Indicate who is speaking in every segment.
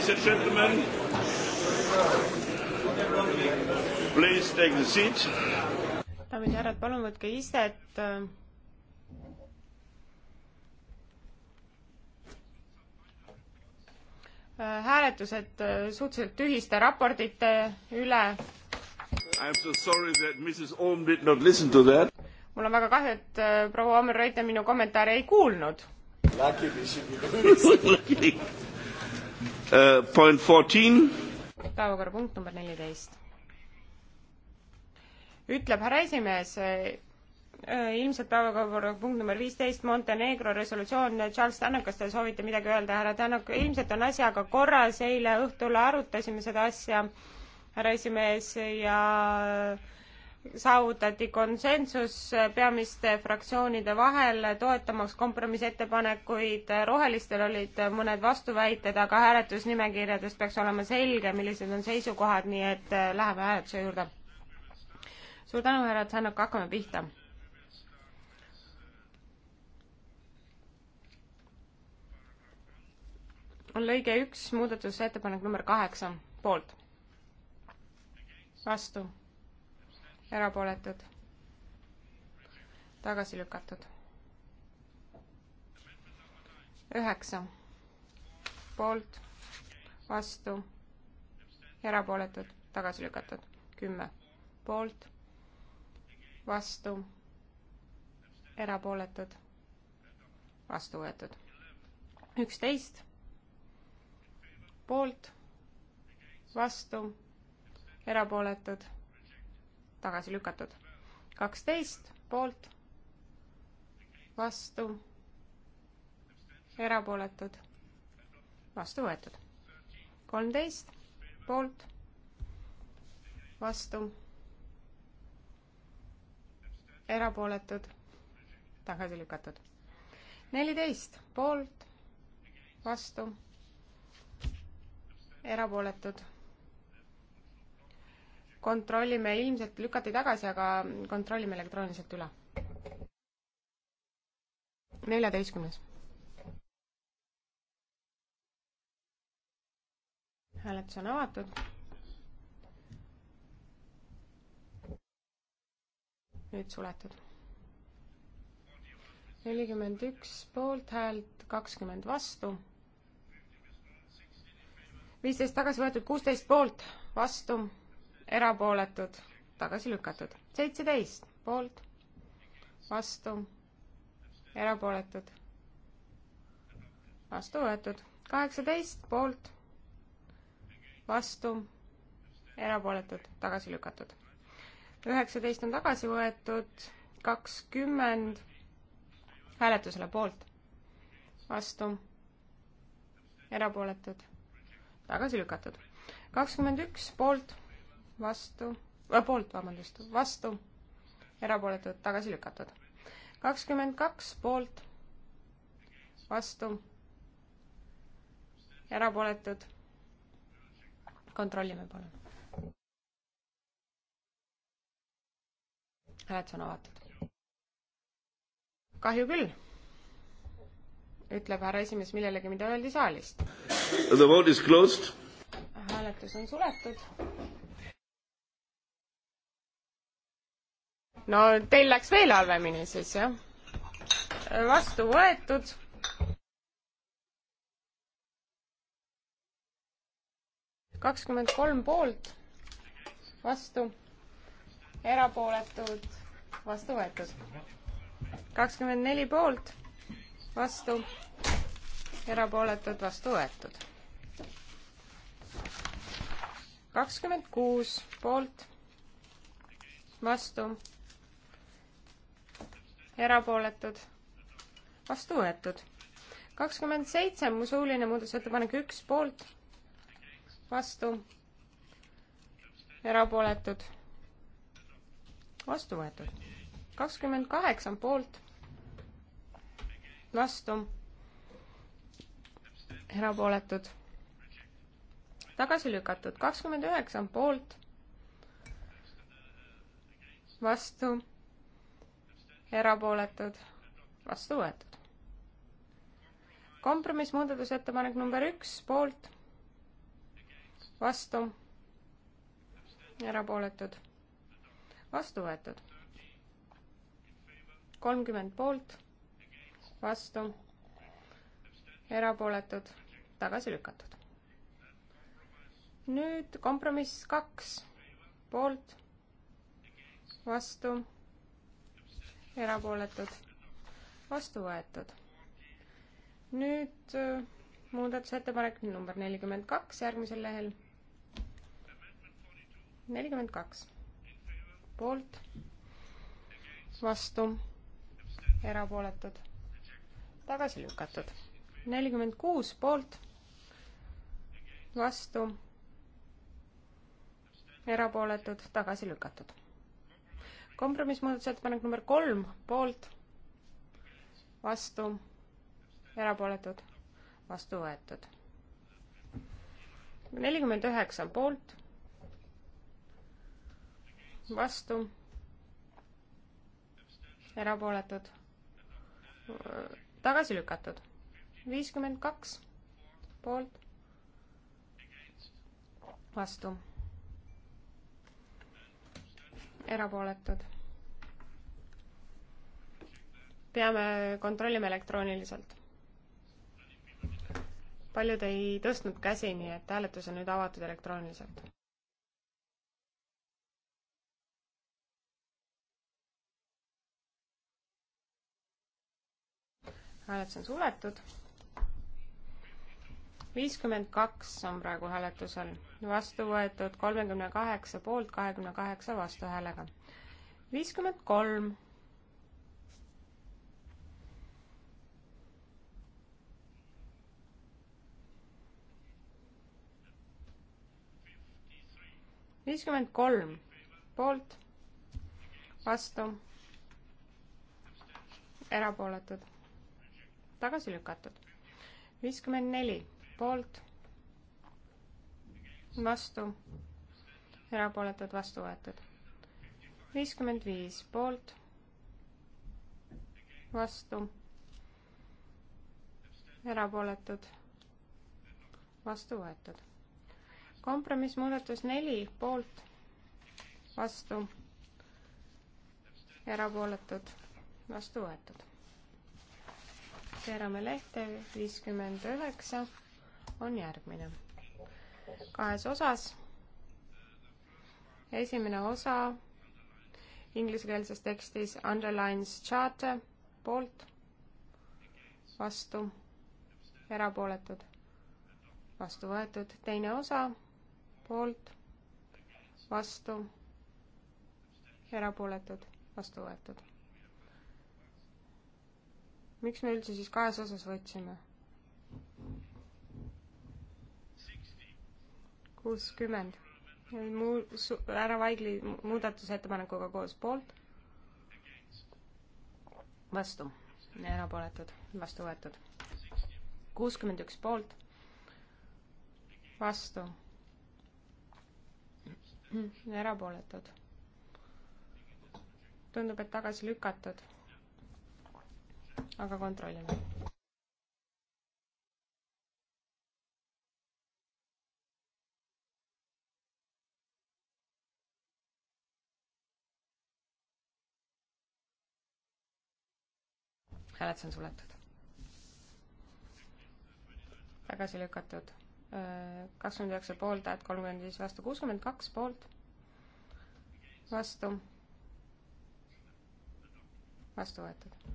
Speaker 1: Ladies and gentlemen, please take the seat.
Speaker 2: daamid ja härrad, palun võtke istet. hääletused suhteliselt tühiste raportite üle. I
Speaker 1: am so sorry that Mrs Oom did not listen to that
Speaker 2: mul on väga kahju, et äh, proua Omer Reuter minu kommentaare ei kuulnud.
Speaker 1: Uh, point 14.
Speaker 2: päevakorrapunkt number neliteist. ütleb härra esimees, eh, eh, ilmselt päevakorrapunkt number viisteist, Montenegro resolutsioon, Charles Tannock, kas te soovite midagi öelda, härra Tannock, ilmselt on asjaga korras, eile õhtul arutasime seda asja, härra esimees, ja äh, saavutati konsensus peamiste fraktsioonide vahel, toetamaks kompromissettepanekuid, rohelistel olid mõned vastuväited, aga hääletusnimekirjades peaks olema selge, millised on seisukohad, nii et äh, läheme hääletuse juurde. suur tänu, härra Tsanok, hakkame pihta. on lõige üks, muudatusettepanek number kaheksa, poolt. vastu erapooletud, tagasi lükatud. üheksa, poolt, vastu, erapooletud, tagasi lükatud. kümme, poolt, vastu, erapooletud, vastu võetud. üksteist, poolt, vastu, erapooletud tagasi lükatud. kaksteist poolt, vastu, erapooletud, vastu võetud. kolmteist poolt, vastu, erapooletud, tagasi lükatud. neliteist poolt, vastu, erapooletud kontrollime, ilmselt lükati tagasi, aga kontrollime elektrooniliselt üle. neljateistkümnes. hääletus on avatud. nüüd suletud. nelikümmend üks poolthäält, kakskümmend vastu viisteist tagasi võetud, kuusteist poolt, vastu, erapooletud, tagasi lükatud. seitseteist poolt, vastu, erapooletud, vastu võetud. kaheksateist poolt, vastu, erapooletud, tagasi lükatud. üheksateist on tagasi võetud, kakskümmend hääletusele poolt, vastu, erapooletud, tagasi lükatud. kakskümmend üks poolt vastu äh,, poolt, vabandust, vastu, erapooletud, tagasi lükatud. kakskümmend kaks poolt, vastu, erapooletud. kontrollime palun. hääletus on avatud. kahju küll, ütleb härra esimees millelegi, mida öeldi saalist.
Speaker 1: The vote is closed.
Speaker 2: hääletus on suletud no teil läks veel halvemini siis jah. vastu võetud. kakskümmend kolm poolt, vastu, erapooletud, vastu võetud. kakskümmend neli poolt, vastu, erapooletud, vastu võetud. kakskümmend kuus poolt, vastu erapooletud, vastu võetud. kakskümmend seitse, mu suuline muudatusettepanek üks poolt, vastu, erapooletud, vastu võetud. kakskümmend kaheksa poolt, vastu, erapooletud, tagasi lükatud. kakskümmend üheksa poolt, vastu erapooletud, vastu võetud. kompromiss muudatusettepanek number üks, poolt, vastu, erapooletud, vastu võetud. kolmkümmend poolt, vastu, erapooletud, tagasi lükatud. nüüd kompromiss kaks, poolt, vastu erapooletud, vastu võetud. nüüd äh, muudatusettepanek number nelikümmend kaks järgmisel lehel. nelikümmend kaks, poolt, vastu, erapooletud, tagasi lükatud. nelikümmend kuus poolt, vastu, erapooletud, tagasi lükatud kompromissmuudatusettepanek number kolm, poolt, vastu, erapooletud, vastu võetud. nelikümmend üheksa poolt, vastu, erapooletud, tagasi lükatud. viiskümmend kaks poolt, vastu erapooletud. peame kontrollima elektrooniliselt. paljud ei tõstnud käsi, nii et hääletus on nüüd avatud elektrooniliselt. hääletus on suletud viiskümmend kaks on praegu hääletusel, vastu võetud kolmekümne kaheksa poolt, kahekümne kaheksa vastuhäälega. viiskümmend kolm. viiskümmend kolm poolt, vastu, erapooletud, tagasi lükatud. viiskümmend neli poolt, vastu, erapooletud, vastu võetud. viiskümmend viis poolt, vastu, erapooletud, vastu võetud. kompromissmuudatus neli poolt, vastu, erapooletud, vastu võetud keerame lehte viiskümmend üheksa on järgmine. kahes osas. esimene osa inglisekeelses tekstis underlines charter poolt, vastu, erapooletud, vastu võetud, teine osa poolt, vastu, erapooletud, vastu võetud. miks me üldse siis kahes osas võtsime? kuuskümmend. muu-, härra Vaigli muudatusettepanekuga koos poolt. vastu, erapooletud, vastu võetud. kuuskümmend üks poolt, vastu, erapooletud. tundub, et tagasi lükatud. aga kontrollime hääletus on suletud. tagasi lükatud. Äh, kakskümmend üheksa pooltäht, kolmkümmend viis vastu, kuuskümmend kaks poolt, vastu, vastu võetud.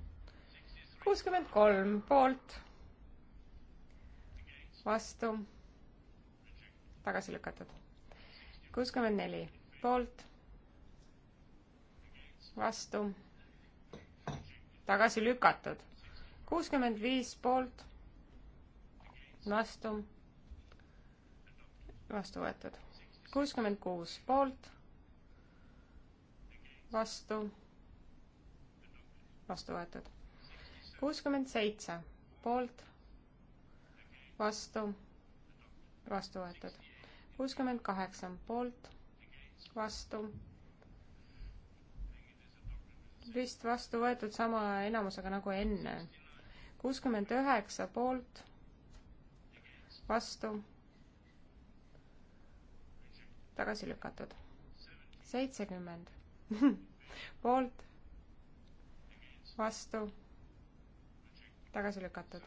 Speaker 2: kuuskümmend kolm poolt, vastu, tagasi lükatud. kuuskümmend neli poolt, vastu tagasi lükatud. kuuskümmend viis poolt, vastu, vastu võetud. kuuskümmend kuus poolt, vastu, vastu võetud. kuuskümmend seitse poolt, vastu, vastu võetud. kuuskümmend kaheksa poolt, vastu vist vastu võetud sama enamusega nagu enne. kuuskümmend üheksa poolt, vastu, tagasi lükatud. seitsekümmend poolt, vastu, tagasi lükatud.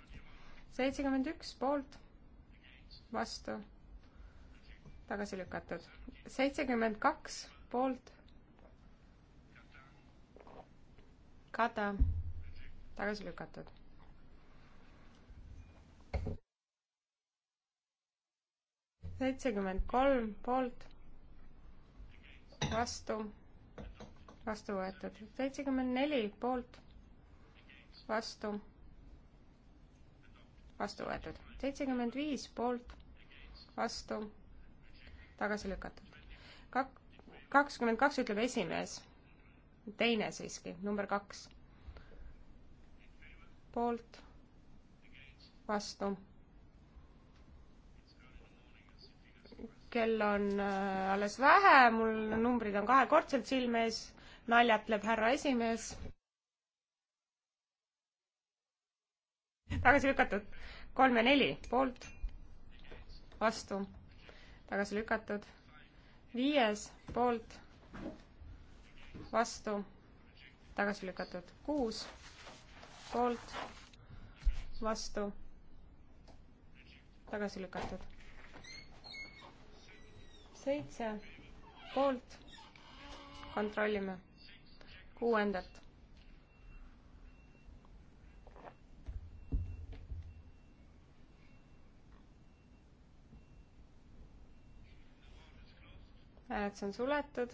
Speaker 2: seitsekümmend üks poolt, vastu, tagasi lükatud. seitsekümmend kaks poolt Kata, tagasi lükatud. seitsekümmend kolm poolt, vastu, vastu võetud. seitsekümmend neli poolt, vastu, vastu võetud. seitsekümmend viis poolt, vastu, tagasi lükatud. kak-, kakskümmend kaks ütleb esimees teine siiski, number kaks. poolt, vastu. kell on äh, alles vähe, mul numbrid on kahekordselt silme ees, naljatleb härra esimees. tagasi lükatud, kolm ja neli, poolt, vastu, tagasi lükatud, viies, poolt vastu, tagasi lükatud kuus, poolt, vastu, tagasi lükatud seitse, poolt, kontrollime kuuendat. hääletus on suletud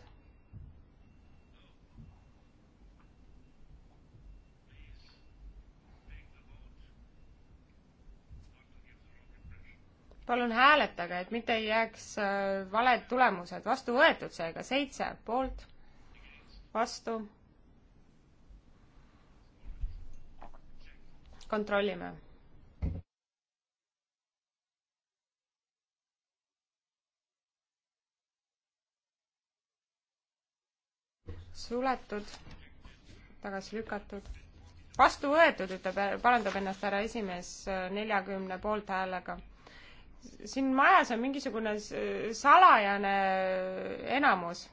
Speaker 2: palun hääletage, et mitte ei jääks äh, valed tulemused. vastu võetud seega seitse poolt, vastu. kontrollime. suletud, tagasi lükatud vastu võetud, ütleb, parandab ennast härra esimees äh, neljakümne poolthäälega siin majas on mingisugune salajane enamus.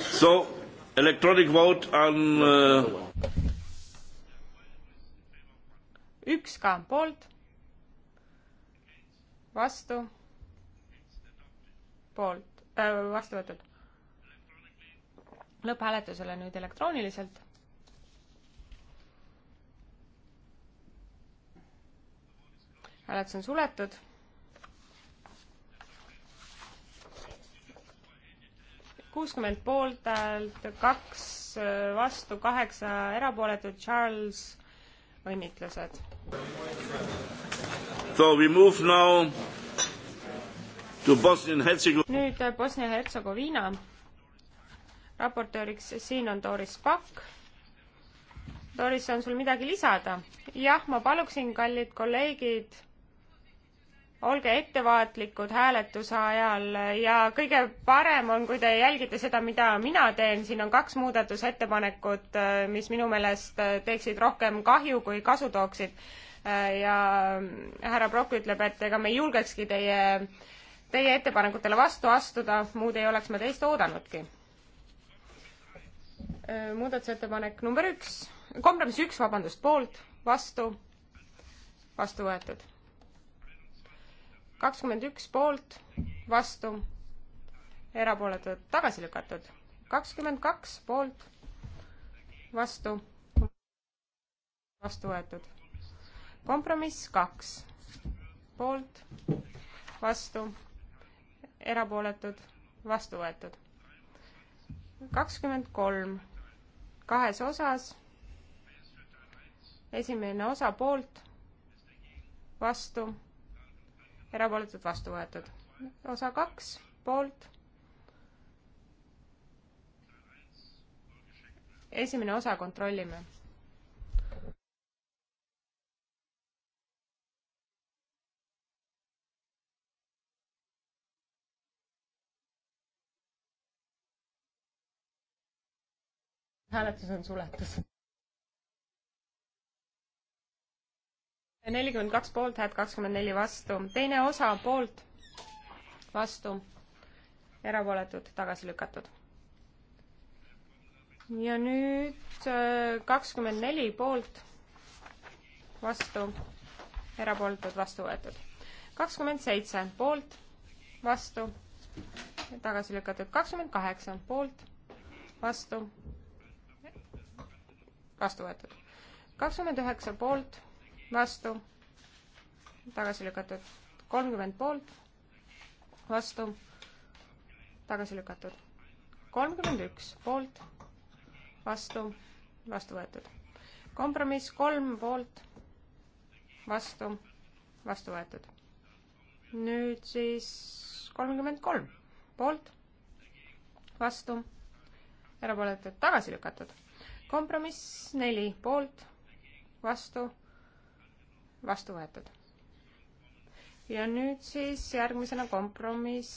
Speaker 1: So electronic vote on uh...
Speaker 2: üks ka poolt, vastu, poolt äh,, vastu võetud. lõpphääletusele nüüd elektrooniliselt. hääletus on suletud. kuuskümmend poolt häält, kaks äh, vastu, kaheksa erapooletut, Charles, õnnitlused.
Speaker 1: So we move now to Bosnia-Hertsego-.
Speaker 2: nüüd äh, Bosnia-Hertsegoviina. raportööriks siin on Doris Pakk. Doris, on sul midagi lisada? jah, ma paluksin, kallid kolleegid olge ettevaatlikud hääletuse ajal ja kõige parem on, kui te jälgite seda, mida mina teen, siin on kaks muudatusettepanekut, äh, mis minu meelest äh, teeksid rohkem kahju kui kasu tooksid. Äh, ja härra Prokk ütleb, et ega me ei julgekski teie, teie ettepanekutele vastu astuda, muud ei oleks ma teist oodanudki. muudatusettepanek number üks, kompromiss üks, vabandust, poolt, vastu, vastu võetud kakskümmend üks poolt, vastu, erapooletud, tagasi lükatud. kakskümmend kaks poolt, vastu, vastu võetud. kompromiss kaks, poolt, vastu, erapooletud, vastu võetud. kakskümmend kolm, kahes osas esimene osa poolt, vastu, erapooletud vastu võetud. osa kaks poolt. esimene osa kontrollime. hääletus on suletud nelikümmend kaks poolthäält, kakskümmend neli vastu. teine osa poolt, vastu, erapooletud, tagasi lükatud. ja nüüd äh, kakskümmend neli poolt, vastu, erapooletud, vastu võetud. kakskümmend seitse poolt, vastu, tagasi lükatud. kakskümmend kaheksa poolt, vastu, vastu võetud. kakskümmend üheksa poolt vastu, tagasi lükatud. kolmkümmend poolt, vastu, tagasi lükatud. kolmkümmend üks poolt, vastu, vastu võetud. kompromiss kolm poolt, vastu, vastu võetud. nüüd siis kolmkümmend kolm poolt, vastu, erapooletud, tagasi lükatud. kompromiss neli poolt, vastu vastu võetud. ja nüüd siis järgmisena kompromiss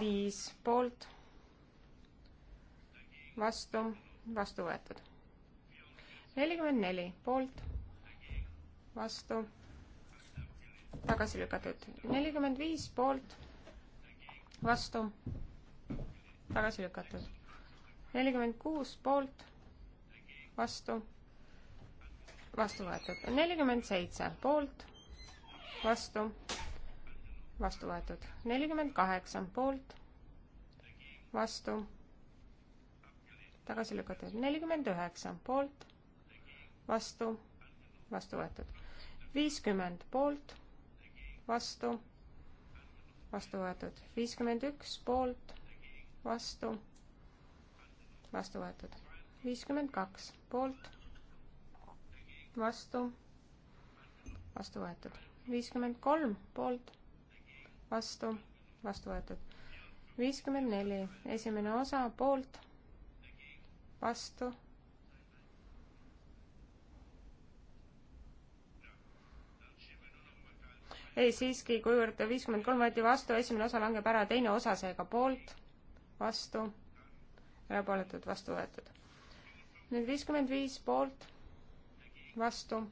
Speaker 2: viis poolt, vastu, vastu võetud. nelikümmend neli poolt, vastu, tagasi lükatud. nelikümmend viis poolt, vastu, tagasi lükatud. nelikümmend kuus poolt, vastu vastu võetud. nelikümmend seitse poolt, vastu, vastu võetud. nelikümmend kaheksa poolt, vastu, tagasi lükatud. nelikümmend üheksa poolt, vastu, vastu võetud. viiskümmend poolt, vastu, vastu võetud. viiskümmend üks poolt, vastu, vastu võetud. viiskümmend kaks poolt vastu, vastu võetud. viiskümmend kolm poolt, vastu, vastu võetud. viiskümmend neli, esimene osa poolt, vastu. ei, siiski, kuivõrd viiskümmend kolm võeti vastu, esimene osa langeb ära, teine osa seega poolt, vastu, erapooletud, vastu võetud. nüüd viiskümmend viis poolt vastu.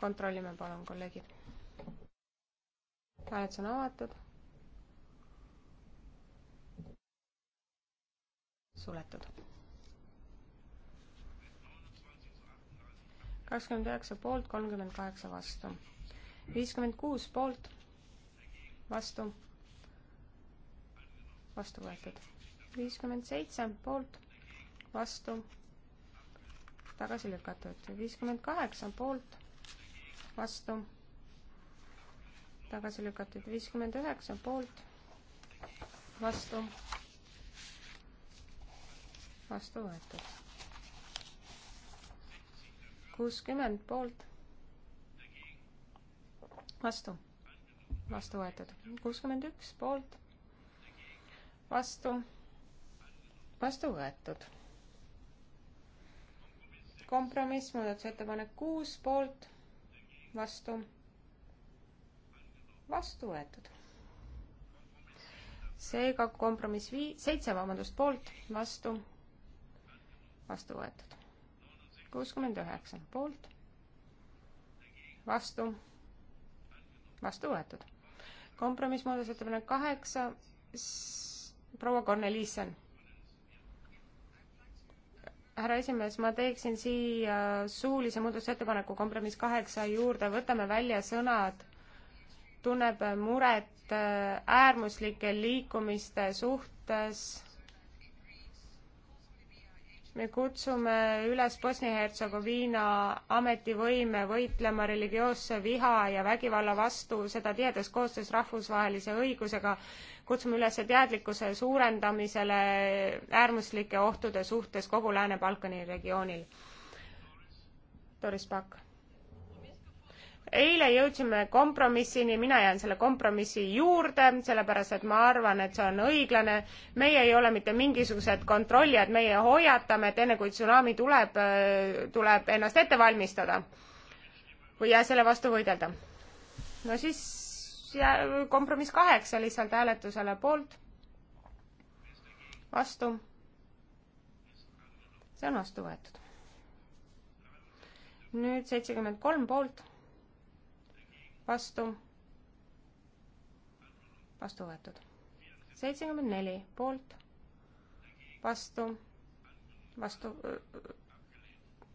Speaker 2: kontrollime palun, kolleegid. hääletus on avatud. suletud. kakskümmend üheksa poolt, kolmkümmend kaheksa vastu. viiskümmend kuus poolt, vastu, vastu võetud. viiskümmend seitse poolt, vastu tagasi lükatud. viiskümmend kaheksa poolt, vastu, tagasi lükatud. viiskümmend üheksa poolt, vastu, vastu võetud. kuuskümmend poolt, vastu, vastu võetud. kuuskümmend üks poolt, vastu, vastu võetud kompromiss, muudatusettepanek kuus poolt, vastu, vastu võetud. seega kompromiss vii-, seitse, vabandust, poolt, vastu, vastu võetud. kuuskümmend üheksa poolt, vastu, vastu võetud. kompromiss, muudatusettepanek kaheksa, proua Korneliisen härra esimees, ma teeksin siia suulise muudatusettepaneku kompromiss kaheksa juurde, võtame välja sõnad tunneb muret äh, äärmuslike liikumiste suhtes me kutsume üles Bosnia-Hertsegoviina ametivõime võitlema religioosse viha ja vägivalla vastu, seda tihedas koostöös rahvusvahelise õigusega. kutsume üles teadlikkuse suurendamisele äärmuslike ohtude suhtes kogu Lääne-Balkani regioonil. Doris Pakk eile jõudsime kompromissini, mina jään selle kompromissi juurde, sellepärast et ma arvan, et see on õiglane. meie ei ole mitte mingisugused kontrollijad, meie hoiatame, et enne kui tsunami tuleb, tuleb ennast ette valmistada või selle vastu võidelda. no siis kompromiss kaheksa lihtsalt hääletusele poolt, vastu. see on vastu võetud. nüüd seitsekümmend kolm poolt vastu, vastu võetud. seitsekümmend neli poolt, vastu, vastu,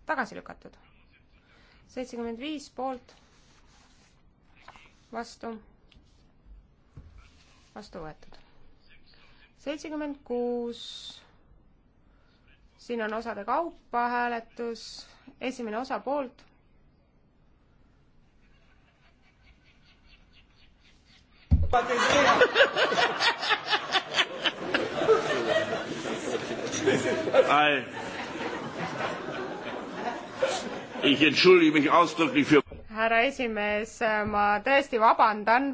Speaker 2: tagasi lükatud. seitsekümmend viis poolt, vastu, vastu võetud. seitsekümmend kuus, siin on osade kaupa hääletus, esimene osa poolt
Speaker 1: Ei. Ich entschuldige mich ausdrücklich für
Speaker 2: härra esimees, ma tõesti vabandan.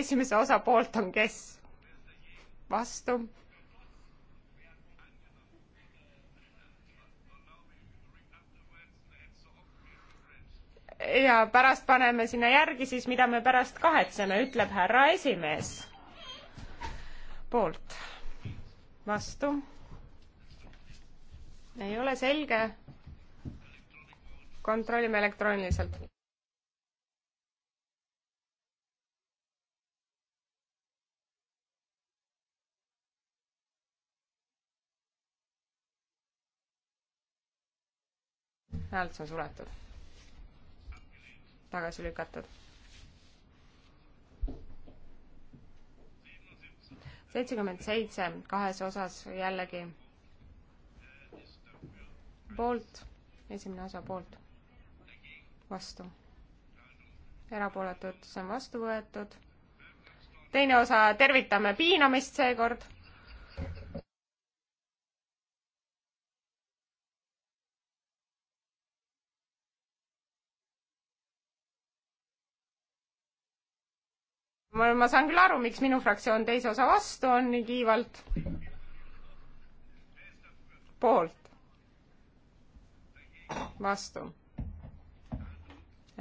Speaker 2: esimese osa poolt on kes? vastu ja pärast paneme sinna järgi siis, mida me pärast kahetseme, ütleb härra esimees. poolt, vastu. ei ole selge. kontrollime elektrooniliselt. häält on suletud tagasi lükatud. seitsekümmend seitse kahes osas jällegi poolt, esimene osa poolt, vastu. erapooletud, see on vastu võetud. teine osa, tervitame piinamist seekord ma, ma saan küll aru, miks minu fraktsioon teise osa vastu on nii kiivalt. poolt. vastu.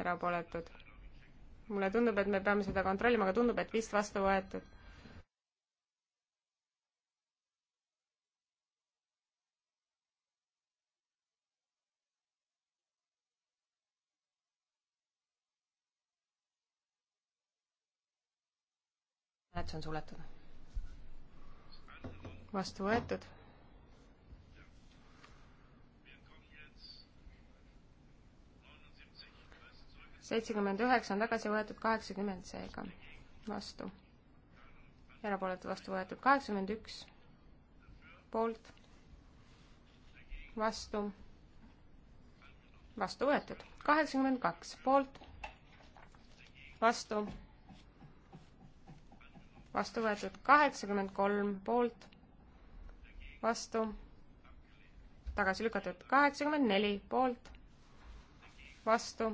Speaker 2: erapooletud. mulle tundub, et me peame seda kontrollima, aga tundub, et vist vastu võetud hääletus on suletud. vastu võetud. seitsekümmend üheksa on tagasi võetud, kaheksakümmend seega vastu. erapooletu vastu võetud kaheksakümmend üks poolt, vastu, vastu võetud kaheksakümmend kaks poolt, vastu vastu võetud kaheksakümmend kolm poolt, vastu, tagasi lükatud kaheksakümmend neli poolt, vastu,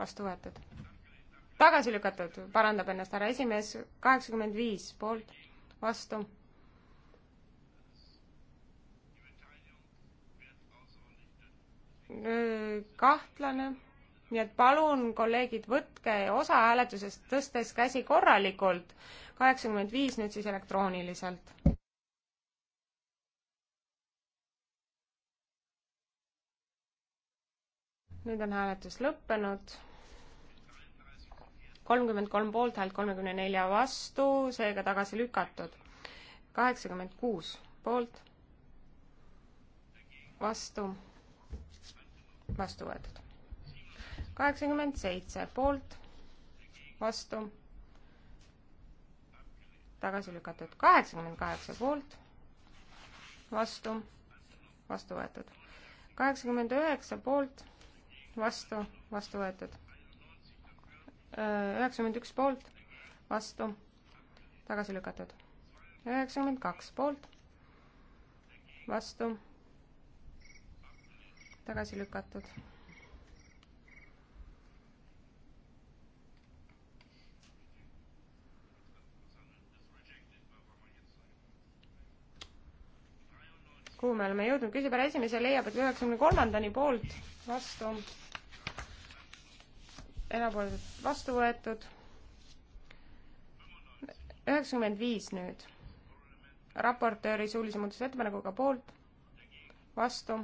Speaker 2: vastu võetud. tagasi lükatud, parandab ennast härra esimees, kaheksakümmend viis poolt, vastu. kahtlane nii et palun, kolleegid, võtke osa hääletusest, tõstes käsi korralikult, kaheksakümmend viis nüüd siis elektrooniliselt. nüüd on hääletus lõppenud kolmkümmend kolm poolthäält kolmekümne nelja vastu, seega tagasi lükatud. kaheksakümmend kuus poolt, vastu, vastu võetud kaheksakümmend seitse poolt, vastu, tagasi lükatud. kaheksakümmend kaheksa poolt, vastu, vastu võetud. kaheksakümmend üheksa poolt, vastu, vastu võetud. Äh, üheksakümmend üks poolt, vastu, tagasi lükatud. üheksakümmend kaks poolt, vastu, tagasi lükatud kuhu me oleme jõudnud, küsib härra esimees ja leiab, et üheksakümne kolmandani poolt vastu, erapooletult vastu võetud. üheksakümmend viis nüüd, raportööri suulise muudatusettepanekuga poolt, vastu,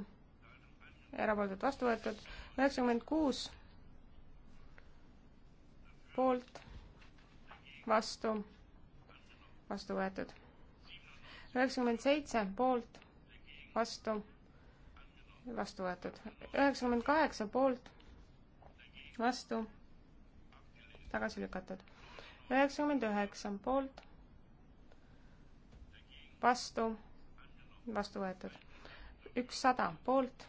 Speaker 2: erapooletult vastu võetud, üheksakümmend kuus poolt, vastu, vastu võetud üheksakümmend seitse poolt, vastu, vastu võetud. üheksakümmend kaheksa poolt, vastu, tagasi lükatud. üheksakümmend üheksa poolt, vastu, vastu võetud. ükssada poolt,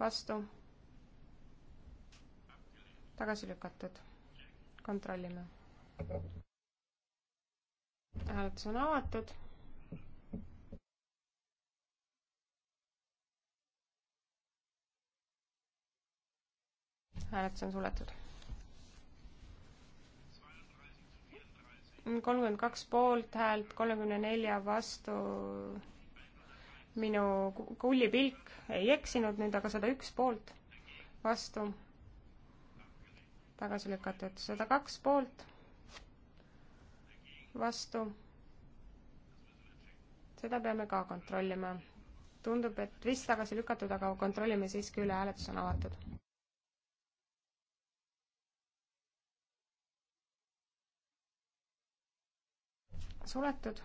Speaker 2: vastu, tagasi lükatud. kontrollime. hääletus on avatud hääletus on suletud. kolmkümmend kaks poolthäält, kolmekümne nelja vastu. minu kullipilk ei eksinud nüüd, aga sada üks poolt vastu. tagasi lükatud, sada kaks poolt vastu. seda peame ka kontrollima. tundub, et vist tagasi lükatud, aga kontrollime siiski üle, hääletus on avatud. suletud.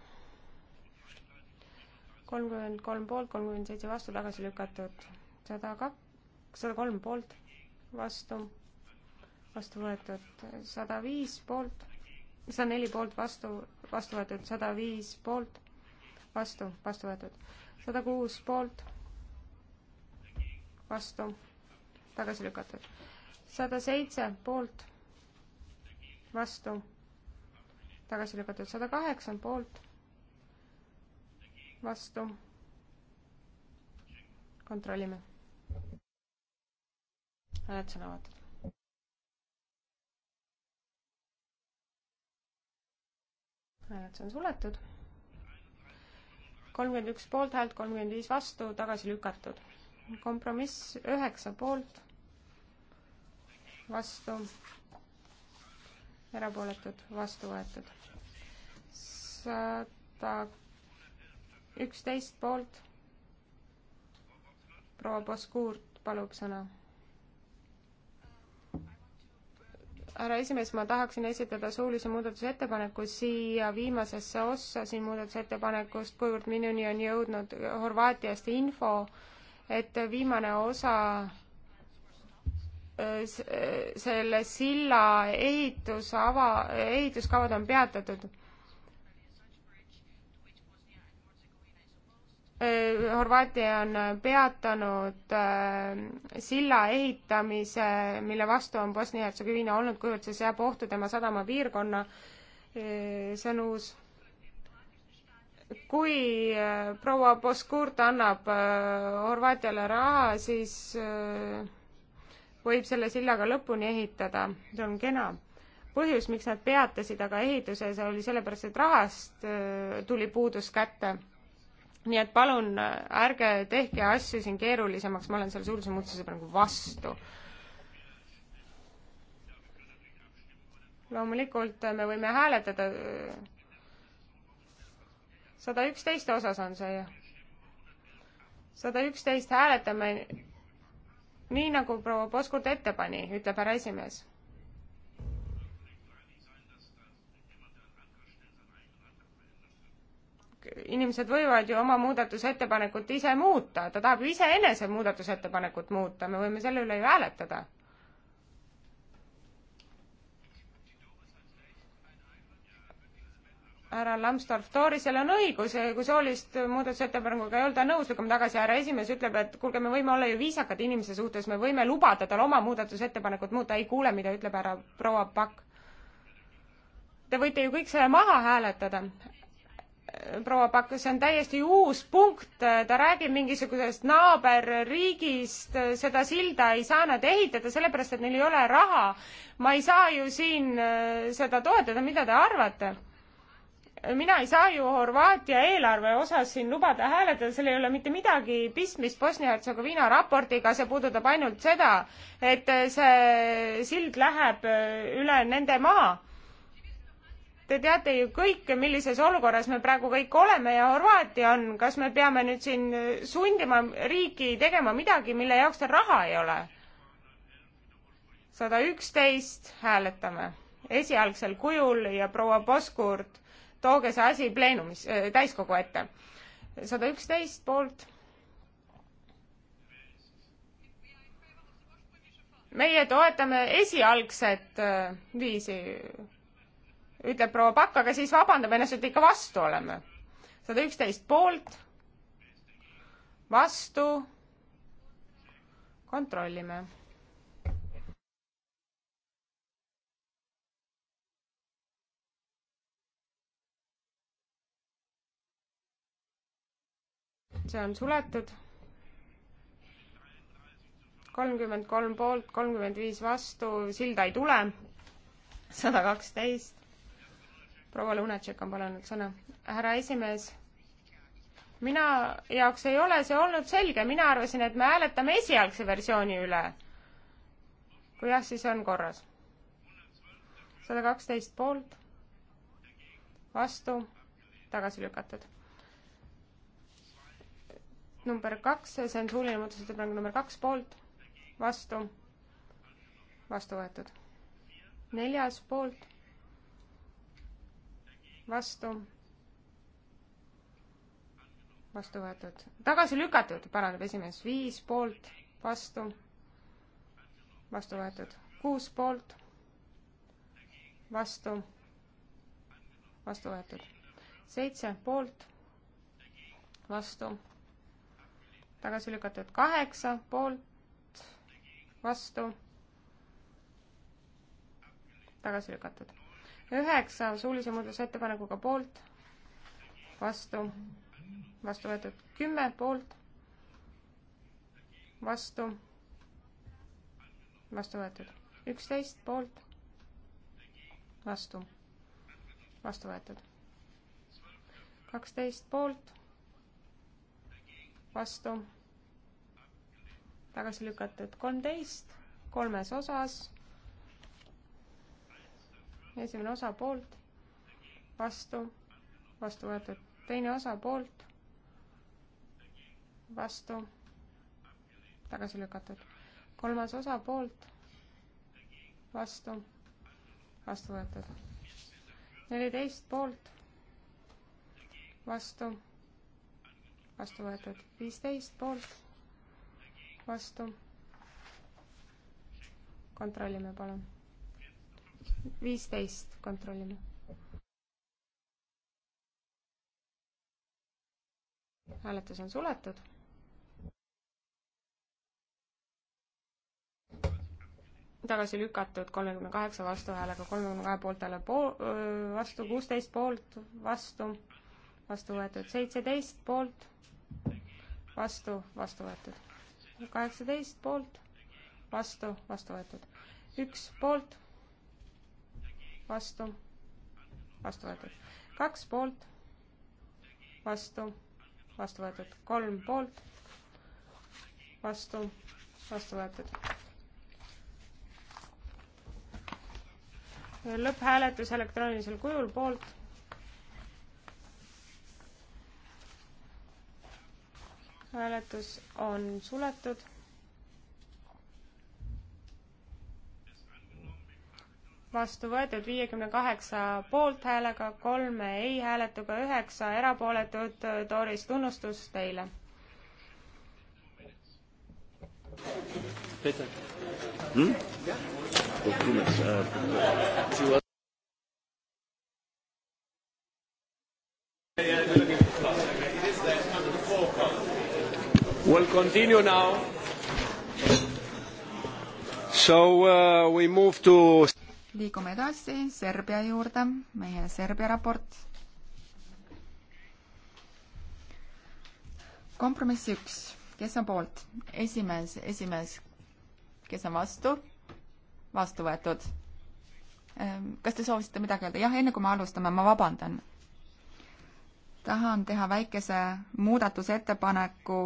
Speaker 2: kolmkümmend kolm poolt, kolmkümmend seitse vastu, tagasi lükatud. sada kaks, sada kolm poolt, vastu, vastu võetud. sada viis poolt, sada neli poolt, vastu, vastu võetud. sada viis poolt, vastu, vastu võetud. sada kuus poolt, vastu, tagasi lükatud. sada seitse poolt, vastu tagasi lükatud sada kaheksa poolt, vastu. kontrollime. hääletus on avatud. hääletus on suletud. kolmkümmend üks poolthäält, kolmkümmend viis vastu, tagasi lükatud. kompromiss üheksa poolt, vastu erapooletud, vastu võetud kakssada üksteist poolt. proua Poskuurt palub sõna. härra esimees, ma tahaksin esitada suulise muudatusettepaneku siia viimasesse ossa siin muudatusettepanekust, kuivõrd minuni on jõudnud Horvaatiast info, et viimane osa äh, äh, selle silla ehitus, ava, ehituskavad on peatatud Äh, Horvaatia on äh, peatanud äh, silla ehitamise, mille vastu on Bosnia-Hertsegoviina olnud, kuivõrd see seab ohtu tema sadamapiirkonna, see on uus. kui proua Poskurt annab Horvaatiale raha, siis võib selle sillaga lõpuni ehitada, see on kena. põhjus, miks nad peatasid aga ehituse, see oli sellepärast, et rahast tuli puudus kätte nii et palun ärge tehke asju siin keerulisemaks, ma olen selle suuruse muutuse praegu vastu. loomulikult me võime hääletada. sada üksteist osas on see. sada üksteist hääletame nii, nagu proua Poskurt ette pani, ütleb härra esimees inimesed võivad ju oma muudatusettepanekut ise muuta, ta tahab ju iseenese muudatusettepanekut muuta, me võime selle üle ju hääletada. härra Lambsdorff, Toorisel on õigus, kui soolist muudatusettepanekuga ei olda nõus, lükkame tagasi, härra esimees ütleb, et kuulge, me võime olla ju viisakad inimese suhtes, me võime lubada tal oma muudatusettepanekut muuta, ei kuule, mida ütleb härra proua Pakk te võite ju kõik selle maha hääletada proua Pakk, see on täiesti uus punkt, ta räägib mingisugusest naaberriigist, seda silda ei saa nad ehitada, sellepärast et neil ei ole raha. ma ei saa ju siin äh, seda toetada, mida te arvate? mina ei saa ju Horvaatia eelarve osas siin lubada hääletada, seal ei ole mitte midagi pistmist Bosnia-Hertsegoviina raportiga, see puudutab ainult seda, et see sild läheb äh, üle nende maa Te teate ju kõik, millises olukorras me praegu kõik oleme ja Horvaatia on, kas me peame nüüd siin äh, sundima riiki tegema midagi, mille jaoks tal raha ei ole? sada üksteist hääletame esialgsel kujul ja proua Poskurt, tooge see asi pleenumis äh,, täiskogu ette. sada üksteist poolt meie toetame esialgset äh, viisi ütleb proua Pakk, aga siis vabandame ennast, et ikka vastu oleme. sada üksteist poolt, vastu, kontrollime. see on suletud. kolmkümmend kolm poolt, kolmkümmend viis vastu, silda ei tule. sada kaksteist proua Lunatšek on palunud sõna. härra esimees, mina jaoks ei ole see olnud selge, mina arvasin, et me hääletame esialgse versiooni üle. kui jah, siis on korras. sada kaksteist poolt, vastu, tagasi lükatud. number kaks, see on suuline muudatusettepanek number kaks poolt, vastu, vastu võetud. neljas poolt vastu, vastu võetud, tagasi lükatud, paraneb esimees, viis poolt, vastu, vastu võetud, kuus poolt, vastu, vastu võetud, seitse poolt, vastu, tagasi lükatud, kaheksa poolt, vastu, tagasi lükatud üheksa suulise muudatusettepanekuga poolt, vastu, vastu võetud kümme poolt, vastu, vastu võetud üksteist poolt, vastu, vastu võetud kaksteist poolt, vastu, tagasi lükatud kolmteist, kolmes osas esimene osa poolt, vastu, vastu võetud, teine osa poolt, vastu, tagasi lükatud, kolmas osa poolt, vastu, vastu võetud, neliteist poolt, vastu, vastu võetud, viisteist poolt, vastu kontrollime palun viisteist kontrollime. hääletus on suletud. tagasi lükatud kolmekümne kaheksa vastuhäälega, kolmekümne kahe pooltele pool, vastu kuusteist poolt, vastu, vastu võetud seitseteist poolt, vastu, vastu võetud kaheksateist poolt, vastu, vastu võetud üks poolt vastu, vastu võetud. kaks poolt, vastu, vastu võetud. kolm poolt, vastu, vastu võetud. lõpphääletus elektroonilisel kujul poolt. hääletus on suletud vastu võetud viiekümne kaheksa poolthäälega, kolme ei hääletuga, üheksa erapooletut. Doris, tunnustus teile.
Speaker 3: Hmm?
Speaker 1: We'll continue now.
Speaker 3: So uh, we move to
Speaker 4: liigume edasi Serbia juurde, meie Serbia raport. kompromiss üks, kes on poolt? esimees, esimees, kes on vastu? vastu võetud. Ehm, kas te soovisite midagi öelda? jah, enne kui me alustame, ma vabandan. tahan teha väikese muudatusettepaneku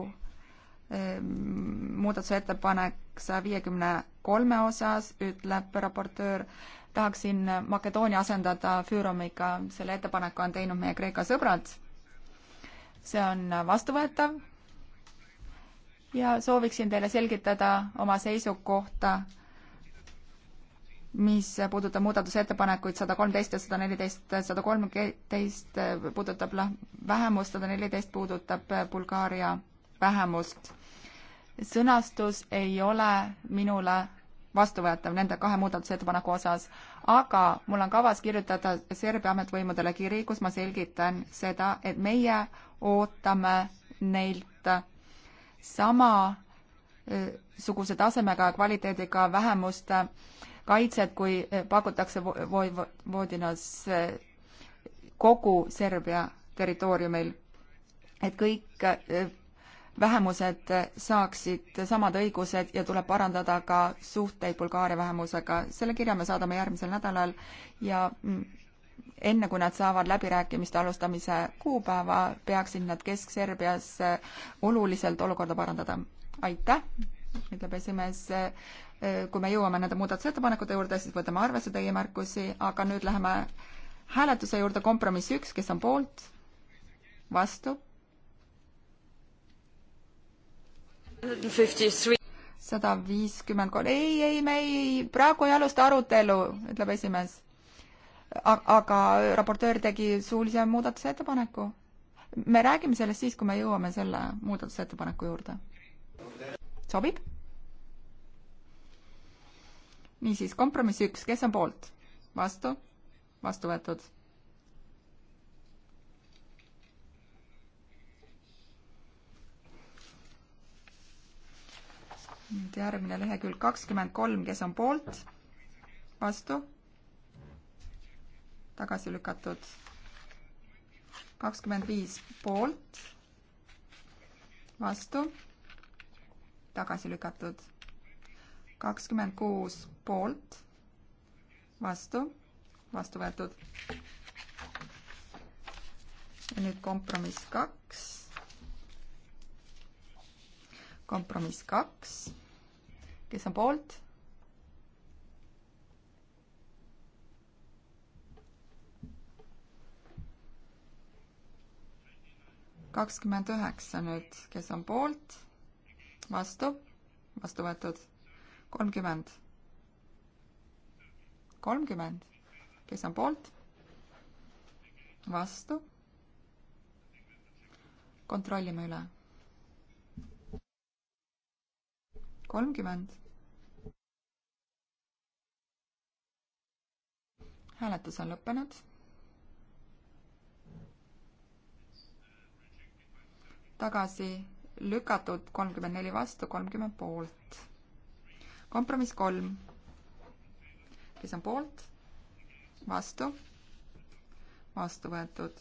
Speaker 4: Ehm, muudatusettepanek saja viiekümne kolme osas, ütleb raportöör, tahaksin Makedoonia asendada Füüromiga, selle ettepaneku on teinud meie Kreeka sõbrad. see on vastuvõetav ja sooviksin teile selgitada oma seisukohta, mis puudutab muudatusettepanekuid sada kolmteist ja sada neliteist, sada kolmteist puudutab vähemust, sada neliteist puudutab Bulgaaria vähemust. sõnastus ei ole minule vastuvõetav nende kahe muudatusettepaneku osas, aga mul on kavas kirjutada Serbia ametivõimudele kiri, kus ma selgitan seda, et meie ootame neilt sama suguse tasemega ja kvaliteediga vähemuste kaitset, kui pakutakse Vojvodinas kogu Serbia territooriumil. et kõik vähemused saaksid samad õigused ja tuleb parandada ka suhteid Bulgaaria vähemusega. selle kirja me saadame järgmisel nädalal ja mm, enne, kui nad saavad läbirääkimiste alustamise kuupäeva, peaksid nad Kesk-Serbias oluliselt olukorda parandada. aitäh, ütleb esimees. kui me jõuame nende muudatusettepanekute juurde, siis võtame arvesse teie märkusi, aga nüüd läheme hääletuse juurde. kompromiss üks, kes on poolt, vastu sada viiskümmend kolm, ei, ei, me ei, praegu ei alusta arutelu, ütleb esimees. aga raportöör tegi suulise muudatusettepaneku. me räägime sellest siis, kui me jõuame selle muudatusettepaneku juurde. sobib? niisiis, kompromiss üks, kes on poolt? vastu? vastu võetud nüüd järgmine lehekülg kakskümmend kolm, kes on poolt, vastu, tagasi lükatud. kakskümmend viis poolt, vastu, tagasi lükatud. kakskümmend kuus poolt, vastu, vastu võetud. ja nüüd kompromiss kaks. kompromiss kaks kes on poolt? kakskümmend üheksa nüüd, kes on poolt, vastu, vastu võetud, kolmkümmend, kolmkümmend, kes on poolt, vastu, kontrollime üle kolmkümmend. hääletus on lõppenud. tagasi lükatud kolmkümmend neli vastu, kolmkümmend poolt. kompromiss kolm. kes on poolt? vastu? vastu võetud.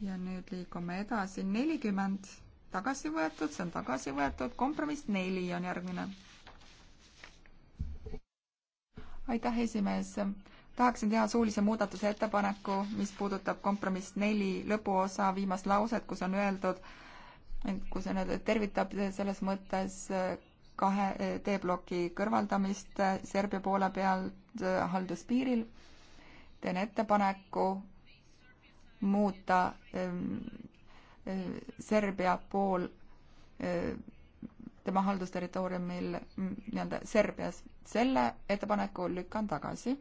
Speaker 4: ja nüüd liigume edasi, nelikümmend tagasi võetud, see on tagasi võetud, kompromiss neli on järgmine. aitäh, esimees. tahaksin teha suulise muudatuse ettepaneku, mis puudutab kompromiss neli lõpuosa viimast lauset, kus on öeldud, kus on öeldud, tervitab selles mõttes kahe teebloki kõrvaldamist Serbia poole pealt halduspiiril. teen ettepaneku muuta ehm, Äh, Serbia pool äh, tema haldusterritooriumil mm, nii-öelda Serbias. selle ettepaneku lükkan tagasi,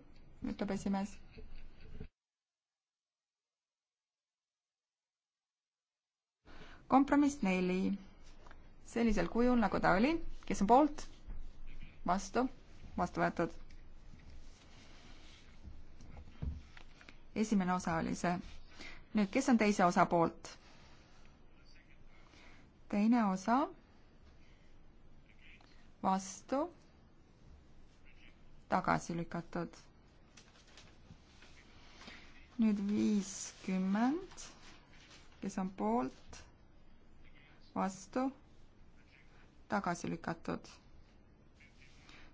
Speaker 4: ütleb esimees. kompromiss neli, sellisel kujul, nagu ta oli, kes on poolt, vastu, vastu võetud. esimene osa oli see. nüüd, kes on teise osa poolt? teine osa vastu, tagasi lükatud. nüüd viiskümmend, kes on poolt, vastu, tagasi lükatud.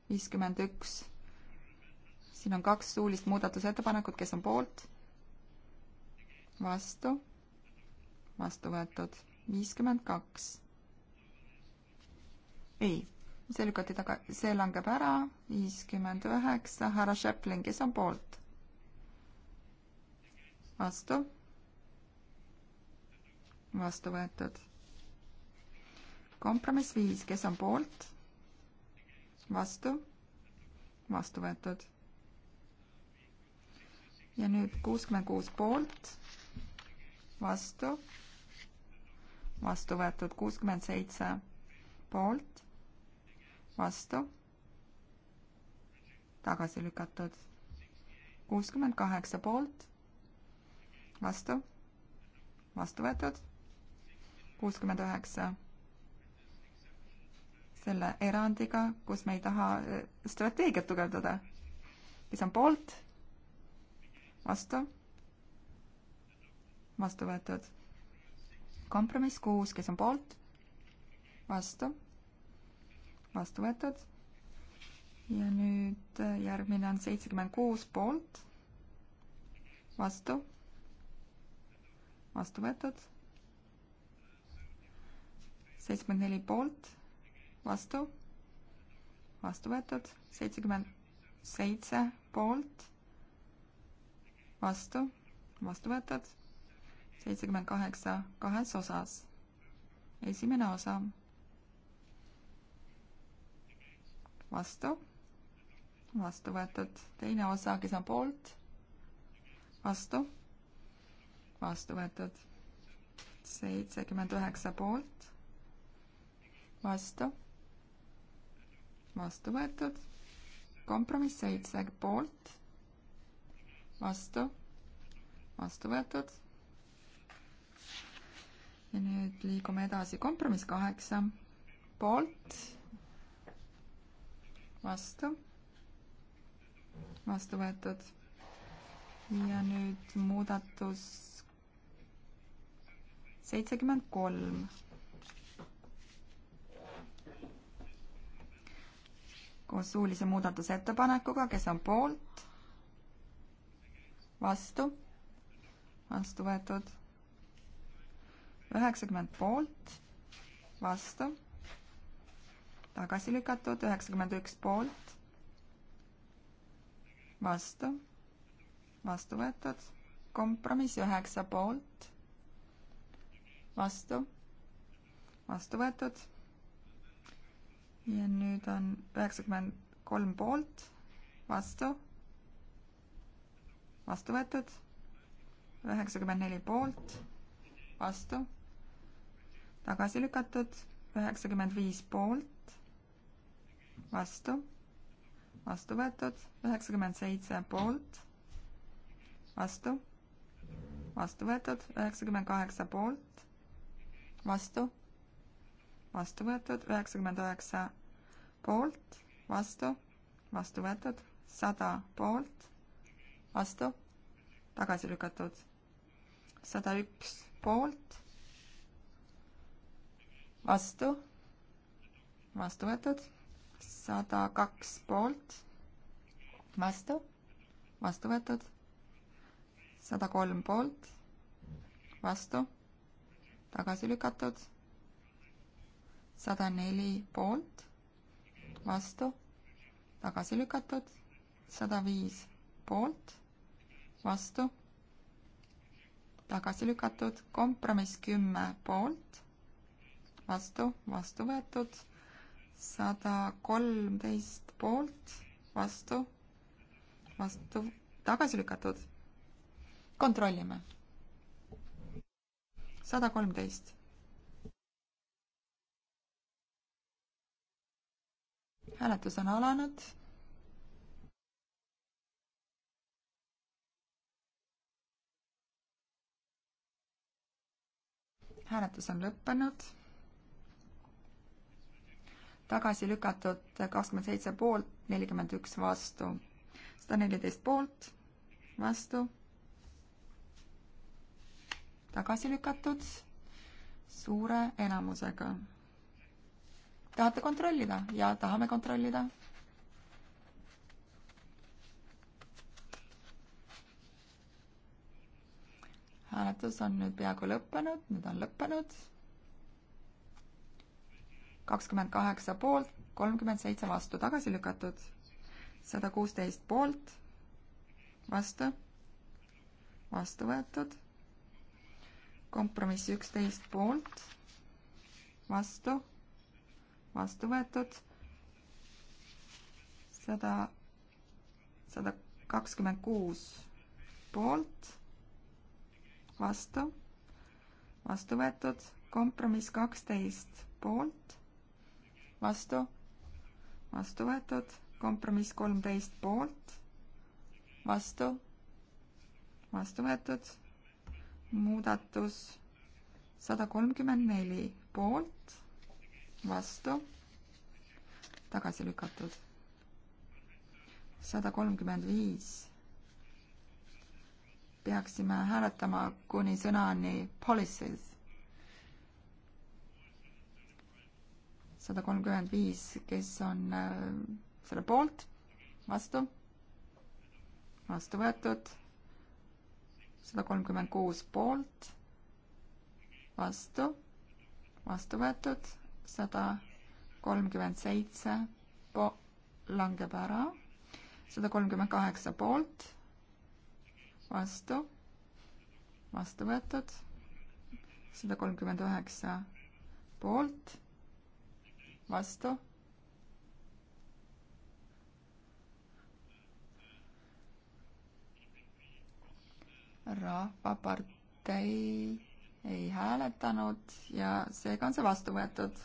Speaker 4: viiskümmend üks, siin on kaks suulist muudatusettepanekut, kes on poolt, vastu, vastu võetud viiskümmend kaks. ei, see lükati taga, see langeb ära, viiskümmend üheksa, härra Šeplin, kes on poolt? vastu? vastu võetud. kompromiss viis, kes on poolt? vastu? vastu võetud. ja nüüd kuuskümmend kuus poolt, vastu vastu võetud kuuskümmend seitse poolt, vastu, tagasi lükatud kuuskümmend kaheksa poolt, vastu, vastu võetud kuuskümmend üheksa selle erandiga, kus me ei taha eh, strateegiat tugevdada, mis on poolt, vastu, vastu võetud kompromiss kuus, kes on poolt, vastu, vastu võetud. ja nüüd äh, järgmine on seitsekümmend kuus poolt, vastu, vastu võetud. seitsekümmend neli poolt, vastu, vastu võetud, seitsekümmend seitse poolt, vastu, vastu võetud seitsekümmend kaheksa kahes osas. esimene osa. vastu, vastu võetud, teine osa, kes on poolt, vastu, vastu võetud, seitsekümmend üheksa poolt, vastu, vastu võetud, kompromiss seitse poolt, vastu, vastu võetud ja nüüd liigume edasi kompromiss kaheksa poolt, vastu, vastu võetud. ja nüüd muudatus seitsekümmend kolm. koos suulise muudatusettepanekuga, kes on poolt, vastu, vastu võetud üheksakümmend poolt, vastu, tagasi lükatud, üheksakümmend üks poolt, vastu, vastu võetud, kompromiss üheksa poolt, vastu, vastu võetud ja nüüd on üheksakümmend kolm poolt, vastu, vastu võetud, üheksakümmend neli poolt, vastu tagasi lükatud, üheksakümmend viis poolt, vastu, vastu võetud, üheksakümmend seitse poolt, vastu, vastu võetud, üheksakümmend kaheksa poolt, vastu, vastu võetud, üheksakümmend üheksa poolt, vastu, vastu võetud, sada poolt, vastu, tagasi lükatud, sada üks poolt vastu, vastu võetud, sada kaks poolt, vastu, vastu võetud, sada kolm poolt, vastu, tagasi lükatud, sada neli poolt, vastu, tagasi lükatud, sada viis poolt, vastu, tagasi lükatud, kompromiss kümme poolt vastu, vastu võetud, sada kolmteist poolt, vastu, vastu, tagasi lükatud. kontrollime. sada kolmteist. hääletus on alanud. hääletus on lõppenud tagasi lükatud, kakskümmend seitse poolt, nelikümmend üks vastu. sada neliteist poolt, vastu, tagasi lükatud suure enamusega. tahate kontrollida? jaa, tahame kontrollida. hääletus on nüüd peaaegu lõppenud, nüüd on lõppenud kakskümmend kaheksa poolt, kolmkümmend seitse vastu, tagasi lükatud. sada kuusteist poolt, vastu, vastu võetud. kompromiss üksteist poolt, vastu, vastu võetud. sada, sada kakskümmend kuus poolt, vastu, vastu võetud. kompromiss kaksteist poolt vastu, vastu võetud, kompromiss kolmteist poolt, vastu, vastu võetud, muudatus sada kolmkümmend neli poolt, vastu, tagasi lükatud, sada kolmkümmend viis peaksime hääletama kuni sõnani policies sada kolmkümmend viis, kes on äh, selle poolt, vastu, vastu võetud, sada kolmkümmend kuus poolt, vastu, vastu võetud, sada kolmkümmend seitse po-, langeb ära, sada kolmkümmend kaheksa poolt, vastu, vastu võetud, sada kolmkümmend üheksa poolt vastu. rahvapartei ei hääletanud ja seega on see vastu võetud.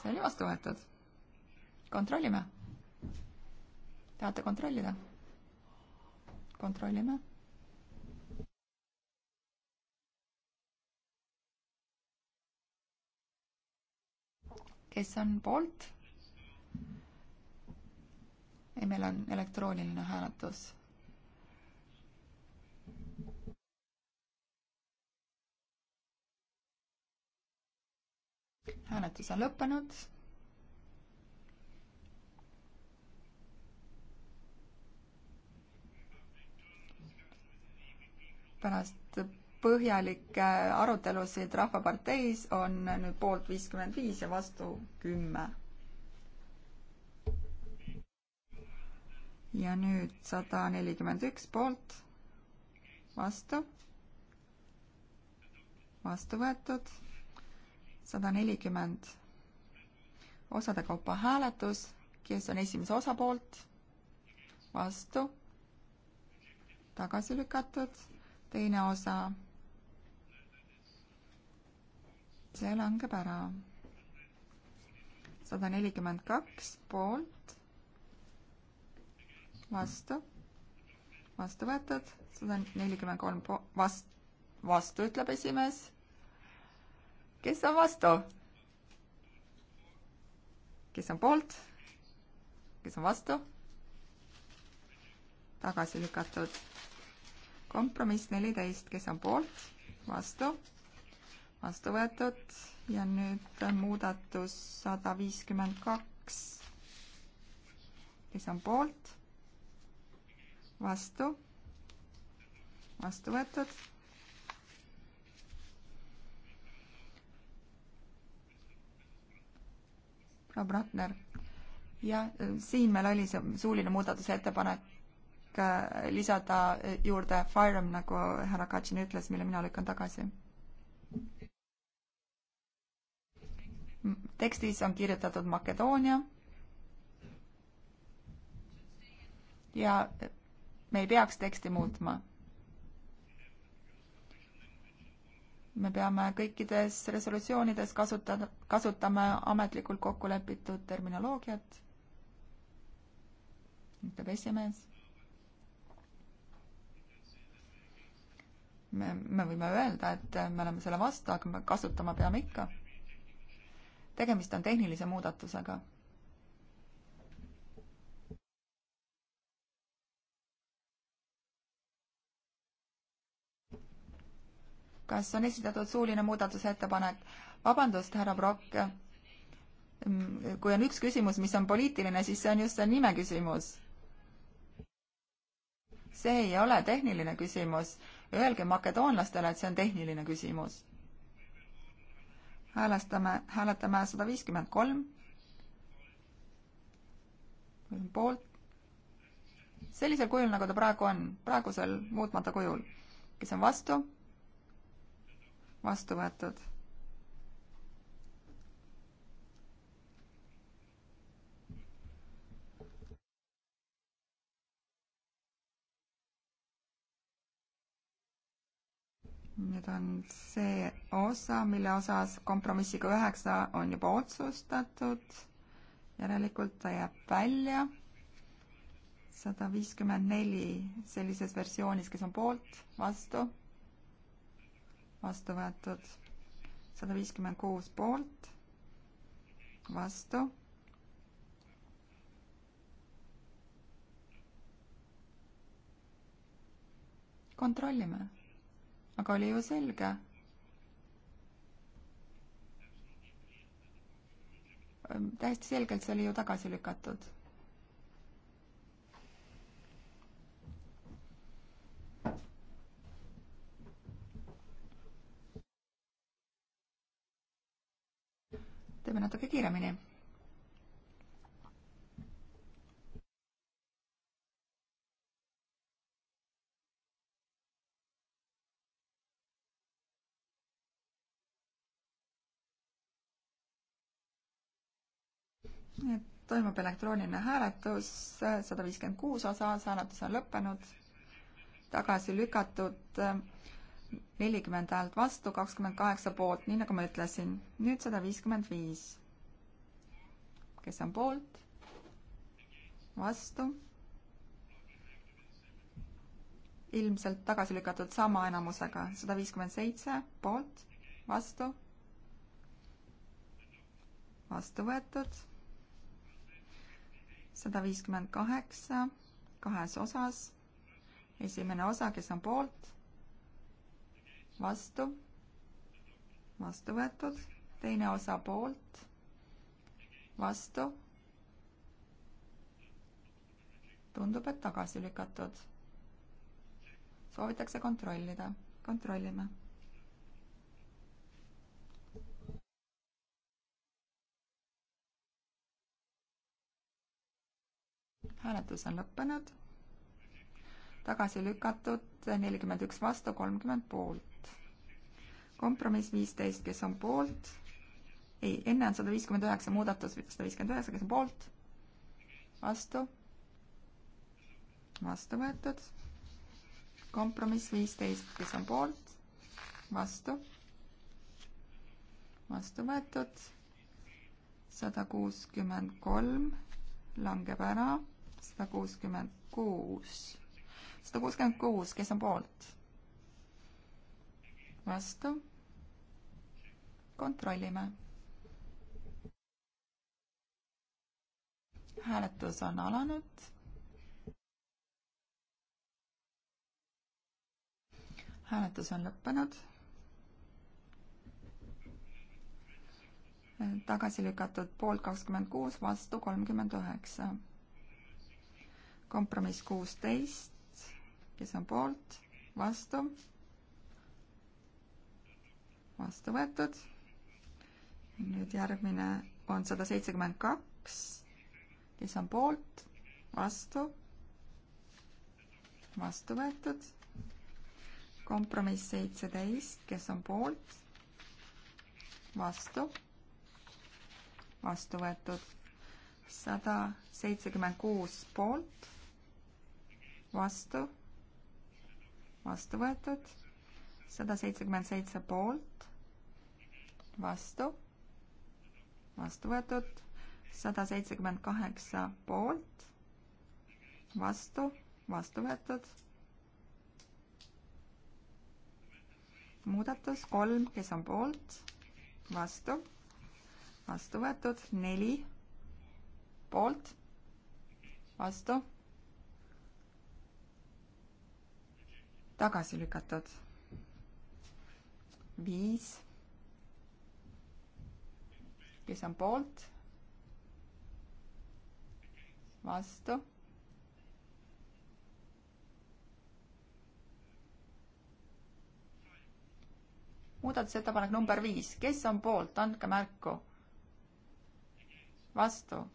Speaker 4: see oli vastu võetud. kontrollime. tahate kontrollida? kontrollime kes on poolt? ei, meil on elektrooniline hääletus. hääletus on lõppenud. pärast põhjalikke äh, arutelusid Rahvaparteis on nüüd poolt viiskümmend viis ja vastu kümme. ja nüüd sada nelikümmend üks poolt, vastu, vastu võetud, sada nelikümmend osade kaupa hääletus, kes on esimese osa poolt, vastu, tagasi lükatud, teine osa see langeb ära. sada nelikümmend kaks poolt, vastu, vastu võetud, sada nelikümmend kolm po-, vast-, vastu, ütleb esimees. kes on vastu? kes on poolt? kes on vastu? tagasi lükatud. kompromiss neliteist, kes on poolt, vastu vastu võetud ja nüüd muudatus sada viiskümmend kaks, kes on poolt, vastu, vastu võetud. proua Bratner, jah, äh, siin meil oli see suuline muudatusettepanek äh, lisada äh, juurde Firem, nagu härra Katšin ütles, mille mina lükkan tagasi tekstis on kirjutatud Makedoonia ja me ei peaks teksti muutma. me peame kõikides resolutsioonides kasutada, kasutame ametlikult kokku lepitud terminoloogiat, ütleb esimees me, me võime öelda, et me oleme selle vastu, aga me kasutama peame ikka tegemist on tehnilise muudatusega. kas on esitatud suuline muudatusettepanek? vabandust, härra Brock, mm, kui on üks küsimus, mis on poliitiline, siis see on just see nime küsimus. see ei ole tehniline küsimus. Öelge makedoonlastele, et see on tehniline küsimus häälestame, hääletame sada viiskümmend kolm poolt, sellisel kujul, nagu ta praegu on, praegusel muutmata kujul. kes on vastu? vastu võetud nüüd on see osa, mille osas kompromissiga üheksa on juba otsustatud, järelikult ta jääb välja. sada viiskümmend neli sellises versioonis, kes on poolt, vastu, vastu võetud, sada viiskümmend kuus poolt, vastu kontrollime aga oli ju selge. täiesti selgelt see oli ju tagasi lükatud. teeme natuke kiiremini toimub elektrooniline hääletus, sada viiskümmend kuus osas, hääletus on lõppenud, tagasi lükatud äh, nelikümmend häält vastu, kakskümmend kaheksa poolt, nii nagu ma ütlesin. nüüd sada viiskümmend viis. kes on poolt? vastu? ilmselt tagasi lükatud sama enamusega, sada viiskümmend seitse poolt, vastu? vastu võetud sada viiskümmend kaheksa kahes osas. esimene osa, kes on poolt, vastu, vastu võetud, teine osa poolt, vastu. tundub, et tagasi lükatud. soovitakse kontrollida, kontrollime hääletus on lõppenud. tagasi lükatud nelikümmend üks vastu, kolmkümmend poolt. kompromiss viisteist, kes on poolt? ei, enne on sada viiskümmend üheksa muudatus, sada viiskümmend üheksa, kes on poolt? vastu? vastu võetud. kompromiss viisteist, kes on poolt? vastu? vastu võetud. sada kuuskümmend kolm langeb ära sada nagu kuuskümmend kuus. sada kuuskümmend kuus, kes on poolt? vastu. kontrollime. hääletus on alanud. hääletus on lõppenud. tagasi lükatud poolt kakskümmend kuus, vastu kolmkümmend üheksa kompromiss kuusteist, kes on poolt, vastu, vastu võetud. nüüd järgmine on sada seitsekümmend kaks, kes on poolt, vastu, vastu võetud. kompromiss seitseteist, kes on poolt, vastu, vastu võetud. sada seitsekümmend kuus poolt vastu, vastu võetud, sada seitsekümmend seitse poolt, vastu, vastu võetud, sada seitsekümmend kaheksa poolt, vastu, vastu võetud. muudatus kolm, kes on poolt, vastu, vastu võetud, neli poolt, vastu tagasi lükatud. viis. kes on poolt? vastu. muudatusettepanek number viis, kes on poolt, andke märku. vastu.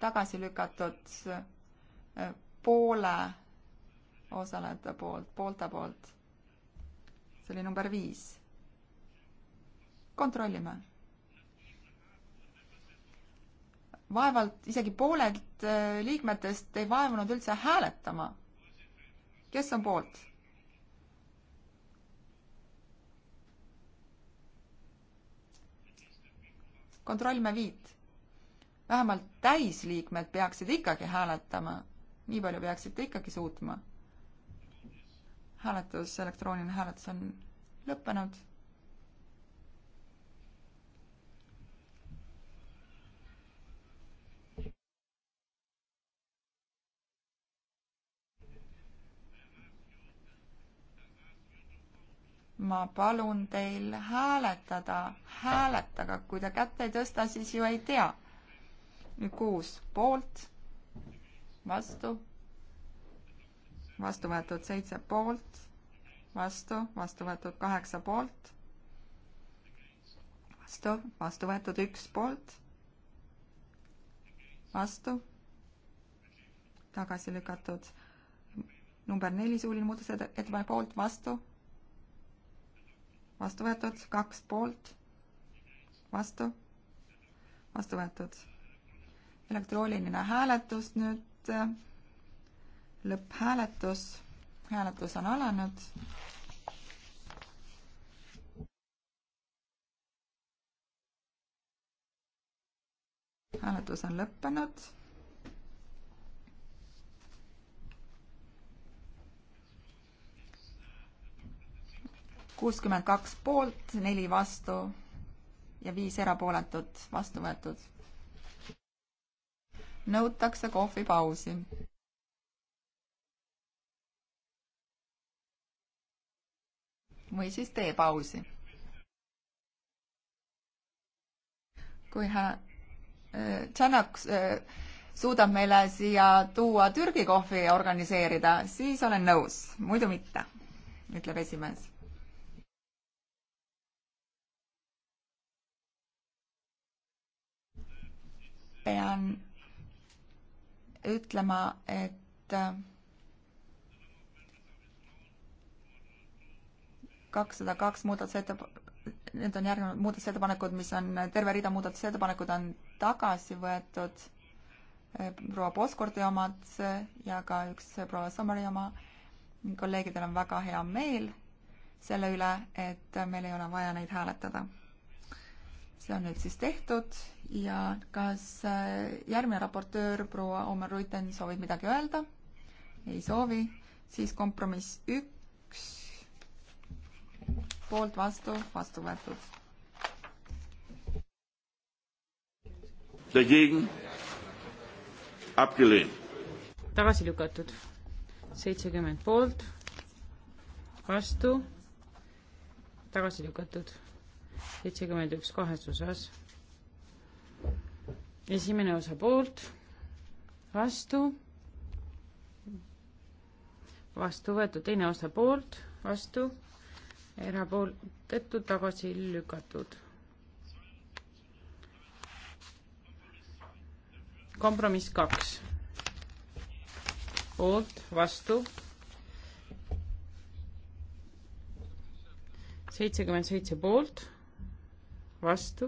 Speaker 4: tagasi lükatud poole osalejate poolt, poolte poolt. see oli number viis. kontrollime. vaevalt isegi pooled äh, liikmetest ei vaevunud üldse hääletama. kes on poolt? kontrollime viit. vähemalt täisliikmed peaksid ikkagi hääletama nii palju peaksite ikkagi suutma. hääletus, elektrooniline hääletus on lõppenud. ma palun teil hääletada, hääletage, kui te kätt ei tõsta, siis ju ei tea. kuus poolt vastu, vastu võetud seitse poolt, vastu, vastu võetud kaheksa poolt, vastu, vastu võetud üks poolt, vastu, tagasi lükatud number neli suuline muudatusettepanek poolt, vastu, vastu võetud kaks poolt, vastu, vastu võetud elektrooniline hääletus nüüd raport, äh, lõpphääletus, hääletus on alanud. hääletus on lõppenud. kuuskümmend kaks poolt, neli vastu ja viis erapooletut vastu võetud nõutakse kohvipausi. või siis teepausi. kui hä-, äh, Tšanak äh, suudab meile siia tuua Türgi kohvi organiseerida, siis olen nõus, muidu mitte, ütleb esimees pean ütlema, et äh, kakssada kaks muudatusettepanekut, need on järgnevad muudatusettepanekud, mis on, terve rida muudatusettepanekud on tagasi võetud, äh, proua Poskordi omad äh, ja ka üks proua Sommeri oma. kolleegidel on väga hea meel selle üle, et meil ei ole vaja neid hääletada see on nüüd siis tehtud ja kas äh, järgmine raportöör, proua Omer Ruiten, soovib midagi öelda? ei soovi, siis kompromiss üks, poolt, vastu, vastu võetud.
Speaker 5: tagasi lükatud, seitsekümmend poolt, vastu, tagasi lükatud seitsekümmend üks kahes osas. esimene osa poolt, vastu, vastu võetud, teine osa poolt, vastu, erapooletud, tagasi lükatud. kompromiss kaks, poolt, vastu seitsekümmend seitse poolt, vastu.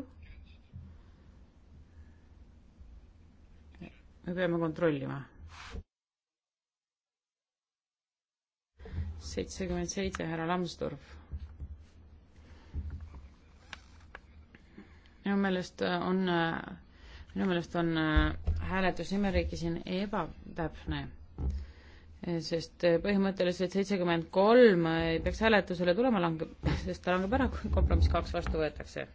Speaker 5: me peame kontrollima. seitsekümmend seitse, härra Lamsdorf. Äh, äh, minu meelest on, minu meelest on hääletusnimeriigi siin ebatäpne äh, sest põhimõtteliselt seitsekümmend kolm ei peaks hääletusele tulema, langeb, sest ta langeb ära, kui kompromiss kaks vastu võetakse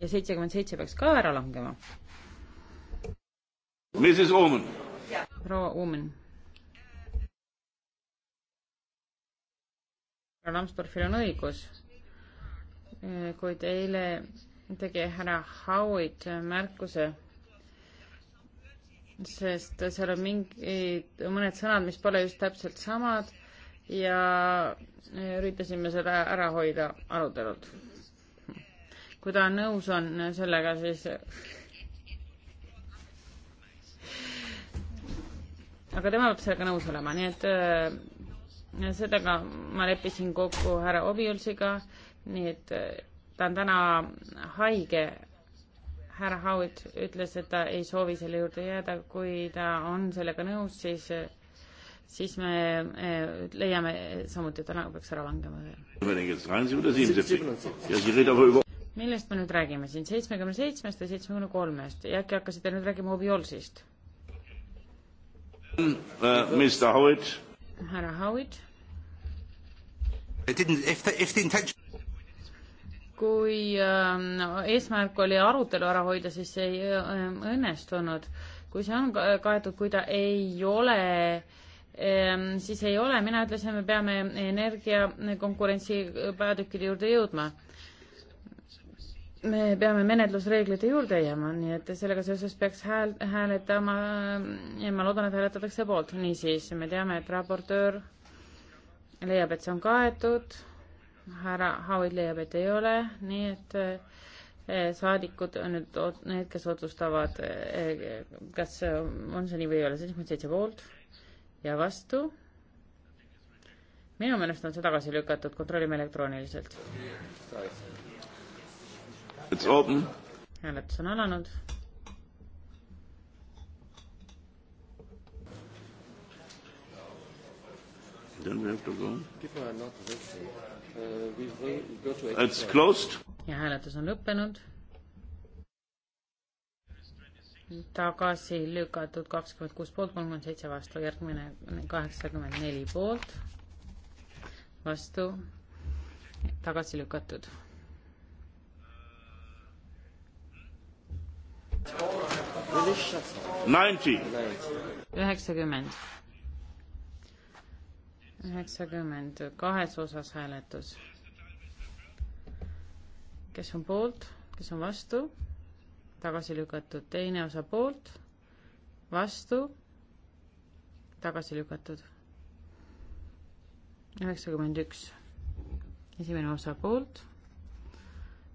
Speaker 5: ja seitsekümmend seitse peaks ka ära langema. proua Uumen. härra Lambsdorffil on õigus, äh, kuid eile tegi härra Howitt märkuse, sest seal on mingid, mõned sõnad, mis pole just täpselt samad ja äh, üritasime seda ära hoida arutelult kui ta nõus on sellega, siis aga tema peab sellega nõus olema, nii et äh, sellega ma leppisin kokku härra Obiulsiga, nii et äh, ta on täna haige. härra Howitt ütles, et ta ei soovi selle juurde jääda, kui ta on sellega nõus, siis äh, siis me äh, leiame samuti, et ta peaks ära langema millest me nüüd räägime siin, seitsmekümne seitsmest või seitsmekümne kolmest ja äkki hakkasite nüüd rääkima Oviolsist
Speaker 1: mm, uh,?
Speaker 5: härra Howitt. kui äh, no, eesmärk oli arutelu ära hoida, siis see ei äh, õnnestunud. kui see on kaetud, kui ta ei ole äh, siis ei ole, mina ütlesin, me peame energia konkurentsi peatükkide juurde jõudma me peame menetlusreeglite juurde jääma, nii et sellega seoses peaks hääl, hääletama ja ma loodan, et hääletatakse poolt. niisiis, me teame, et raportöör leiab, et see on kaetud, härra Howard leiab, et ei ole, nii et eh, saadikud on nüüd need, kes otsustavad, eh, kas on see nii või ei ole, seitsekümmend seitse poolt ja vastu. minu meelest on see tagasi lükatud, kontrollime elektrooniliselt hääletus on alanud.
Speaker 1: Then we have to go.
Speaker 3: People are not listening. Uh, we will go to It's closed.
Speaker 5: ja hääletus on lõppenud. tagasi lükatud kakskümmend kuus poolt, kolmkümmend seitse vastu, järgmine kaheksakümmend neli poolt, vastu, tagasi lükatud üheksakümmend. üheksakümmend, kahes osas hääletus. kes on poolt, kes on vastu? tagasi lükatud, teine osa poolt, vastu, tagasi lükatud. üheksakümmend üks, esimene osa poolt,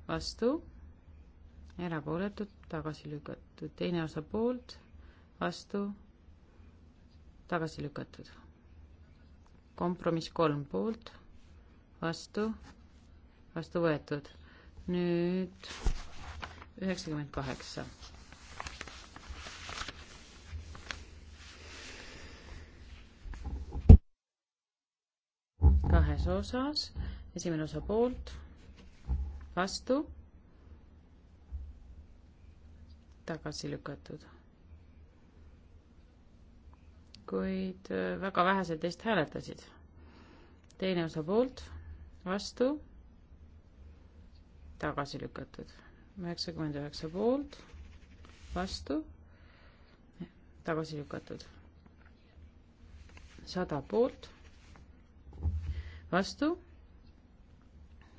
Speaker 5: vastu erapooletud, tagasi lükatud, teine osa poolt, vastu, tagasi lükatud. kompromiss kolm poolt, vastu, vastu võetud. nüüd üheksakümmend kaheksa. kahes osas, esimene osa poolt, vastu tagasi lükatud. kuid äh, väga vähesed teist hääletasid. teine osa poolt, vastu, tagasi lükatud. üheksakümmend üheksa poolt, vastu, tagasi lükatud. sada poolt, vastu,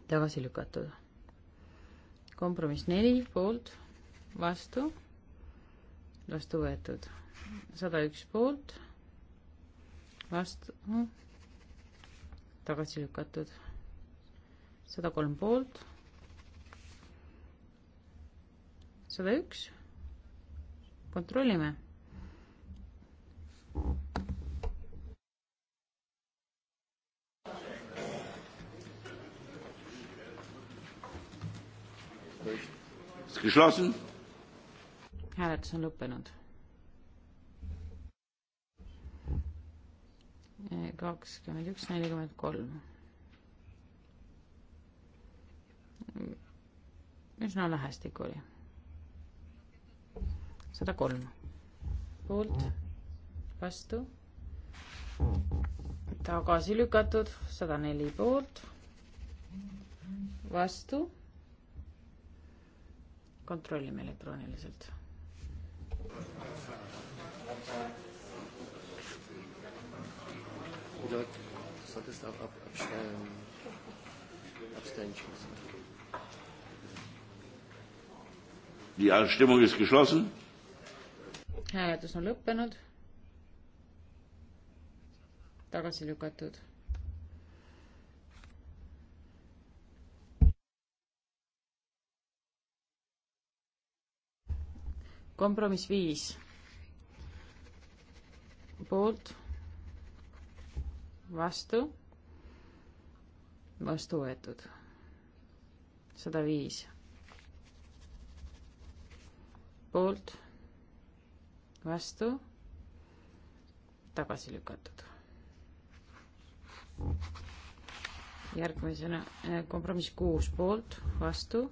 Speaker 5: tagasi lükatud kompromiss neli poolt, vastu, vastu võetud. sada üks poolt, vastu, noh, tagasi lükatud. sada kolm poolt, sada üks, kontrollime geschlossen hääletus on lõppenud. kakskümmend üks, nelikümmend kolm. üsna lähestik oli. sada kolm poolt, vastu, tagasi lükatud, sada neli poolt, vastu. kontrollime
Speaker 3: elektrooniliselt Oder solltest du auch ab, abstellen? Abstentions.
Speaker 1: Die Stimmung ist geschlossen.
Speaker 5: hääletus on lõppenud. tagasi lükatud kompromiss viis poolt, vastu, vastu võetud. sada viis poolt, vastu, tagasi lükatud. järgmisena eh, kompromiss kuus poolt, vastu,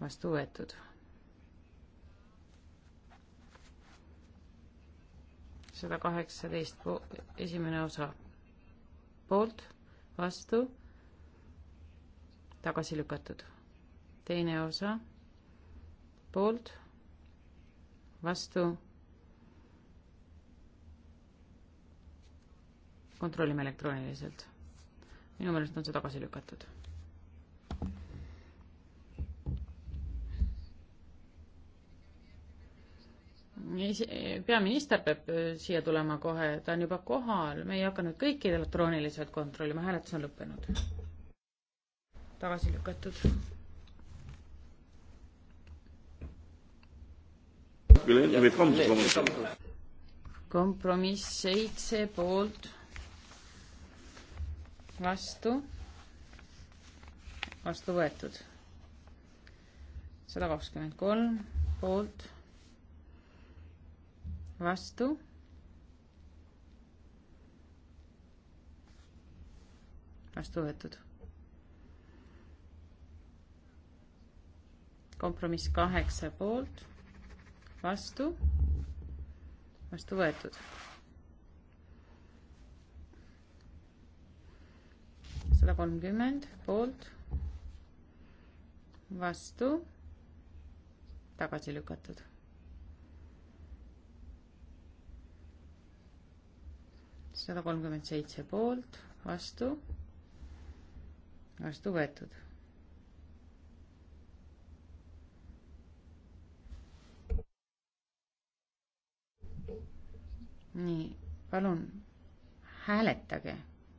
Speaker 5: vastu võetud sada kaheksateist esimene osa poolt, vastu, tagasi lükatud. teine osa poolt, vastu. kontrollime elektrooniliselt. minu meelest on see tagasi lükatud Eh, peaminister peab eh, siia tulema kohe, ta on juba kohal, me ei hakka nüüd kõiki elektrooniliselt kontrollima, hääletus on lõppenud. tagasi lükatud. kompromiss seitse poolt, vastu, vastu võetud. sada kakskümmend kolm poolt vastu. vastu võetud. kompromiss kaheksa poolt, vastu, vastu võetud. sada kolmkümmend poolt, vastu, tagasi lükatud sada kolmkümmend seitse poolt, vastu, vastu võetud. nii, palun hääletage,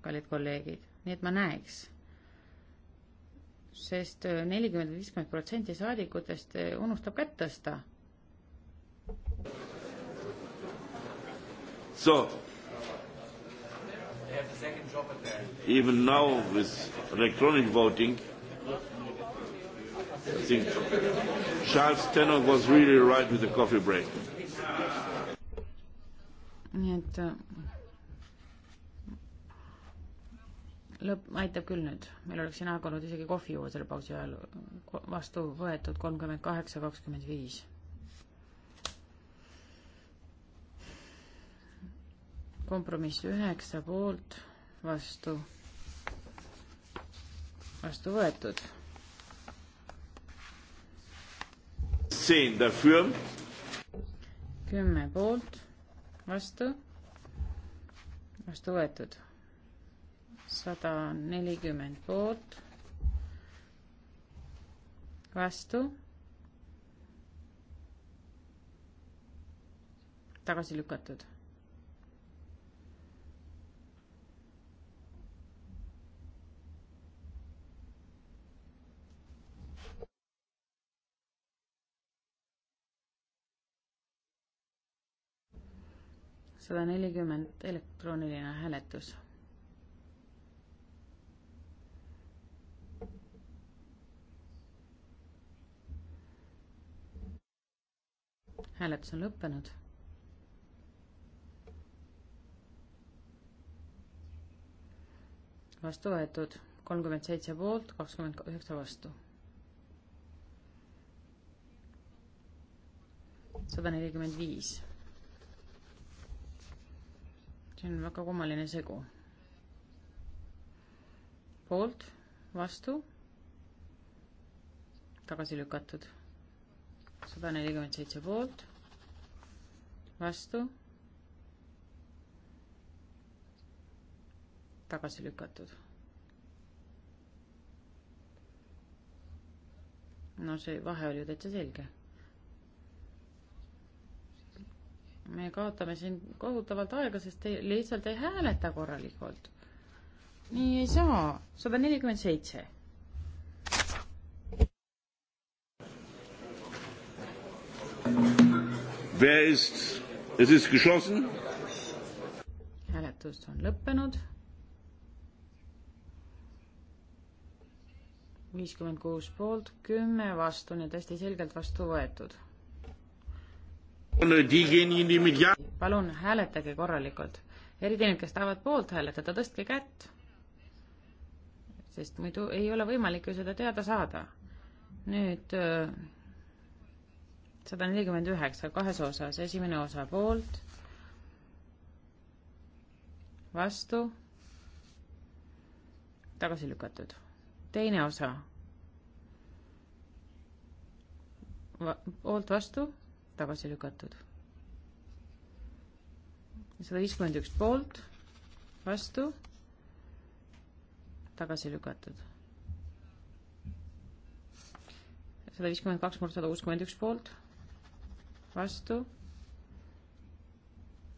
Speaker 5: kallid kolleegid, nii et ma näeks sest. sest nelikümmend, viiskümmend protsenti saadikutest unustab kätt tõsta.
Speaker 1: So, Even now with electronic voting, I think Charles Tenok was really right with the coffee break.
Speaker 5: nii et äh, lõpp, aitab küll nüüd, meil oleks siin aega olnud isegi kohvi juua selle pausi ajal, vastu võetud kolmkümmend kaheksa, kakskümmend viis kompromiss üheksa poolt, vastu, vastu võetud. kümme poolt, vastu, vastu võetud. sada nelikümmend poolt, vastu tagasi lükatud. sada nelikümmend elektrooniline hääletus. hääletus on lõppenud. vastu võetud kolmkümmend seitse poolt, kakskümmend üheksa vastu. sada nelikümmend viis see on väga kummaline segu. poolt, vastu, tagasi lükatud. sada nelikümmend seitse poolt, vastu, tagasi lükatud. no see vahe oli ju täitsa selge me kaotame siin kohutavalt aega, sest te lihtsalt ei hääleta korralikult. nii ei saa. sada nelikümmend seitse.
Speaker 1: Wer ist, es ist geschlossen?
Speaker 5: hääletus on lõppenud. viiskümmend kuus poolt, kümme vastu, nii et hästi selgelt vastu võetud palun hääletage korralikult, eriti need, kes tahavad poolt hääletada, tõstke kätt. sest muidu ei ole võimalik ju seda teada saada. nüüd äh, sada nelikümmend üheksa kahes osas, esimene osa poolt, vastu, tagasi lükatud. teine osa, poolt, vastu tagasi lükatud. sada viiskümmend üks poolt, vastu, tagasi lükatud. sada viiskümmend kaks kord sada kuuskümmend üks poolt, vastu,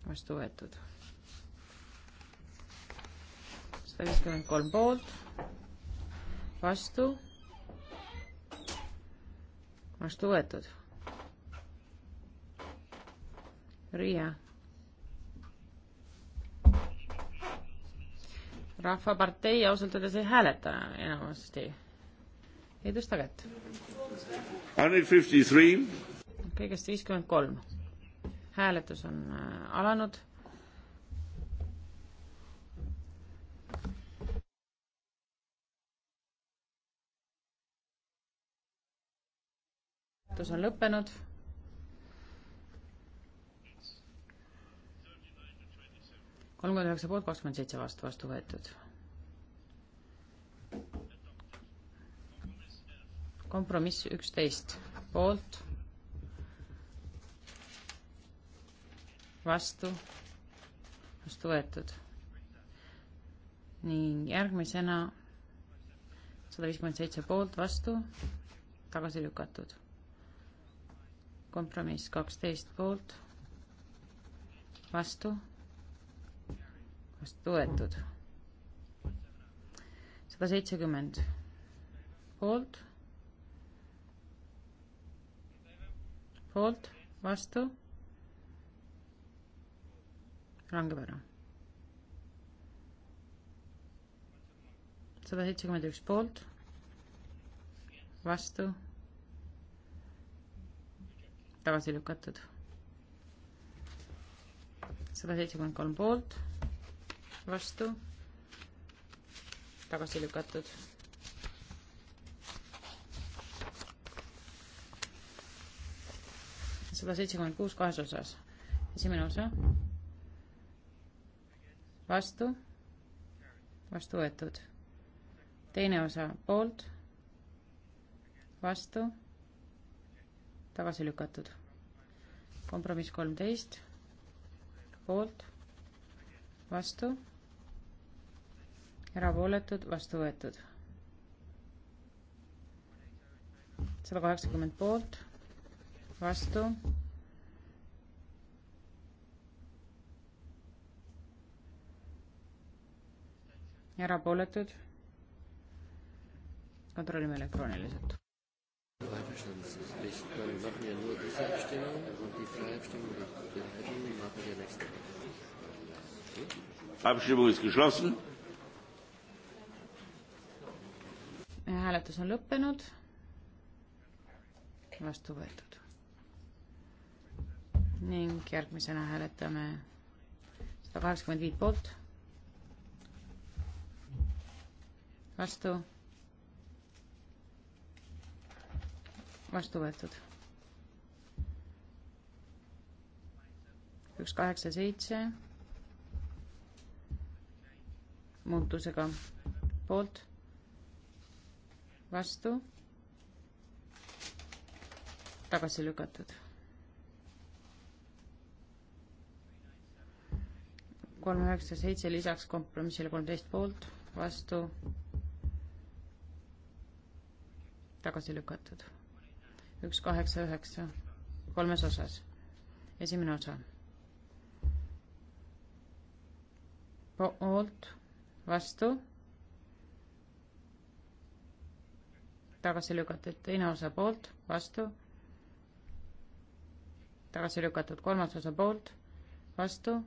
Speaker 5: vastu võetud. sada viiskümmend kolm poolt, vastu, vastu võetud Riia. rahvapartei ausalt öeldes ei hääleta enamasti. ei tõsta kätt. kõigest viiskümmend kolm. hääletus on äh, alanud. hääletus on lõppenud kolmkümmend üheksa poolt, kakskümmend seitse vastu, vastu võetud. kompromiss üksteist poolt, vastu, vastu võetud. ning järgmisena sada viiskümmend seitse poolt, vastu, tagasi lükatud. kompromiss kaksteist poolt, vastu vastu võetud. sada seitsekümmend poolt, poolt, vastu, langeb ära. sada seitsekümmend üks poolt, vastu, tagasi lükatud sada seitsekümmend kolm poolt, vastu, tagasi lükatud. sada seitsekümmend kuus kahes osas. esimene osa, vastu, vastu võetud. teine osa, poolt, vastu, tagasi lükatud. kompromiss kolmteist, poolt vastu erapooletud, vastu võetud. sada kaheksakümmend poolt, vastu. erapooletud. kontrollime
Speaker 3: elektrooniliselt.
Speaker 1: Abstimmung ist geschlossen.
Speaker 5: hääletus on lõppenud. vastu võetud. ning järgmisena hääletame sada kaheksakümmend viit poolt. vastu. vastu võetud. üks kaheksa seitse muutusega poolt vastu, tagasi lükatud. kolm üheksa seitse lisaks kompromissile kolmteist poolt, vastu, tagasi lükatud. üks kaheksa üheksa, kolmes osas. esimene osa poolt, vastu tagasi lükatud teine osa poolt, vastu, tagasi lükatud kolmas osa poolt, vastu,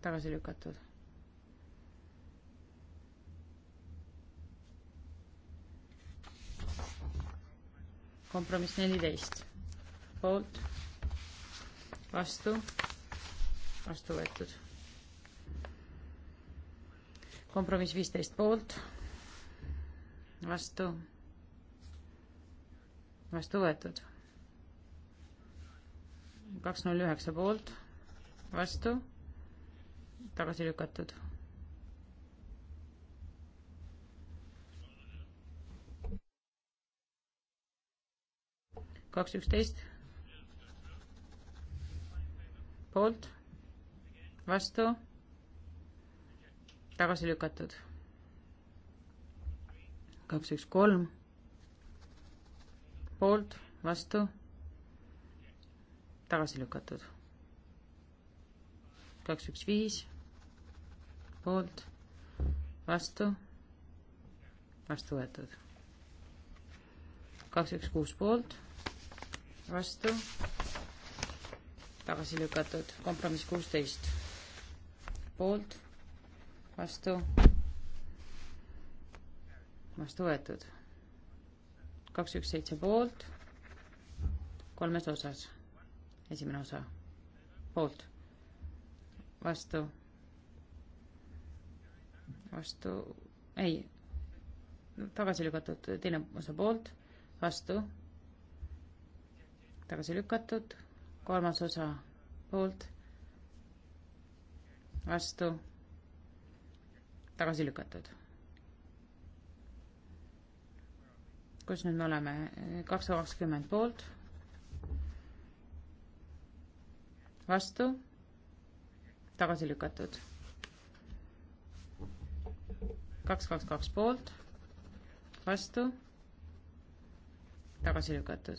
Speaker 5: tagasi lükatud. kompromiss neliteist, poolt, vastu, vastu võetud. kompromiss viisteist poolt vastu, vastu võetud. kaks null üheksa poolt, vastu, tagasi lükatud. kaks üksteist poolt, vastu, tagasi lükatud kaks, üks, kolm. poolt, vastu, tagasi lükatud. kaks, üks, viis, poolt, vastu, vastu võetud. kaks, üks, kuus poolt, vastu, tagasi lükatud, kompromiss kuusteist, poolt, vastu vastu võetud. kaks, üks, seitse poolt, kolmes osas. esimene osa, poolt, vastu, vastu, ei, tagasi lükatud, teine osa poolt, vastu, tagasi lükatud, kolmas osa poolt, vastu, tagasi lükatud kus nüüd me oleme, kakssada kakskümmend poolt, vastu, tagasi lükatud. kaks, kaks, kaks poolt, vastu, tagasi lükatud.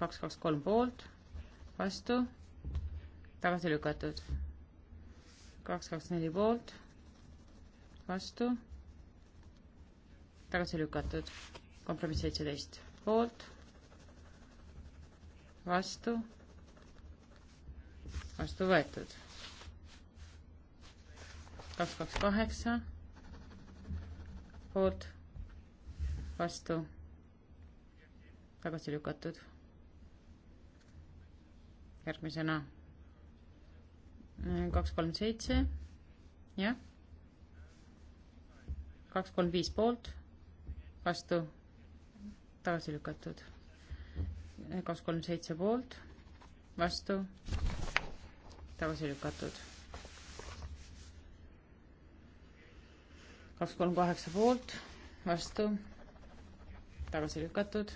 Speaker 5: kaks, kaks, kolm poolt, vastu, tagasi lükatud. kaks, kaks, neli poolt, vastu, tagasi lükatud kompromiss seitseteist poolt, vastu, vastu võetud. kaks, kaks, kaheksa, poolt, vastu, tagasi lükatud. järgmisena kaks, kolm, seitse, jah, kaks, kolm, viis poolt, vastu tagasi lükatud. kaks, kolm, seitse poolt, vastu, tagasi lükatud. kaks, kolm, kaheksa poolt, vastu, tagasi lükatud.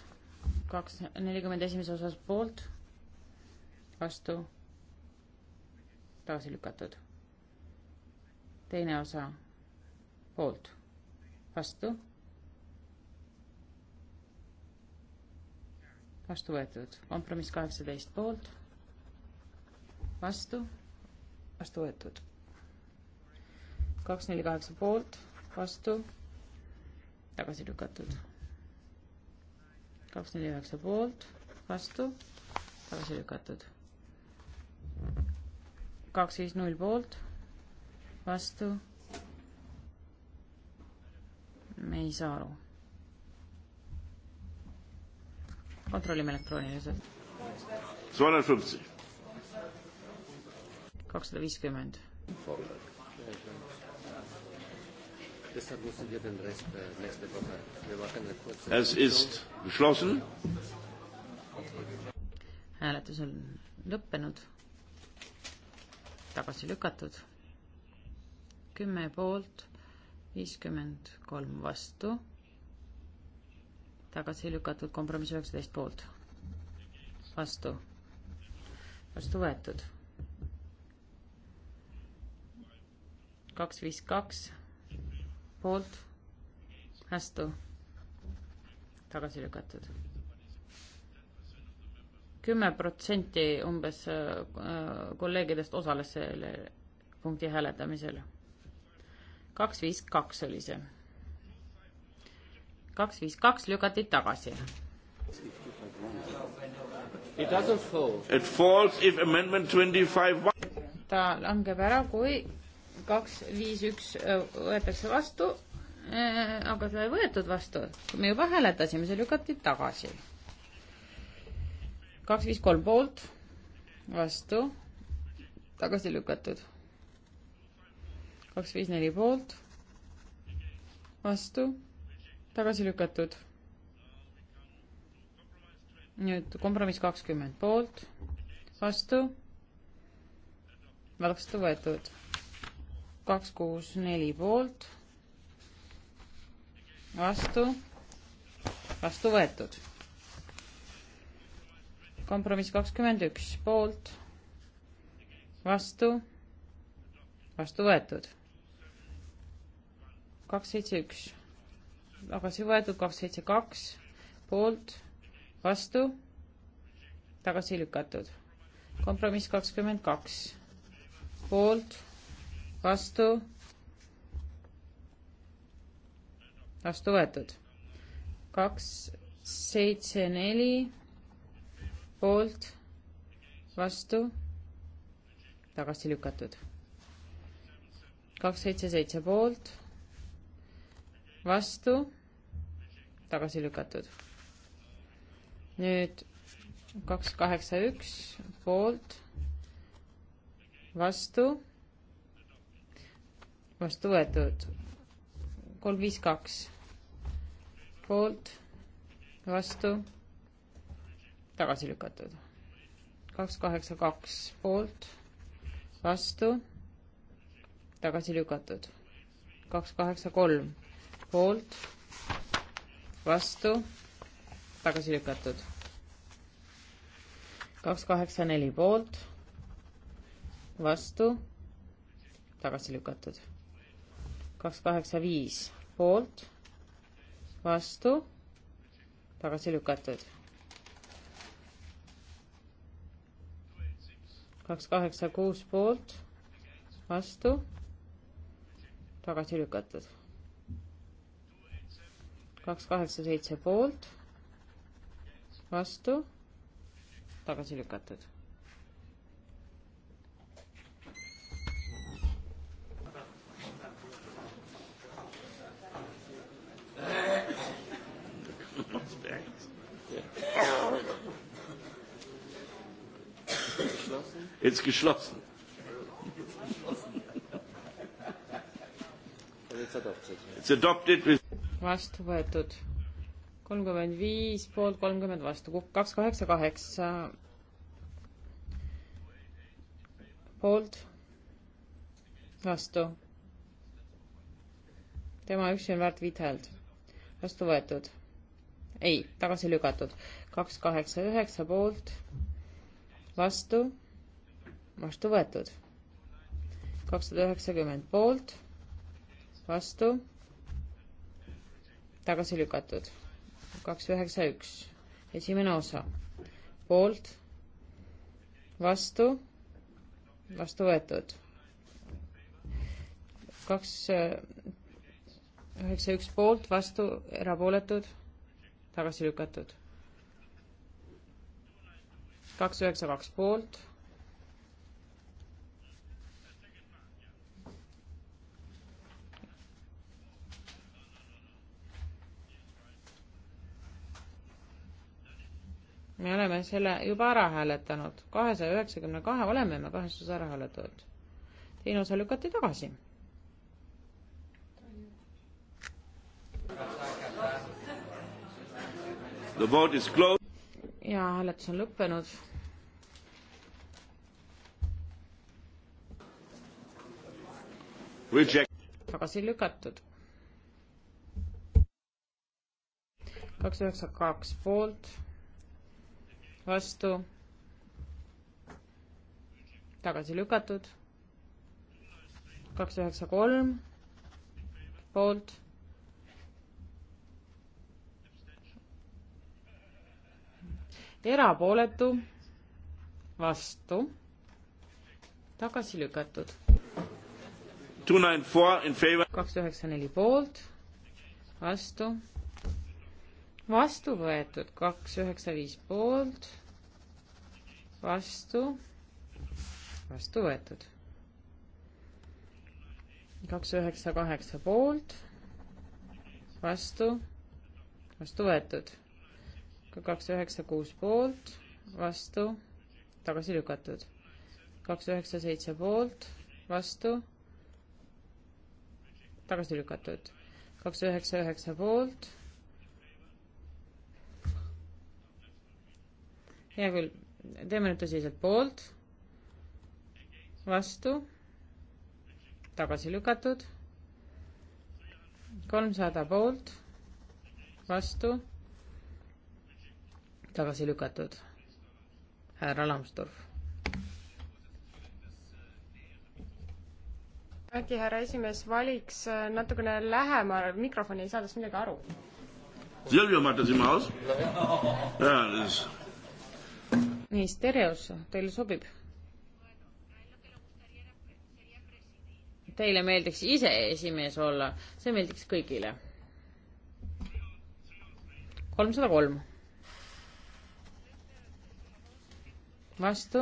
Speaker 5: kaks, nelikümmend esimese osas poolt, vastu, tagasi lükatud. teine osa poolt, vastu vastu võetud. kompromiss kaheksateist poolt, vastu, vastu võetud. kaks, neli, kaheksa poolt, vastu, tagasi lükatud. kaks, neli, üheksa poolt, vastu, tagasi lükatud. kaks, viis, null poolt, vastu. me ei saa aru kontrollime elektrooniliselt. kakssada viiskümmend.
Speaker 3: Es ist
Speaker 5: geschlossen. hääletus on lõppenud, tagasi lükatud, kümme poolt, viiskümmend kolm vastu tagasi lükatud kompromiss üheksateist poolt. vastu. vastu võetud. kaks, viis, kaks poolt, vastu, tagasi lükatud. kümme protsenti umbes äh, kolleegidest osales selle punkti hääletamisel. kaks, viis, kaks oli see kaks, viis, kaks lükati tagasi. It doesn't fall.
Speaker 1: It falls if amendment twenty five.
Speaker 5: ta langeb ära, kui kaks, viis, üks äh, võetakse vastu, äh, aga seda ei võetud vastu, me juba hääletasime, see lükati tagasi. kaks, viis, kolm poolt, vastu, tagasi lükatud. kaks, viis, neli poolt, vastu tagasi lükatud. nüüd kompromiss kakskümmend poolt, vastu, vastu võetud. kaks, kuus, neli poolt, vastu, vastu võetud. kompromiss kakskümmend üks poolt, vastu, vastu võetud. kaks, seitse, üks tagasi võetud, kaks, seitse, kaks poolt, vastu, tagasi lükatud. kompromiss kakskümmend kaks poolt, vastu, vastu võetud. kaks, seitse, neli poolt, vastu, tagasi lükatud. kaks, seitse, seitse poolt vastu, tagasi lükatud. nüüd kaks kaheksa üks poolt, vastu, vastu võetud. kolm viis kaks poolt, vastu, tagasi lükatud. kaks kaheksa kaks poolt, vastu, tagasi lükatud. kaks kaheksa kolm poolt, vastu, tagasi lükatud. kaks kaheksa neli poolt, vastu, tagasi lükatud. kaks kaheksa viis poolt, vastu, tagasi lükatud. kaks kaheksa kuus poolt, vastu, tagasi lükatud kaks kaheksa seitse poolt, vastu, tagasi lükatud.
Speaker 3: Jetzt geschlossen. It's adopted.
Speaker 1: It's adopted with
Speaker 5: vastu võetud. kolmkümmend viis poolt, kolmkümmend vastu, kaks kaheksa kaheksa poolt, vastu. tema üksi on väärt viit häält. vastu võetud. ei, tagasi lükatud. kaks kaheksa üheksa poolt, vastu, vastu võetud kakssada üheksakümmend poolt, vastu tagasi lükatud. kaks üheksa üks, esimene osa, poolt, vastu, vastu võetud. kaks üheksa üks poolt, vastu, erapooletud, tagasi lükatud. kaks üheksa kaks poolt me oleme selle juba ära hääletanud, kahesaja üheksakümne kahe oleme me kahesajas ära hääletanud. teine osa lükati tagasi. ja hääletus on lõppenud. tagasi lükatud. kaks üheksa kaks poolt vastu, tagasi lükatud, kaks üheksa kolm, poolt erapooletu, vastu, tagasi lükatud. kaks üheksa neli poolt, vastu vastu võetud, kaks üheksa viis poolt, vastu, vastu võetud. kaks üheksa kaheksa poolt, vastu, vastu võetud. kaks üheksa kuus poolt, vastu, tagasi lükatud. kaks üheksa seitse poolt, vastu, tagasi lükatud. kaks üheksa üheksa poolt hea küll, teeme nüüd tõsiselt poolt, vastu, tagasi lükatud, kolmsada poolt, vastu, tagasi lükatud, härra Lambsdorff.
Speaker 2: äkki härra esimees valiks äh, natukene lähemal mikrofoni, ei saa tast midagi aru.
Speaker 1: Silvio, ma ütlesin maas. jaa,
Speaker 2: nii stereos, teile sobib?
Speaker 5: Teile meeldiks ise esimees olla, see meeldiks kõigile. kolmsada kolm. vastu.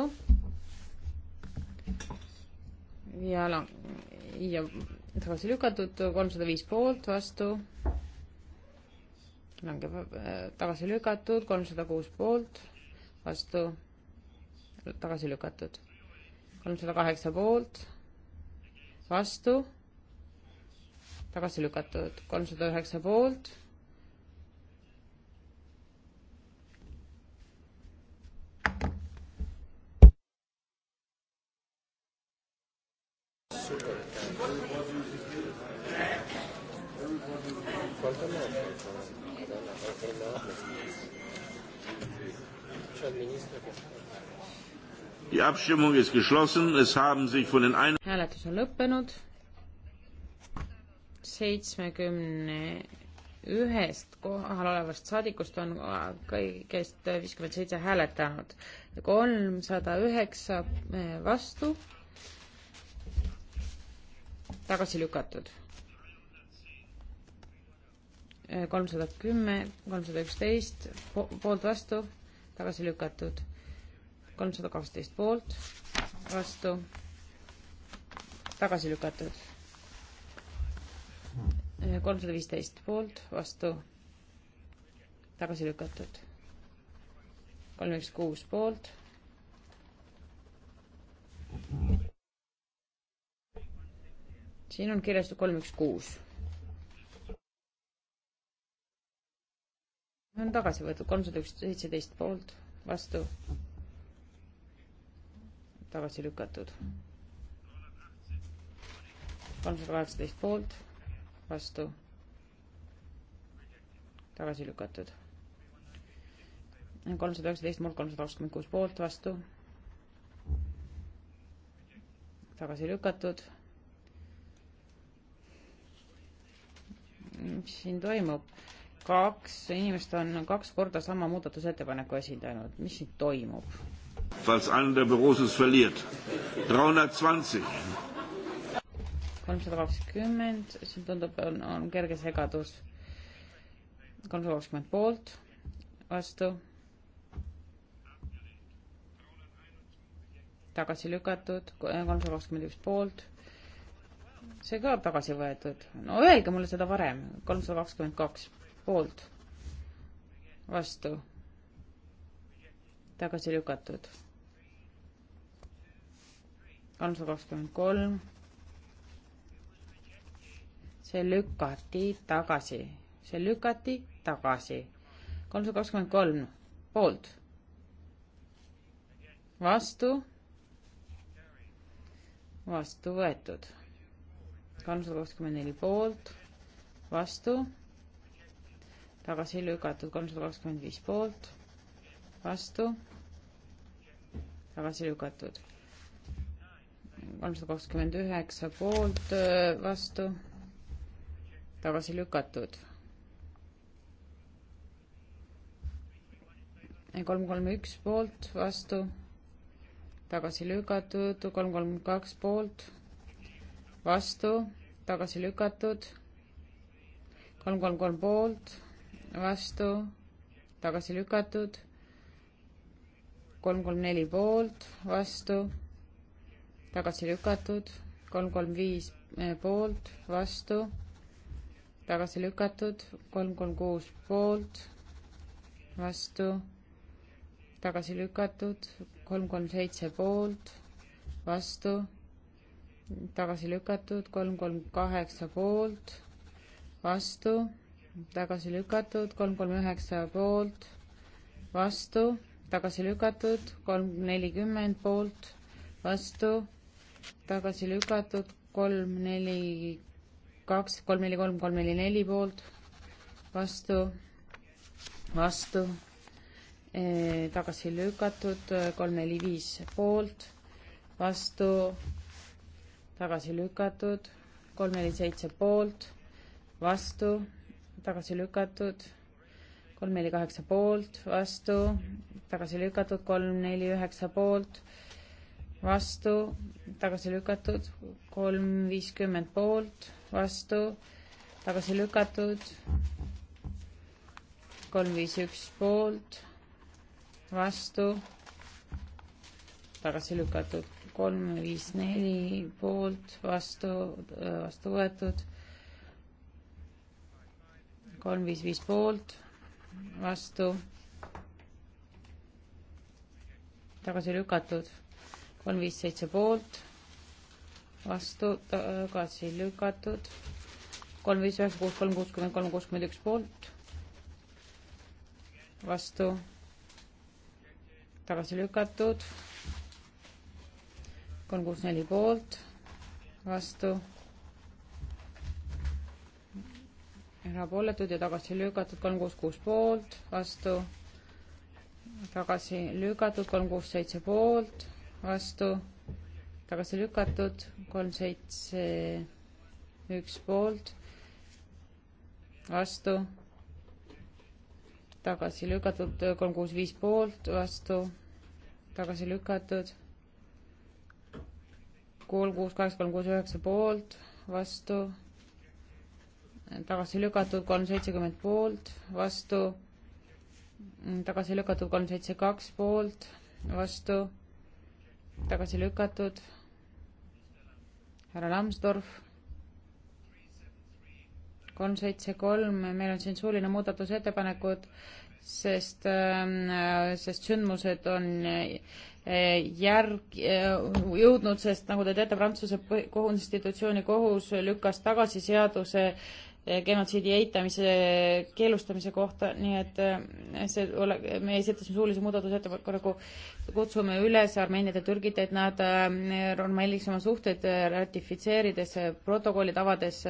Speaker 5: ja lang- ja tagasi lükatud, kolmsada viis poolt, vastu langeb äh, tagasi lükatud, kolmsada kuus poolt, vastu, tagasi lükatud. kolmsada kaheksa poolt, vastu, tagasi lükatud. kolmsada üheksa poolt
Speaker 1: Abstimmung ist geschlossen. Es haben sich von
Speaker 5: den ein- hääletus on lõppenud. seitsmekümne ühest kohal olevast saadikust on äh, kõigest viiskümmend seitse hääletanud ja kolmsada üheksa äh, vastu tagasi lükatud. Äh, kolmsada kümme, kolmsada üksteist poolt vastu tagasi lükatud kolmsada kaksteist poolt, vastu, tagasi lükatud. kolmsada viisteist poolt, vastu, tagasi lükatud. kolm üks kuus poolt. siin on kirjas kolm üks kuus. on tagasi võetud kolmsada üks, seitseteist poolt, vastu tagasi lükatud. kolmsada kaheksateist poolt, vastu, tagasi lükatud. kolmsada üheksateist murd kolmsada kakskümmend kuus poolt, vastu, tagasi lükatud. mis siin toimub? kaks inimest on kaks korda sama muudatusettepaneku esindanud, mis siin toimub? kolmsada kakskümmend, siin tundub, on, on kerge segadus. kolmsada kakskümmend poolt, vastu. tagasi lükatud, kolmsada kakskümmend üks poolt see ka tagasi võetud. no öelge mulle seda varem, kolmsada kakskümmend kaks poolt, vastu, tagasi lükatud. kolmsada kakskümmend kolm. see lükati tagasi, see lükati tagasi. kolmsada kakskümmend kolm poolt, vastu, vastu võetud. kolmsada kakskümmend neli poolt, vastu tagasi lükatud kolmsada kakskümmend viis poolt, vastu, tagasi lükatud. kolmsada kakskümmend üheksa poolt, äh, vastu, tagasi lükatud. kolm kolm üks poolt, vastu, tagasi lükatud, kolm kolm kaks poolt, vastu, tagasi lükatud, kolm kolm kolm poolt vastu, tagasi lükatud, kolm, kolm, neli poolt, vastu, tagasi lükatud, kolm, kolm, viis eh, poolt, vastu, tagasi lükatud, kolm, kolm, kuus poolt, vastu, tagasi lükatud, kolm, kolm, seitse poolt, vastu, tagasi lükatud, kolm, kolm, kaheksa poolt, vastu tagasi lükatud, kolm kolm üheksa poolt, vastu, tagasi lükatud, kolm nelikümmend poolt, vastu, tagasi lükatud, kolm neli kaks, kolm neli kolm, kolm neli neli poolt, vastu, vastu, tagasi lükatud, kolm neli viis poolt, vastu, tagasi lükatud, kolm neli seitse poolt, vastu tagasi lükatud, kolm, neli, kaheksa poolt, vastu, tagasi lükatud, kolm, neli, üheksa poolt, vastu, tagasi lükatud, kolm, viiskümmend poolt, vastu, tagasi lükatud, kolm, viis, üks poolt, vastu, tagasi lükatud, kolm, viis, neli poolt, vastu, vastu võetud kolm, viis, viis poolt, vastu, tagasi lükatud, kolm, viis, seitse poolt, vastu, tagasi lükatud, kolm, viis, üheksa, kuus, kolm, kuuskümmend, kolm, kuuskümmend üks poolt, vastu, tagasi lükatud, kolm, kuus, neli poolt, vastu erapooletud ja tagasi lükatud, kolm kuus kuus poolt, vastu, tagasi lükatud, kolm kuus seitse poolt, vastu, tagasi lükatud, kolm seitse üks poolt, vastu, tagasi lükatud, kolm kuus viis poolt, vastu, tagasi lükatud, kolm kuus kaheksa, kolm kuus üheksa poolt, vastu tagasi lükatud kolm seitsekümmend poolt, vastu, tagasi lükatud kolm seitse kaks poolt, vastu, tagasi lükatud, härra Lambsdorff, kolm seitse kolm, meil on siin suuline muudatusettepanekud, sest, ähm, sest sündmused on äh, järg äh, jõudnud, sest nagu te teate, Prantsuse konstitutsiooni kohus lükkas tagasi seaduse Eh, genotsiidi eitamise keelustamise kohta, nii et eh, see ole, me esitasime suulise muudatusettepaneku, kutsume üles Armeeniat ja Türgit, et nad eh, normaliseeriks oma suhted, ratifitseerides protokollid, avades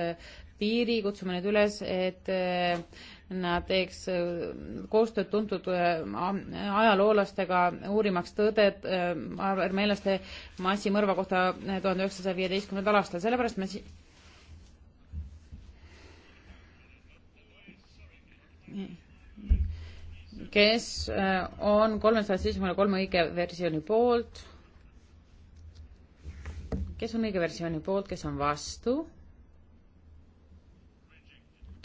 Speaker 5: piiri, kutsume neid üles, et nad teeks koostööd tuntud ajaloolastega, uurimaks tõde armeenlaste massimõrva kohta tuhande üheksasaja viieteistkümnendal aastal, sellepärast me kes äh, on kolmesaja seitsmekümne kolme õige versiooni poolt, kes on õige versiooni poolt, kes on vastu,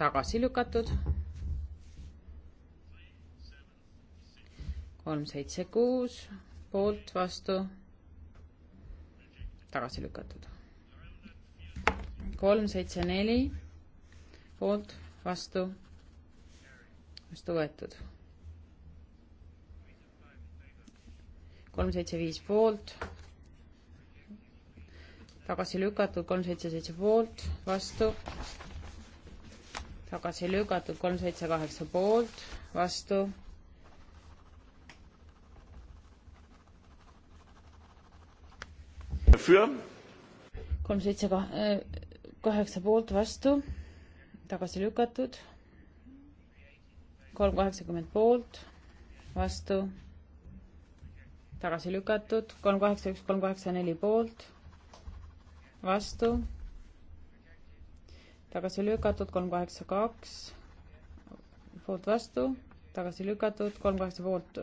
Speaker 5: tagasi lükatud kolm, seitse, kuus, poolt, vastu, tagasi lükatud. kolm, seitse, neli, poolt, vastu, vastu võetud. kolm, seitse, viis poolt, tagasi lükatud, kolm, seitse, seitse poolt, vastu, tagasi lükatud, kolm, seitse, kaheksa poolt, vastu dafür. kolm seitse kaheksa poolt vastu, tagasi lükatud kolm kaheksakümmend poolt, vastu, tagasi lükatud, kolm kaheksa üks, kolm kaheksa neli poolt, vastu, tagasi lükatud, kolm kaheksa kaks, poolt vastu, tagasi lükatud, kolm kaheksa poolt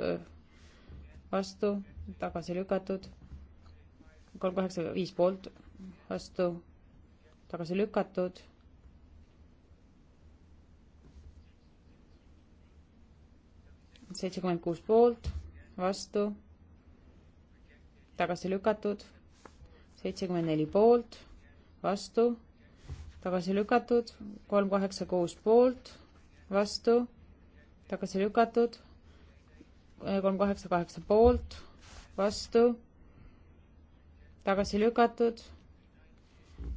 Speaker 5: vastu, tagasi lükatud, kolm kaheksa viis poolt vastu, tagasi lükatud seitsekümmend kuus poolt, vastu, tagasi lükatud, seitsekümmend neli poolt, vastu, tagasi lükatud, kolm kaheksa kuus poolt, vastu, tagasi lükatud, kolm kaheksa kaheksa poolt, vastu, tagasi lükatud,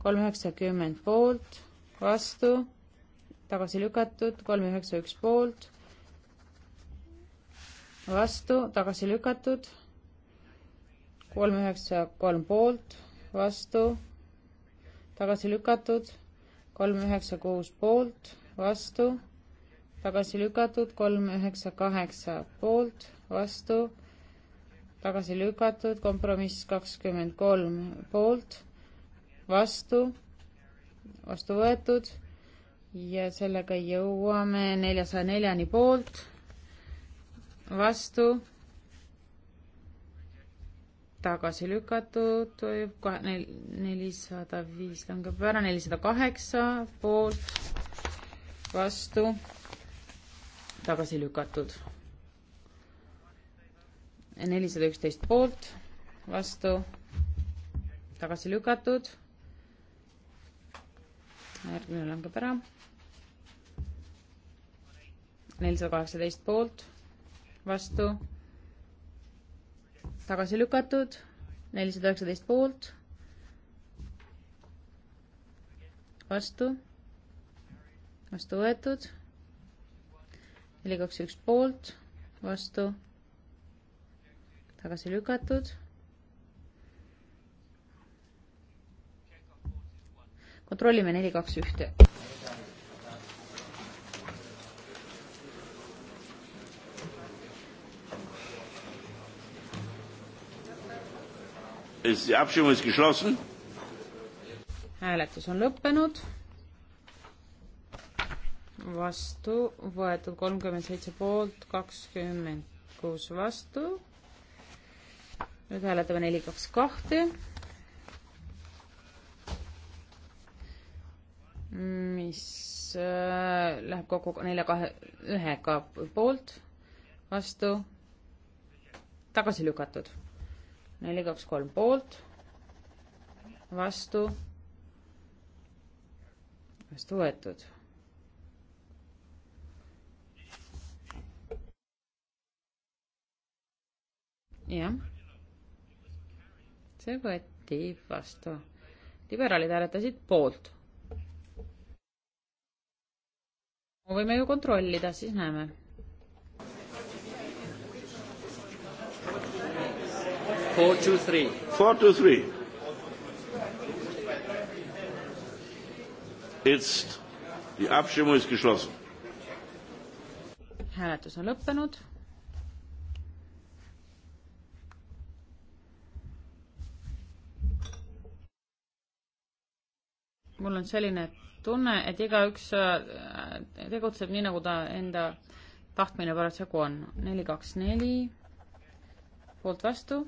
Speaker 5: kolm üheksakümmend poolt, vastu, tagasi lükatud, kolm üheksa üks poolt vastu, tagasi lükatud, kolm üheksa kolm poolt, vastu, tagasi lükatud, kolm üheksa kuus poolt, vastu, tagasi lükatud, kolm üheksa kaheksa poolt, vastu, tagasi lükatud, kompromiss kakskümmend kolm poolt, vastu, vastu võetud ja sellega jõuame neljasaja neljani poolt vastu, tagasi lükatud, kahe, nel-, nelisada viis langeb ära, nelisada kaheksa poolt, vastu, tagasi lükatud. nelisada üksteist poolt, vastu, tagasi lükatud, järgmine langeb ära nelisada kaheksateist poolt, vastu, tagasi lükatud, nelisada üheksateist poolt, vastu, vastu võetud, neli, kaks, üks poolt, vastu, tagasi lükatud kontrollime neli, kaks, ühte. hääletus on lõppenud. vastu võetud kolmkümmend seitse poolt, kakskümmend kuus vastu. nüüd hääletame neli, kaks, kahte. mis äh, läheb kokku nelja, kahe, ühega poolt, vastu, tagasi lükatud neli, kaks, kolm poolt, vastu, vastu võetud. jah, see võeti vastu. liberaalid hääletasid poolt. võime ju kontrollida, siis näeme
Speaker 1: Four, two, three. Four, two, three. Jetzt die Abstimmung ist geschlossen.
Speaker 5: Hääletus on lõppenud. mul on selline tunne, et igaüks äh, tegutseb nii, nagu ta enda tahtmine parasjagu on. neli, kaks, neli, poolt vastu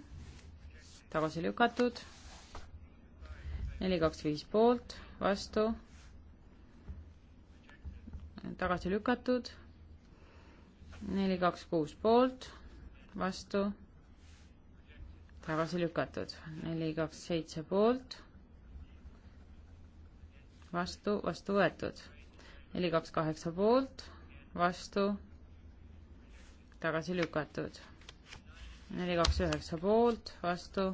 Speaker 5: tagasi lükatud. neli, kaks, viis poolt, vastu, tagasi lükatud. neli, kaks, kuus poolt, vastu, tagasi lükatud. neli, kaks, seitse poolt, vastu, vastu võetud. neli, kaks, kaheksa poolt, vastu, tagasi lükatud neli, kaks, üheksa poolt, vastu,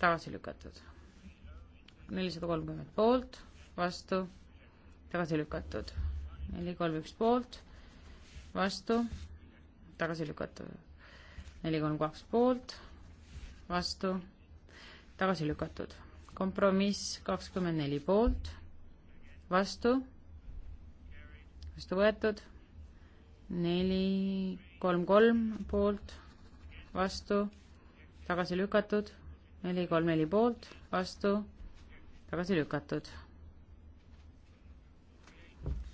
Speaker 5: tagasi lükatud. nelisada kolmkümmend poolt, vastu, tagasi lükatud. neli, kolm, üks poolt, vastu, tagasi lükatud. neli, kolm, kaks poolt, vastu, tagasi lükatud. kompromiss kakskümmend neli poolt, vastu, vastu võetud, neli, kolm, kolm poolt vastu, tagasi lükatud, neli, kolm, neli poolt, vastu, tagasi lükatud.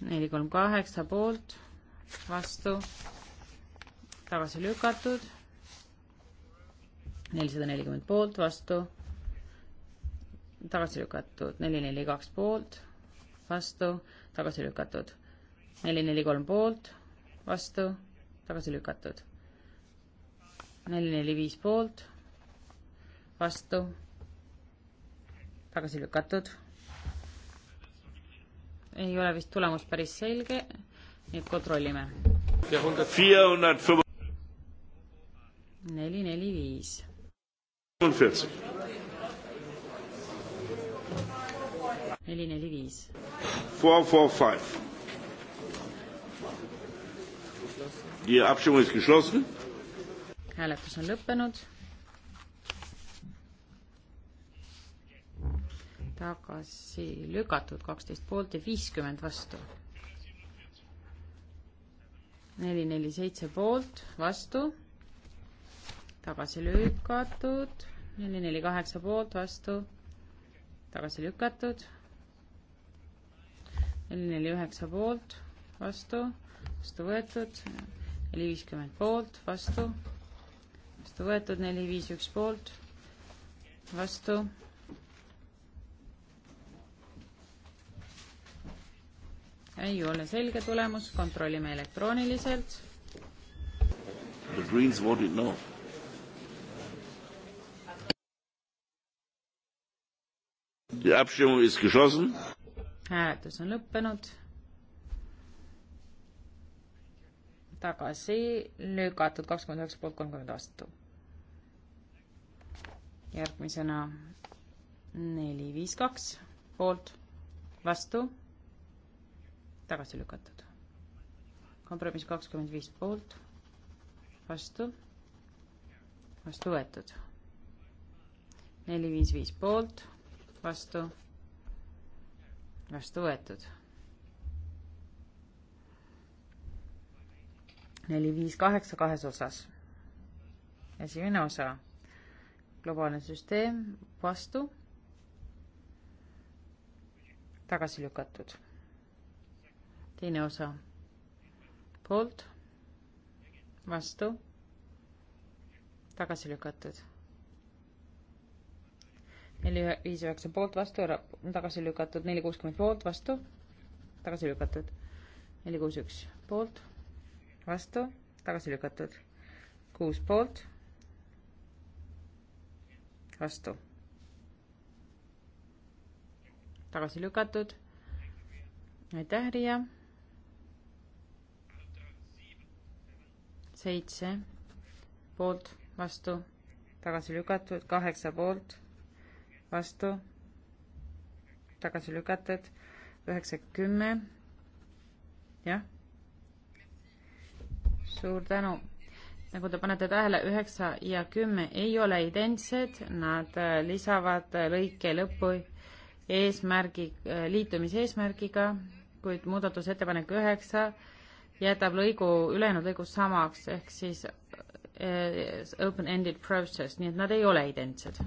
Speaker 5: neli, kolm, kaheksa poolt, vastu, tagasi lükatud, nelisada nelikümmend poolt, vastu, tagasi lükatud, neli, neli, kaks poolt, vastu, tagasi lükatud, neli, neli, kolm poolt, vastu, tagasi lükatud neli, neli, viis poolt, vastu, tagasi lükatud. ei ole vist tulemus päris selge, nii et kontrollime. neli, neli, viis. neli, neli, viis.
Speaker 1: Four, four, five. Die Abstimmung ist geschlossen
Speaker 5: hääletus on lõppenud. tagasi lükatud kaksteist poolt ja viiskümmend vastu. neli, neli, seitse poolt, vastu, tagasi lükatud, neli, neli, kaheksa poolt, vastu, tagasi lükatud, neli, neli, üheksa poolt, vastu, vastu võetud, neli, viiskümmend poolt, vastu vastu võetud, neli, viis, üks poolt, vastu. ei ole selge tulemus, kontrollime elektrooniliselt.
Speaker 1: The Greens voted no. Die Abstimmung ist geschlossen.
Speaker 5: hääletus on lõppenud tagasi lükatud, kakskümmend üheksa poolt, kolmkümmend vastu. järgmisena neli, viis, kaks poolt, vastu, tagasi lükatud. kompromiss kakskümmend viis poolt, vastu, vastu võetud. neli, viis, viis poolt, vastu, vastu võetud neli, viis, kaheksa kahes osas. esimene osa, globaalne süsteem, vastu, tagasi lükatud. teine osa, poolt, vastu, tagasi lükatud. neli, viis, üheksa poolt, vastu, tagasi lükatud, neli, kuuskümmend poolt, vastu, tagasi lükatud. neli, kuus, üks poolt vastu, tagasi lükatud. kuus poolt, vastu, tagasi lükatud. aitäh, Riia. seitse poolt, vastu, tagasi lükatud, kaheksa poolt, vastu, tagasi lükatud, üheksa, kümme, jah suur tänu. nagu te panete tähele, üheksa ja kümme ei ole identsed, nad äh, lisavad äh, lõike lõppu eesmärgi, äh, liitumise eesmärgiga, kuid muudatusettepanek üheksa jätab lõigu, ülejäänud lõigu samaks, ehk siis eh, open-ended process, nii et nad ei ole identsed.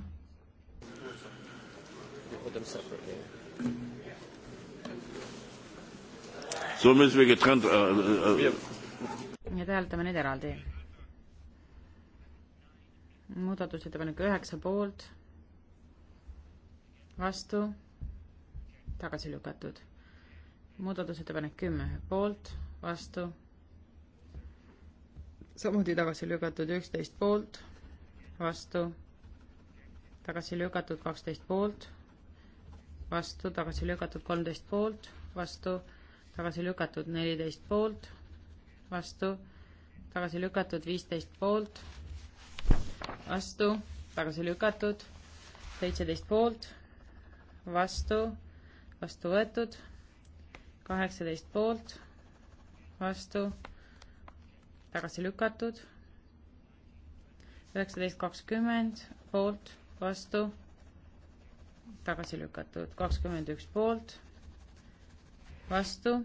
Speaker 1: So müssen wir getrennt äh, äh,
Speaker 5: nii et hääletame neid eraldi. muudatusettepanek üheksa poolt, vastu, tagasi lükatud. muudatusettepanek kümme poolt, vastu, samuti tagasi lükatud üksteist poolt, vastu, tagasi lükatud kaksteist poolt, vastu, tagasi lükatud kolmteist poolt, vastu, tagasi lükatud neliteist poolt vastu, tagasi lükatud viisteist poolt, vastu, tagasi lükatud seitseteist poolt, vastu, vastu võetud, kaheksateist poolt, vastu, tagasi lükatud, üheksateist kakskümmend poolt, vastu, tagasi lükatud, kakskümmend üks poolt, vastu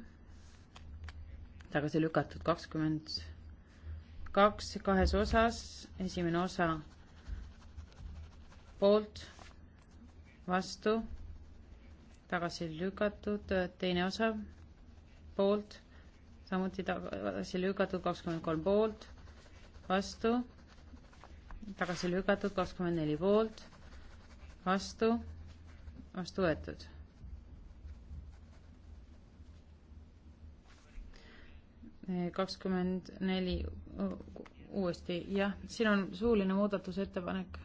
Speaker 5: tagasi lükatud, kakskümmend kaks kahes osas, esimene osa poolt, vastu, tagasi lükatud, teine osa poolt, samuti tagasi lükatud, kakskümmend kolm poolt, vastu, tagasi lükatud, kakskümmend neli poolt, vastu, vastu võetud kakskümmend neli uuesti, jah, siin on suuline muudatusettepanek.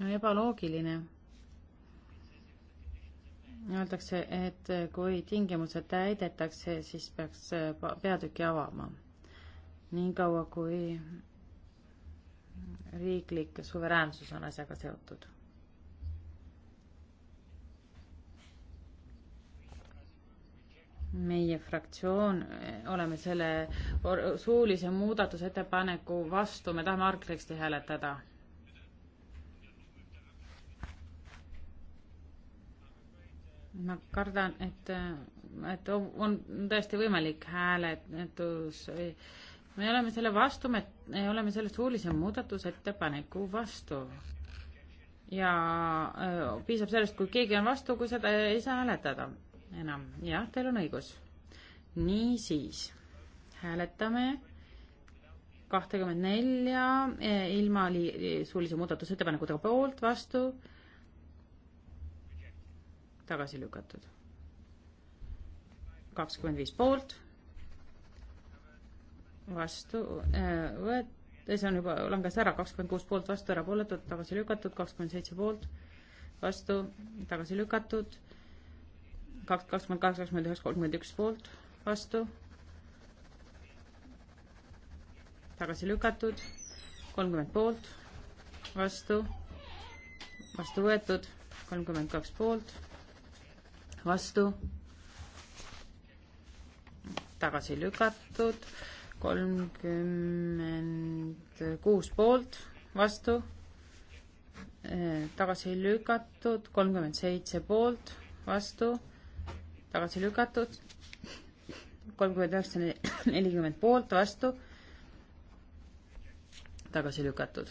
Speaker 5: no ebaloogiline. Öeldakse, et kui tingimused täidetakse, siis peaks äh, peatüki avama. niikaua, kui riiklik suveräänsus on asjaga seotud meie fraktsioon, eh, oleme selle suulise muudatusettepaneku vastu, me tahame argteksti hääletada. ma kardan, et, et on täiesti võimalik hääletus. me oleme selle vastu, me oleme selle suulise muudatusettepaneku vastu. ja eh, piisab sellest, kui keegi on vastu, kui seda ei saa hääletada enam. jah, teil on õigus. niisiis, hääletame kahtekümmend nelja eh, ilma li-, suulise muudatusettepanekutega poolt, vastu, tagasi lükatud. kakskümmend viis poolt, vastu äh,, võet-, eh, see on juba, langes ära, kakskümmend kuus poolt, vastu, erapooletud, tagasi lükatud, kakskümmend seitse poolt, vastu, tagasi lükatud kaks, kakskümmend kaheksa, kakskümmend üheksa, kolmkümmend üks poolt, vastu, tagasi lükatud, kolmkümmend poolt, vastu, vastu võetud, kolmkümmend kaks poolt, vastu, tagasi lükatud, kolmkümmend kuus poolt, vastu, tagasi lükatud, kolmkümmend seitse poolt, vastu tagasi lükatud, kolmkümmend üheksa, nelikümmend poolt, vastu, tagasi lükatud,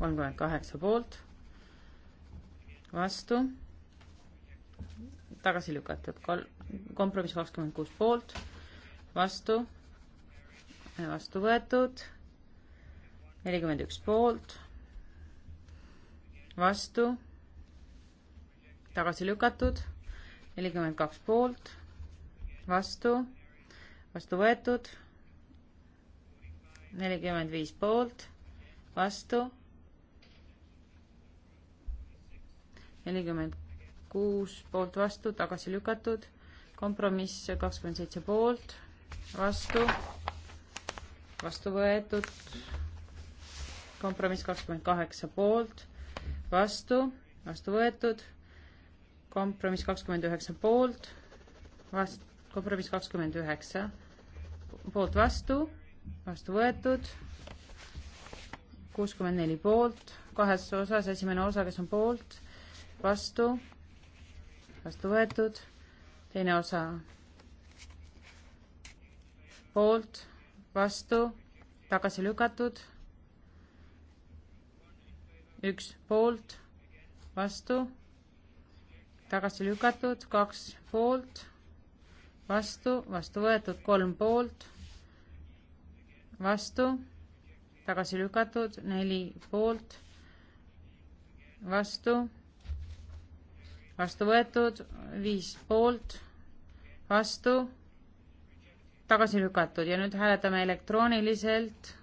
Speaker 5: kolmkümmend kaheksa poolt, vastu, tagasi lükatud, kol-, kompromiss kakskümmend kuus poolt, vastu, vastu võetud, nelikümmend üks poolt, vastu, tagasi lükatud nelikümmend kaks poolt, vastu, vastu võetud, nelikümmend viis poolt, vastu, nelikümmend kuus poolt vastu, tagasi lükatud, kompromiss kakskümmend seitse poolt, vastu, vastu võetud, kompromiss kakskümmend kaheksa poolt, vastu, vastu võetud kompromiss kakskümmend üheksa poolt, vast-, kompromiss kakskümmend üheksa, poolt vastu, vastu võetud, kuuskümmend neli poolt, kahes osas, esimene osa, kes on poolt, vastu, vastu võetud, teine osa poolt, vastu, tagasi lükatud, üks poolt, vastu tagasi lükatud, kaks poolt, vastu, vastu võetud, kolm poolt, vastu, tagasi lükatud, neli poolt, vastu, vastu võetud, viis poolt, vastu, tagasi lükatud ja nüüd hääletame elektrooniliselt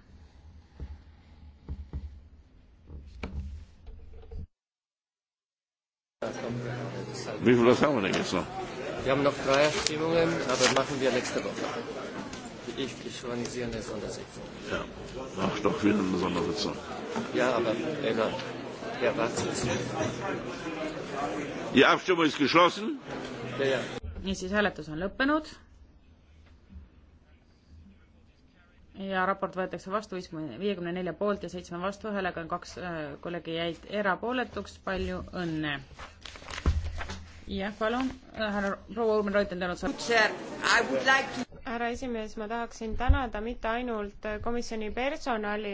Speaker 3: Wie viel was haben wir denn jetzt noch? Wir haben noch drei Abstimmungen, aber machen wir nächste Woche. Ich, ich organisiere eine Sondersitzung. Ja, mach doch
Speaker 1: wieder eine Sondersitzung.
Speaker 3: Ja, aber egal. Ja, warte.
Speaker 1: Die Abstimmung ist geschlossen. Ja, ja.
Speaker 5: niisiis, hääletus on lõppenud. ja raport võetakse vastu viiekümne nelja poolt ja seitsme vastuhäälega, kaks äh, kolleegi jäid erapooletuks, palju õnne! jah, palun, äh, härra proua Urmen Reuten, teil on sõna.
Speaker 2: härra esimees, ma tahaksin tänada mitte ainult komisjoni personali,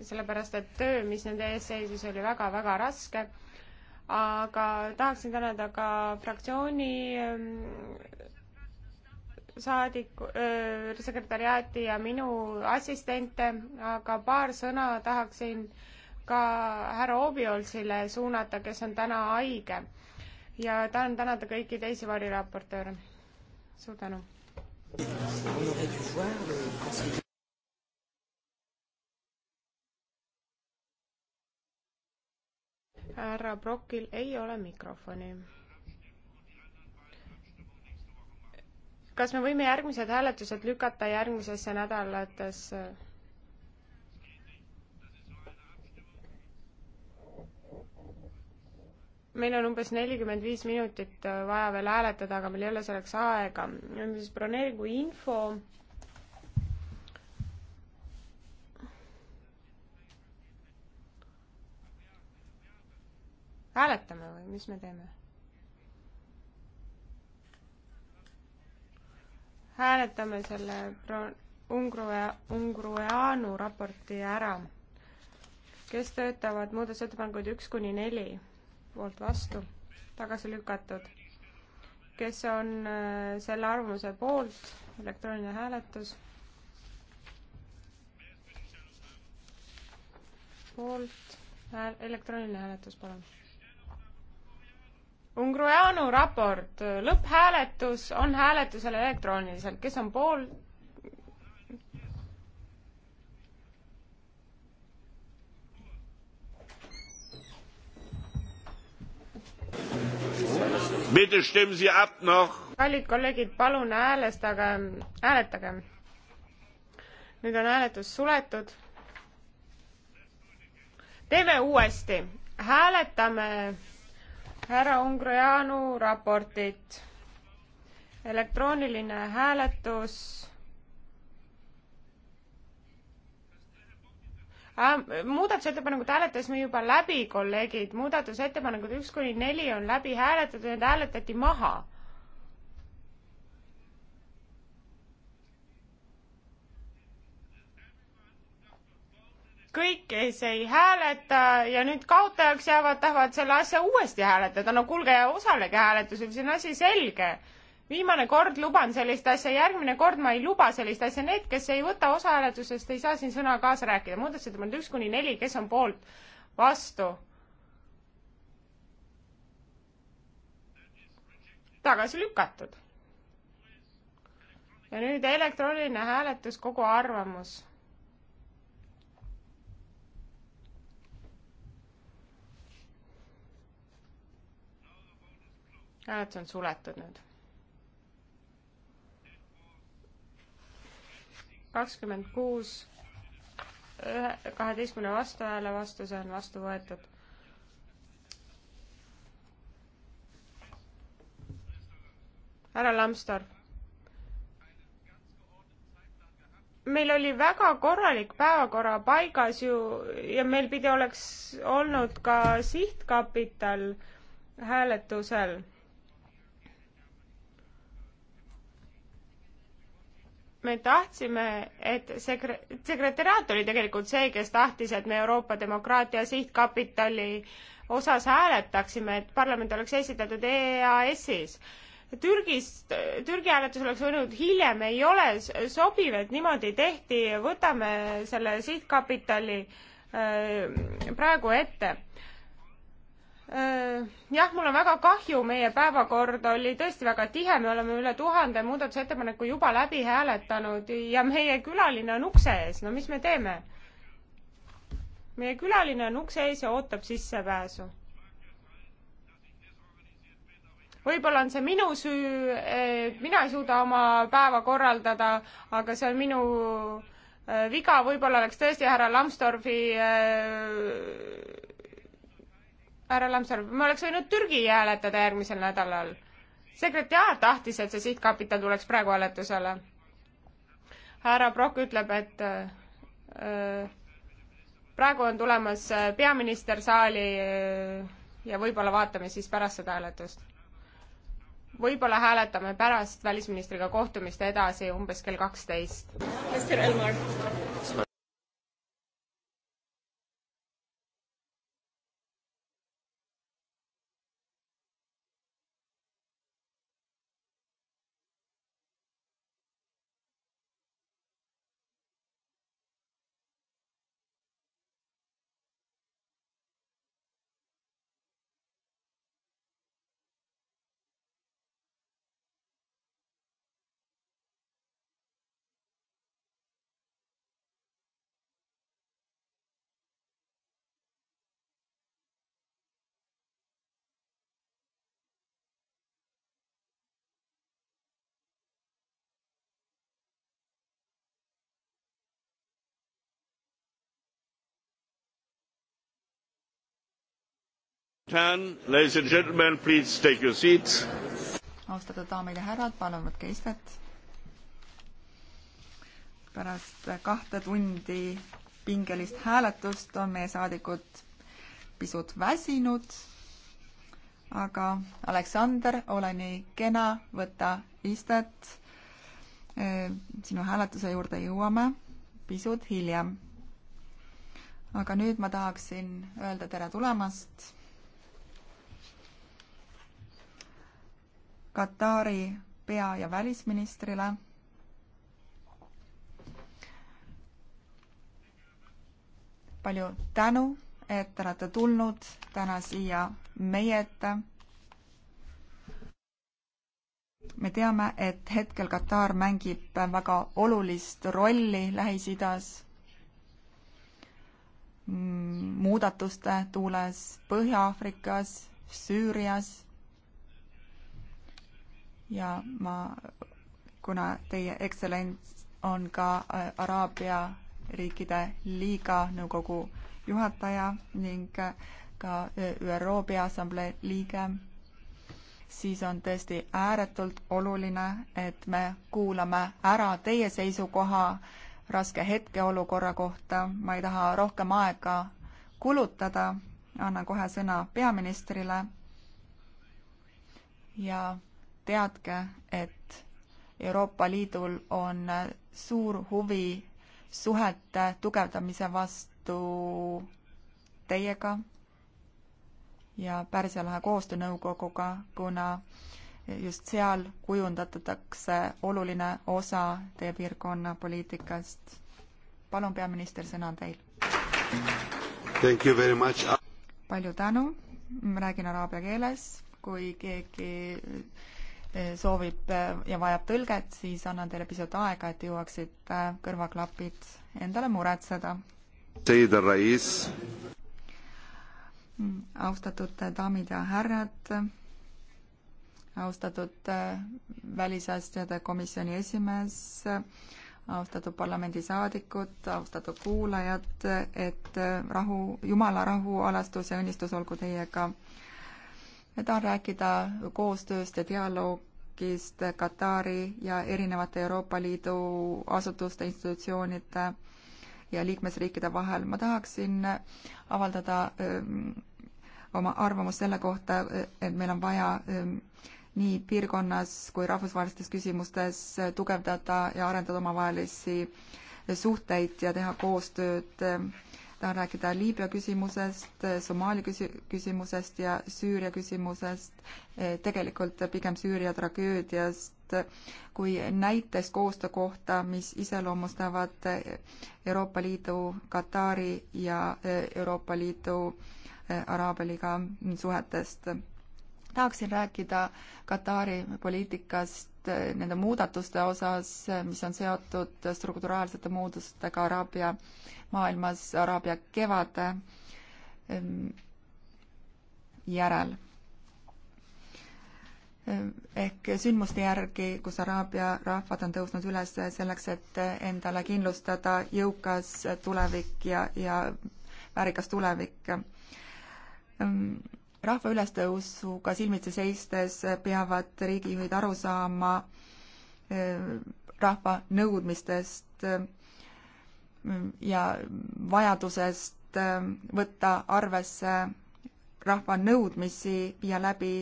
Speaker 2: sellepärast et töö, mis nende ees seisis, oli väga-väga raske, aga tahaksin tänada ka fraktsiooni ähm, saadiku, äh, sekretäriaati ja minu assistente, aga paar sõna tahaksin ka härra Obiolsile suunata, kes on täna haige ja tahan tänada kõiki teisi variraportööre. suur tänu! On aurait dû voir le conseil. härra Brokil ei ole mikrofoni. kas me võime järgmised hääletused lükata järgmisesse nädalatesse? meil on umbes nelikümmend viis minutit äh, vaja veel hääletada, aga meil ei ole selleks aega. on siis broneeringu info. hääletame või mis me teeme? hääletame selle pro-, Ungrue-, Ungrueanu raporti ära, kes töötavad muudatusettepanekuid üks kuni neli poolt vastu, tagasi lükatud. kes on äh, selle arvamuse poolt, elektrooniline hääletus. poolt, elektrooniline hääletus, palun. Ungrujanu raport, lõpphääletus on hääletusel elektrooniliselt, kes on poolt,
Speaker 1: Bitte stimmen Sie ab noch.
Speaker 2: kallid kolleegid, palun häälestage, hääletage. nüüd on hääletus suletud. teeme uuesti, hääletame härra Ungrojanu raportit. elektrooniline hääletus muudatusettepanekud hääletasime juba läbi, kolleegid, muudatusettepanekud üks kuni neli on läbi hääletatud, need hääletati maha. kõik, kes ei hääleta ja nüüd kaotajaks jäävad, tahavad selle asja uuesti hääletada, no kuulge, osalege hääletusel, see on asi selge viimane kord luban sellist asja, järgmine kord ma ei luba sellist asja, need, kes ei võta osa hääletusest, ei saa siin sõna kaasa rääkida, muudatusettepanekud üks kuni neli, kes on poolt, vastu? tagasi lükatud. ja nüüd elektrooniline hääletus, kogu arvamus hääled on suletud nüüd kakskümmend kuus kaheteistkümne vastuhääle vastu, see on vastu võetud. härra Lamstor. meil oli väga korralik päevakorra paigas ju ja meil pidi oleks olnud ka sihtkapital hääletusel me tahtsime, et sekre-, sekretäriaat oli tegelikult see, kes tahtis, et me Euroopa Demokraatia Sihtkapitali osas hääletaksime, et parlament oleks esitatud EAS-is. Türgist, Türgi hääletus oleks võinud hiljem, ei ole sobiv, et niimoodi tehti, võtame selle sihtkapitali äh, praegu ette Äh, jah, mul on väga kahju, meie päevakord oli tõesti väga tihe, me oleme üle tuhande muudatusettepaneku juba läbi hääletanud ja meie külaline on ukse ees, no mis me teeme? meie külaline on ukse ees ja ootab sissepääsu. võib-olla on see minu süü, eh, mina ei suuda oma päeva korraldada, aga see on minu eh, viga, võib-olla oleks tõesti härra Lambsdorfi eh, härra Lamsar, me oleks võinud Türgi hääletada järgmisel nädalal. sekretäär tahtis, et see sihtkapital tuleks praegu hääletusele. härra Brock ütleb, et öö, äh, praegu on tulemas äh, peaminister saali äh, ja võib-olla vaatame siis pärast seda hääletust. võib-olla hääletame pärast välisministriga kohtumist edasi umbes kell kaksteist.
Speaker 1: Tan, ladies and gentlemen, please take your seats.
Speaker 4: austatud daamid ja härrad, palun võtke istet. pärast kahte tundi pingelist hääletust on meie saadikud pisut väsinud, aga Aleksander, ole nii kena, võta istet. sinu hääletuse juurde jõuame pisut hiljem. aga nüüd ma tahaksin öelda tere tulemast Katari pea- ja välisministrile. palju tänu, et te olete tulnud täna siia meie ette. me teame, et hetkel Katar mängib väga olulist rolli Lähis-Idas mm, muudatuste tuules Põhja-Aafrikas, Süürias ja ma, kuna teie ekstsellents on ka äh, Araabia riikide liiga nõukogu juhataja ning äh, ka äh, ÜRO Peaassamblee liige, siis on tõesti ääretult oluline, et me kuulame ära teie seisukoha raske hetkeolukorra kohta. ma ei taha rohkem aega kulutada, annan kohe sõna peaministrile ja teadke, et Euroopa Liidul on suur huvi suhete tugevdamise vastu teiega ja Pärsia lahe koostöönõukoguga, kuna just seal kujundatakse oluline osa teie piirkonna poliitikast. palun, peaminister, sõna on teil. palju tänu, räägin araabia keeles, kui keegi soovib eh, ja vajab tõlget, siis annan teile pisut aega, et jõuaksite eh, kõrvaklapid endale muretseda. Mm, austatud daamid ja härrad, austatud eh, välisasjade komisjoni esimees, austatud parlamendisaadikud, austatud kuulajad, et rahu, Jumala rahu, alastus ja õnnistus olgu teiega ma tahan rääkida koostööst ja dialoogist Katari ja erinevate Euroopa Liidu asutuste, institutsioonide ja liikmesriikide vahel. ma tahaksin avaldada öö, oma arvamust selle kohta, et meil on vaja öö, nii piirkonnas kui rahvusvahelistes küsimustes tugevdada ja arendada omavahelisi suhteid ja teha koostööd tahan rääkida Liibüa küsimusest, Somaalia küsi-, küsimusest ja Süüria küsimusest, eh, tegelikult pigem Süüria tragöödiast, kui näiteks koostöö kohta, mis iseloomustavad eh, Euroopa Liidu, Katari ja eh, Euroopa Liidu Araabia Liiga suhetest. tahaksin rääkida Katari poliitikast et nende muudatuste osas, mis on seotud strukturaalsete muutustega Araabia maailmas, Araabia kevade ehm, järel. Ehm, ehk sündmuste järgi, kus Araabia rahvad on tõusnud üles selleks, et endale kindlustada jõukas tulevik ja, ja väärikas tulevik ehm, rahva ülestõusuga silmitsi seistes peavad riigijuhid aru saama eh, rahva nõudmistest eh, ja vajadusest eh, võtta arvesse rahva nõudmisi, viia läbi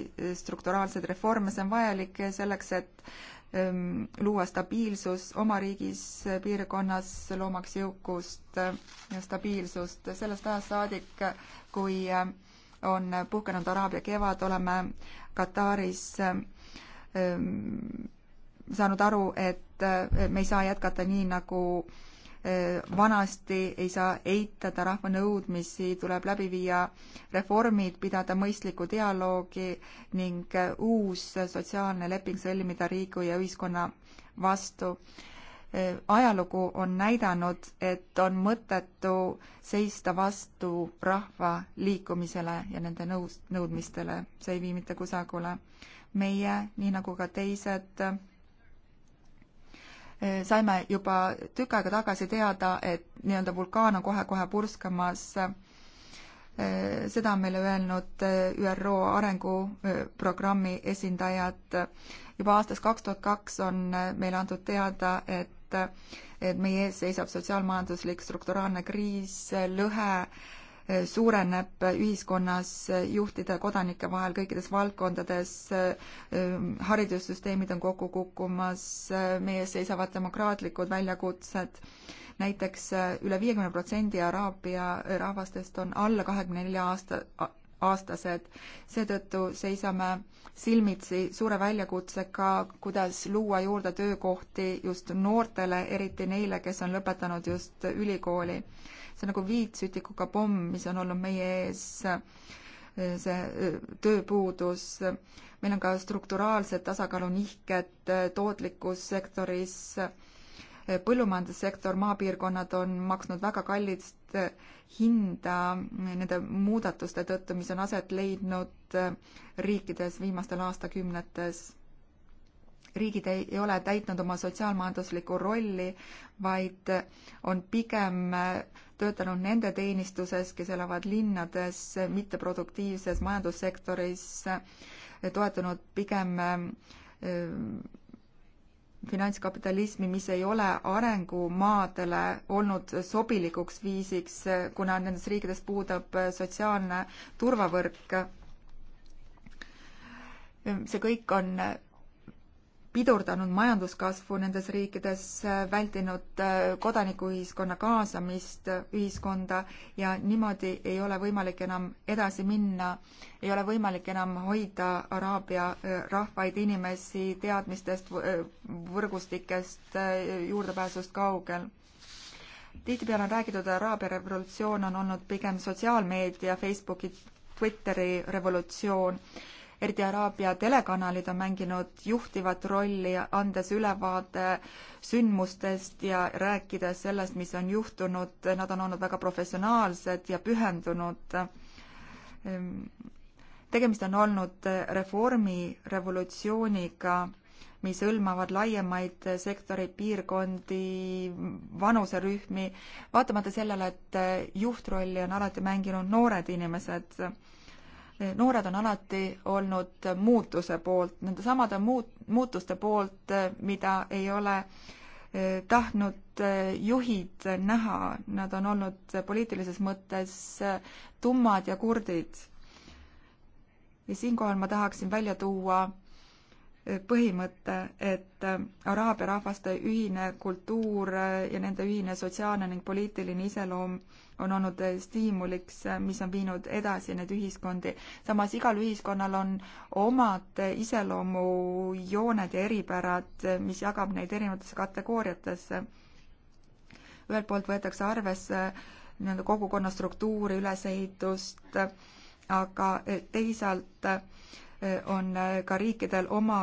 Speaker 4: strukturaalseid reforme, see on vajalik selleks, et luua stabiilsus oma riigis, piirkonnas, loomaks jõukust ja stabiilsust. sellest ajast saadik, kui on puhkenud Araabia kevad, oleme Kataris ähm, saanud aru, et äh, me ei saa jätkata nii, nagu äh, vanasti ei saa eitada rahva nõudmisi, tuleb läbi viia reformid, pidada mõistlikku dialoogi ning äh, uus sotsiaalne leping sõlmida riigi ja ühiskonna vastu ajalugu on näidanud, et on mõttetu seista vastu rahvaliikumisele ja nende nõus, nõudmistele, see ei vii mitte kusagile. meie, nii nagu ka teised, eh, saime juba tükk aega tagasi teada, et nii-öelda vulkaan on kohe-kohe purskamas. Eh, seda on meile öelnud eh, ÜRO arenguprogrammi esindajad. juba aastast kaks tuhat kaks on meile antud teada, et et, et meie ees seisab sotsiaalmajanduslik strukturaalne kriis, lõhe eh, suureneb ühiskonnas juhtide ja kodanike vahel kõikides valdkondades, eh, haridussüsteemid on kokku kukkumas, meie ees seisavad demokraatlikud väljakutsed, näiteks eh, üle viiekümne protsendi Araabia rahvastest on alla kahekümne nelja aasta, aastased. seetõttu seisame silmitsi suure väljakutsega, kuidas luua juurde töökohti just noortele, eriti neile, kes on lõpetanud just ülikooli. see on nagu viitsütikuga pomm, mis on olnud meie ees eh, see eh, tööpuudus, meil on ka strukturaalsed tasakaalunihked eh, tootlikkussektoris, põllumajandussektor, maapiirkonnad on maksnud väga kallist hinda nende muudatuste tõttu, mis on aset leidnud riikides viimastel aastakümnetes. riigid ei, ei ole täitnud oma sotsiaalmajanduslikku rolli, vaid on pigem töötanud nende teenistuses, kes elavad linnades, miteproduktiivses majandussektoris, toetunud pigem finantskapitalismi, mis ei ole arengumaadele olnud sobilikuks viisiks, kuna nendes riikides puudub sotsiaalne turvavõrk. see kõik on pidurdanud majanduskasvu nendes riikides, vältinud äh, kodanikuühiskonna kaasamist äh, ühiskonda ja niimoodi ei ole võimalik enam edasi minna, ei ole võimalik enam hoida araabia äh, rahvaid, inimesi teadmistest, võrgustikest, juurdepääsust kaugel tihtipeale on räägitud, et Araabia revolutsioon on olnud pigem sotsiaalmeedia, Facebooki, Twitteri revolutsioon eriti Araabia telekanalid on mänginud juhtivat rolli, andes ülevaade sündmustest ja rääkides sellest, mis on juhtunud, nad on olnud väga professionaalsed ja pühendunud. tegemist on olnud reformi revolutsiooniga mis hõlmavad laiemaid sektoreid, piirkondi, vanuserühmi, vaatamata sellele, et juhtrolli on alati mänginud noored inimesed noored on alati olnud muutuse poolt, nende samade muut-, muutuste poolt, mida ei ole eh, tahtnud eh, juhid näha, nad on olnud poliitilises mõttes eh, tummad ja kurdid. ja siinkohal ma tahaksin välja tuua põhimõte, et araabia rahvaste ühine kultuur ja nende ühine sotsiaalne ning poliitiline iseloom on olnud äh, stiimuliks, äh, mis on viinud edasi neid ühiskondi. samas igal ühiskonnal on omad äh, iseloomujooned ja eripärad, mis jagab neid erinevatesse kategooriatesse. ühelt poolt võetakse arvesse nii-öelda kogukonna struktuuri, ülesehitust, aga teisalt on ka riikidel oma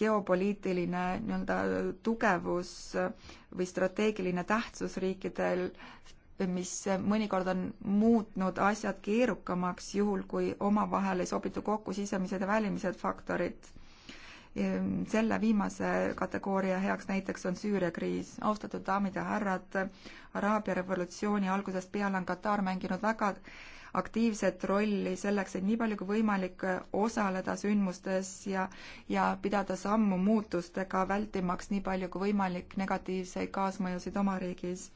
Speaker 4: geopoliitiline nii-öelda tugevus või strateegiline tähtsus riikidel mis mõnikord on muutnud asjad keerukamaks, juhul kui omavahel ei sobitu kokku sisemised ja välimised faktorid. Ehm, selle viimase kategooria heaks näiteks on Süüria kriis. austatud daamid ja härrad, Araabia revolutsiooni algusest peale on Katar mänginud väga aktiivset rolli selleks, et nii palju kui võimalik osaleda sündmustes ja, ja pidada sammu muutustega, vältimaks nii palju kui võimalik negatiivseid kaasmõjusid oma riigis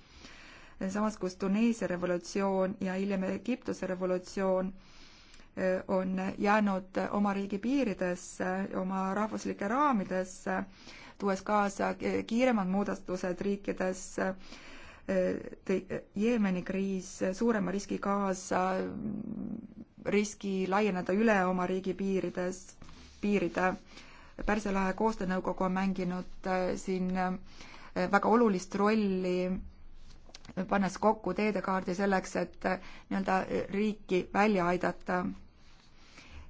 Speaker 4: samas kus Tuneesia revolutsioon ja hiljem Egiptuse revolutsioon eh, on jäänud oma riigi piiridesse, oma rahvuslike raamidesse, tuues kaasa eh, kiiremad muudatused riikides, eh, tõi Jeemeni kriis suurema riski kaasa, riski laieneda üle oma riigi piirides, piiride. Pärsia lahe koostöönõukogu on mänginud siin väga olulist rolli pannes kokku teedekaardi selleks, et äh, nii-öelda äh, riiki välja aidata.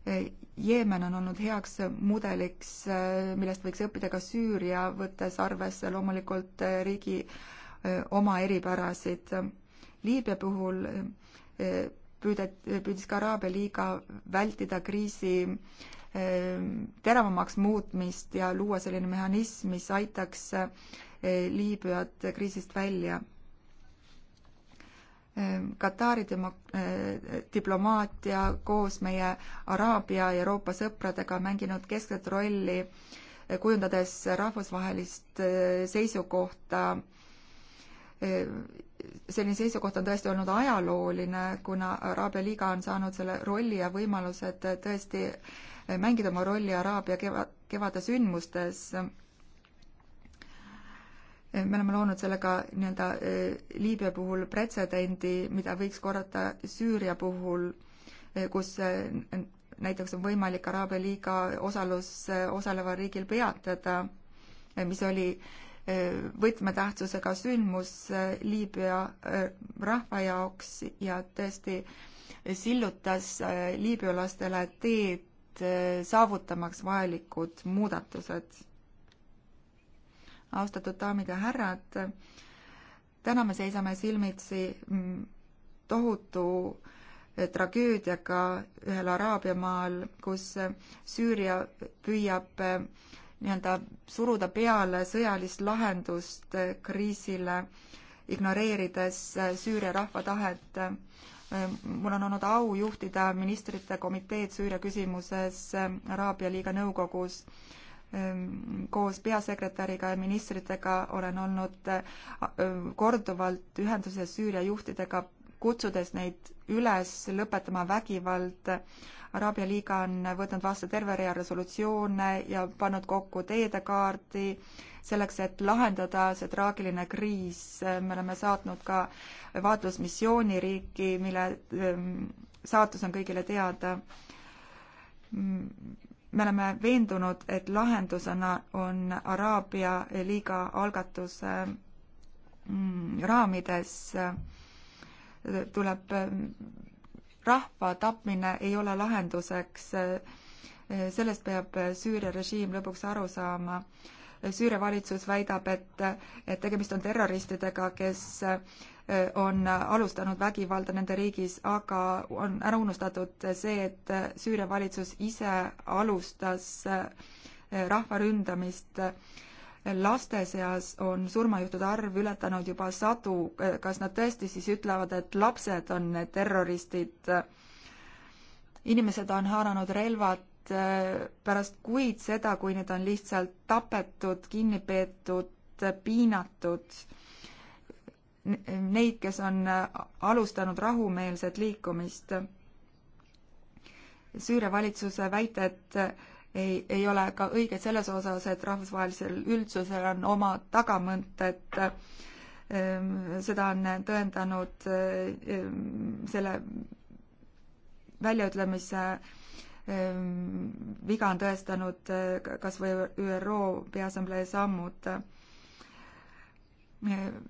Speaker 4: Äh, Jeemen on olnud heaks mudeliks, millest võiks õppida ka Süüria, võttes arvesse loomulikult riigi oma eripärasid. Liibüa puhul püüdet-, püüdis ka Araabia liiga vältida kriisi teravamaks muutmist ja luua selline mehhanism, mis aitaks Liibüat kriisist välja Ehm, Katari demok-, eh, diplomaatia koos meie Araabia ja Euroopa sõpradega mänginud keskset rolli, eh, kujundades rahvusvahelist eh, seisukohta ehm, selline seisukoht on tõesti olnud ajalooline, kuna Araabia liiga on saanud selle rolli ja võimalused tõesti mängida oma rolli Araabia keva, kevade sündmustes me oleme loonud sellega nii-öelda eh, Liibüa puhul pretsedendi, mida võiks korrata Süüria puhul, eh, kus eh, näiteks on võimalik Araabia liiga osalus osaleval riigil peatada, mis oli võtmetähtsusega sündmus Liibüa rahva jaoks ja tõesti sillutas liibüalastele teed saavutamaks vajalikud muudatused austatud daamid ja härrad, täna me seisame silmitsi mm, tohutu eh, tragöödiaga ühel Araabia maal, kus eh, Süüria püüab eh, nii-öelda suruda peale sõjalist lahendust kriisile, ignoreerides Süüria rahva tahet. mul on olnud au juhtida ministrite komiteed Süüria küsimuses Araabia Liiga nõukogus Ehm, koos peasekretäriga ja ministritega olen olnud äh, korduvalt ühenduses Süüria juhtidega, kutsudes neid üles lõpetama vägivald. Araabia liiga on võtnud vastu terve rea resolutsioone ja pannud kokku teedekaardi selleks, et lahendada see traagiline kriis. me oleme saatnud ka vaatlusmissiooni riiki, mille ehm, saatus on kõigile teada mm, me oleme veendunud, et lahendusena on Araabia liiga algatuse mm, raamides tuleb mm, rahva tapmine ei ole lahenduseks. sellest peab Süüria režiim lõpuks aru saama. Süüria valitsus väidab, et, et tegemist on terroristidega, kes Äh, on alustanud vägivalda nende riigis, aga on ära unustatud see, et äh, Süüria valitsus ise alustas äh, rahva ründamist. laste seas on surmajuhtude arv ületanud juba sadu, kas nad tõesti siis ütlevad, et lapsed on terroristid? inimesed on haaranud relvad pärast kuid seda, kui neid on lihtsalt tapetud, kinni peetud, piinatud neid, kes on alustanud rahumeelset liikumist. Süüria valitsuse väited ei, ei ole ka õiged selles osas, et rahvusvahelisel üldsusel on oma tagamõtted. Ehm, seda on tõendanud ehm, selle väljaütlemise ehm, viga on tõestanud eh, kas või ÜRO Peaassamblee sammud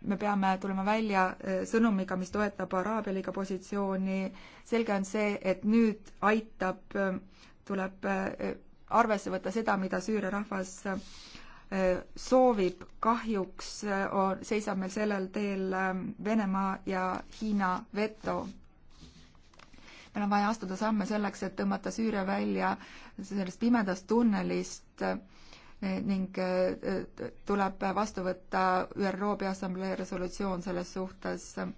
Speaker 4: me peame tulema välja eh, sõnumiga, mis toetab Araabia liiga positsiooni. selge on see, et nüüd aitab, eh, tuleb eh, arvesse võtta seda, mida Süüria rahvas soovib. kahjuks on, seisab meil sellel teel Venemaa ja Hiina veto. meil on vaja astuda samme selleks, et tõmmata Süüria välja sellest pimedast tunnelist ning äh, tuleb vastu võtta ÜRO Peaassamblee resolutsioon selles suhtes. Äh,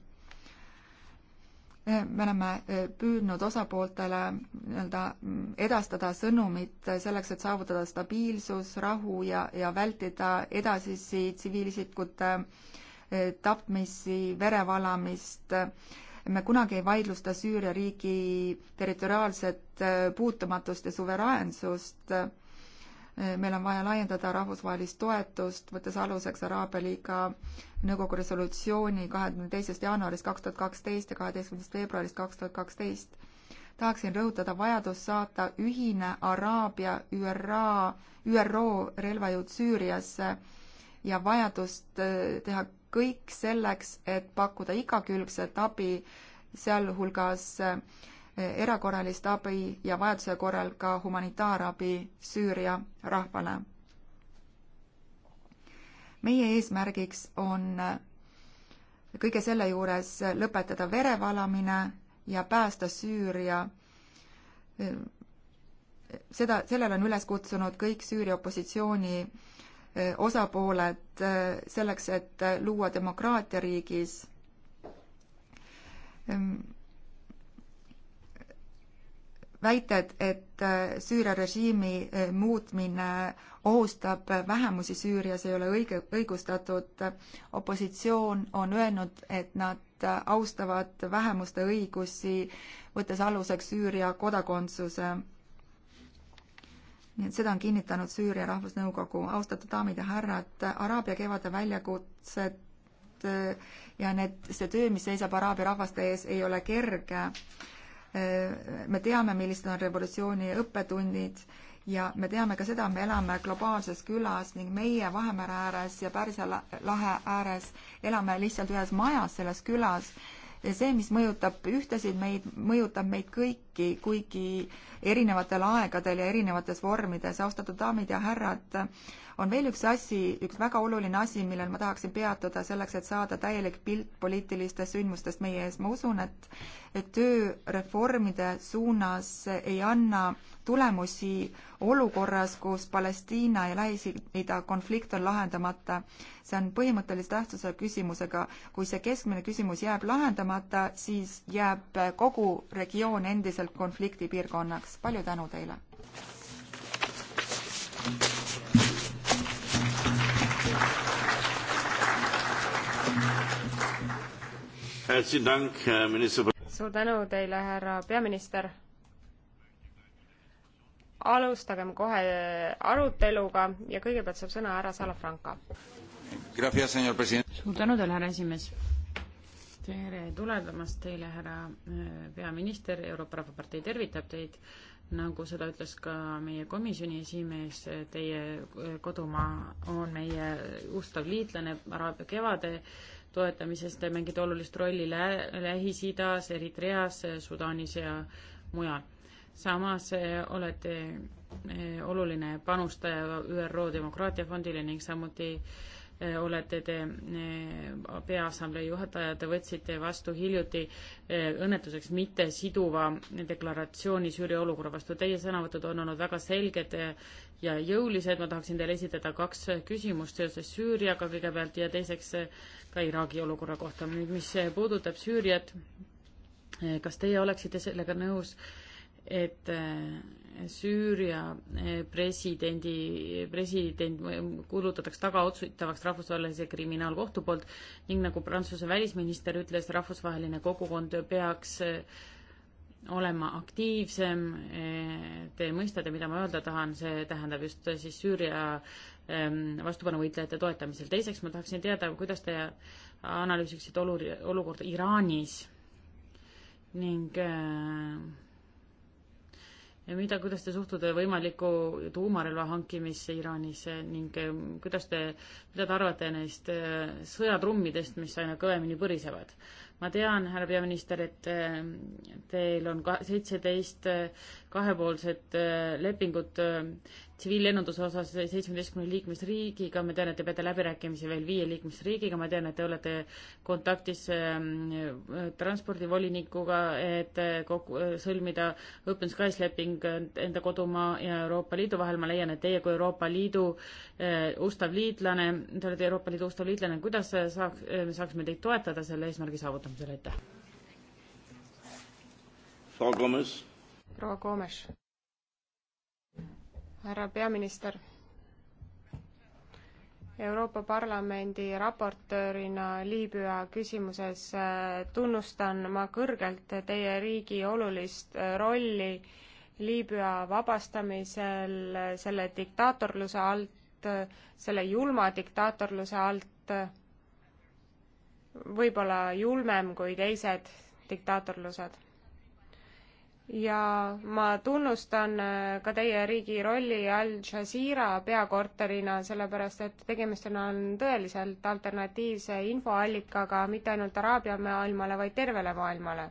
Speaker 4: me oleme äh, püüdnud osapooltele nii-öelda mm, edastada sõnumit selleks, et saavutada stabiilsus, rahu ja, ja vältida edasisi tsiviilisikute tapmisi, verevalamist me kunagi ei vaidlusta Süüria riigi territoriaalset puutumatust ja suveräänsust Eh, meil on vaja laiendada rahvusvahelist toetust, võttes aluseks Araabia liiga nõukogu resolutsiooni kahekümne teisest jaanuarist kaks tuhat kaksteist ja kaheteistkümnendast veebruarist kaks tuhat kaksteist. tahaksin rõhutada vajadust saata ühine Araabia ÜRA, ÜRO relvajõud Süüriasse ja vajadust eh, teha kõik selleks, et pakkuda igakülgset abi, sealhulgas äh, erakorralist abi ja vajaduse korral ka humanitaarabi Süüria rahvale. meie eesmärgiks on kõige selle juures lõpetada verevalamine ja päästa Süüria. seda, sellele on üles kutsunud kõik Süüria opositsiooni e, osapooled e, selleks, et luua demokraatia riigis väited, et äh, Süüria režiimi äh, muutmine ohustab vähemusi Süürias, ei ole õige, õigustatud. opositsioon on öelnud, et nad äh, austavad vähemuste õigusi, võttes aluseks Süüria kodakondsuse. nii et seda on kinnitanud Süüria Rahvusnõukogu. austatud daamid ja härrad, Araabia kevade väljakutsed ja need, see töö, mis seisab araabia rahvaste ees, ei ole kerge Äh, me teame, millised on revolutsiooni õppetunnid ja me teame ka seda, me elame globaalses külas ning meie Vahemere ääres ja Pärsia lahe ääres elame lihtsalt ühes majas selles külas. see, mis mõjutab ühtesid meid, mõjutab meid kõiki, kuigi erinevatel aegadel ja erinevates vormides. austatud daamid ja härrad, on veel üks asi, üks väga oluline asi, millel ma tahaksin peatuda selleks, et saada täielik pilt poliitilistest sündmustest meie ees. ma usun, et, et töö reformide suunas ei anna tulemusi olukorras, kus Palestiina ja Lähis-Ida konflikt on lahendamata. see on põhimõttelise tähtsuse küsimusega. kui see keskmine küsimus jääb lahendamata, siis jääb kogu regioon endiselt konfliktipiirkonnaks. palju tänu teile!
Speaker 2: suur tänu teile, härra peaminister. alustagem kohe aruteluga ja kõigepealt saab sõna härra Salafranca.
Speaker 3: suur
Speaker 5: tänu teile, härra esimees tere tulemast teile, härra äh, peaminister, Euroopa Rahvapartei tervitab teid, nagu seda ütles ka meie komisjoni esimees, teie äh, kodumaa on meie ustav liitlane Araabia kevade äh, toetamises, te mängite olulist rolli Lä-, Lähis-Idas, Eritreas, Sudaanis ja mujal. samas eh, olete eh, oluline panustaja ÜRO demokraatiafondile ning samuti äh, olete te e, Peaassamblee juhataja, te võtsite vastu hiljuti e, õnnetuseks mitte siduva deklaratsiooni Süüria olukorra vastu. Teie sõnavõtud on olnud väga selged e, ja jõulised, ma tahaksin teile esitada kaks küsimust seoses Süüriaga kõigepealt ja teiseks ka Iraagi olukorra kohta. nüüd, mis puudutab Süüriat, kas teie oleksite sellega nõus, et äh, Süüria äh, presidendi, president kuulutatakse tagaotsitavaks rahvusvahelise kriminaalkohtu poolt ning nagu Prantsuse välisminister ütles, rahvusvaheline kogukond peaks äh, olema aktiivsem. Te mõistate, mida ma öelda tahan, see tähendab just siis Süüria ähm, vastupanuvõitlejate toetamisel. teiseks ma tahaksin teada, kuidas te analüüsiksite olu-, olukorda Iraanis ning äh, mida, kuidas te suhtute võimaliku tuumarelva hankimisse Iraanis ning eh, kuidas te, mida te arvate neist eh, sõjatrummidest, mis aina kõvemini põrisevad? ma tean, härra peaminister, et eh, teil on ka seitseteist kahepoolset lepingut tsiviillennunduse osas seitsmeteistkümne liikmesriigiga, ma tean, et te peate läbirääkimisi veel viie liikmesriigiga, ma tean, et te olete kontaktis ähm, äh, transpordivolinikuga, et äh, kokku, äh, sõlmida Open Skies leping enda kodumaa ja Euroopa Liidu vahel, ma leian, et teie kui Euroopa Liidu ustav liitlane, te olete Euroopa Liidu ustav liitlane, kuidas saaks, me saaksime teid toetada selle eesmärgi saavutamisel, aitäh!
Speaker 1: proua Gomes.
Speaker 2: proua Gomes härra peaminister. Euroopa Parlamendi raportöörina Liibüa küsimuses äh, tunnustan ma kõrgelt teie riigi olulist äh, rolli Liibüa vabastamisel äh, selle diktaatorluse alt, selle julma diktaatorluse alt, võib-olla julmem kui teised diktaatorlused ja ma tunnustan äh, ka teie riigi rolli Al Jazeera peakorterina, sellepärast et tegemist on, on tõeliselt alternatiivse infoallikaga mitte ainult Araabia maailmale, vaid tervele maailmale.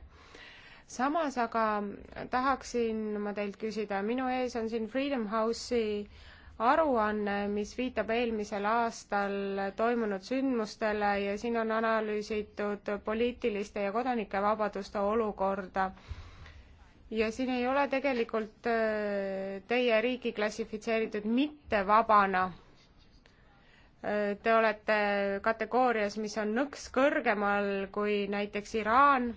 Speaker 2: samas aga tahaksin ma teilt küsida, minu ees on siin Freedom House'i aruanne, mis viitab eelmisel aastal toimunud sündmustele ja siin on analüüsitud poliitiliste ja kodanikevabaduste olukorda ja siin ei ole tegelikult äh, teie riiki klassifitseeritud mitte vabana. Äh, te olete kategoorias, mis on nõks kõrgemal kui näiteks Iraan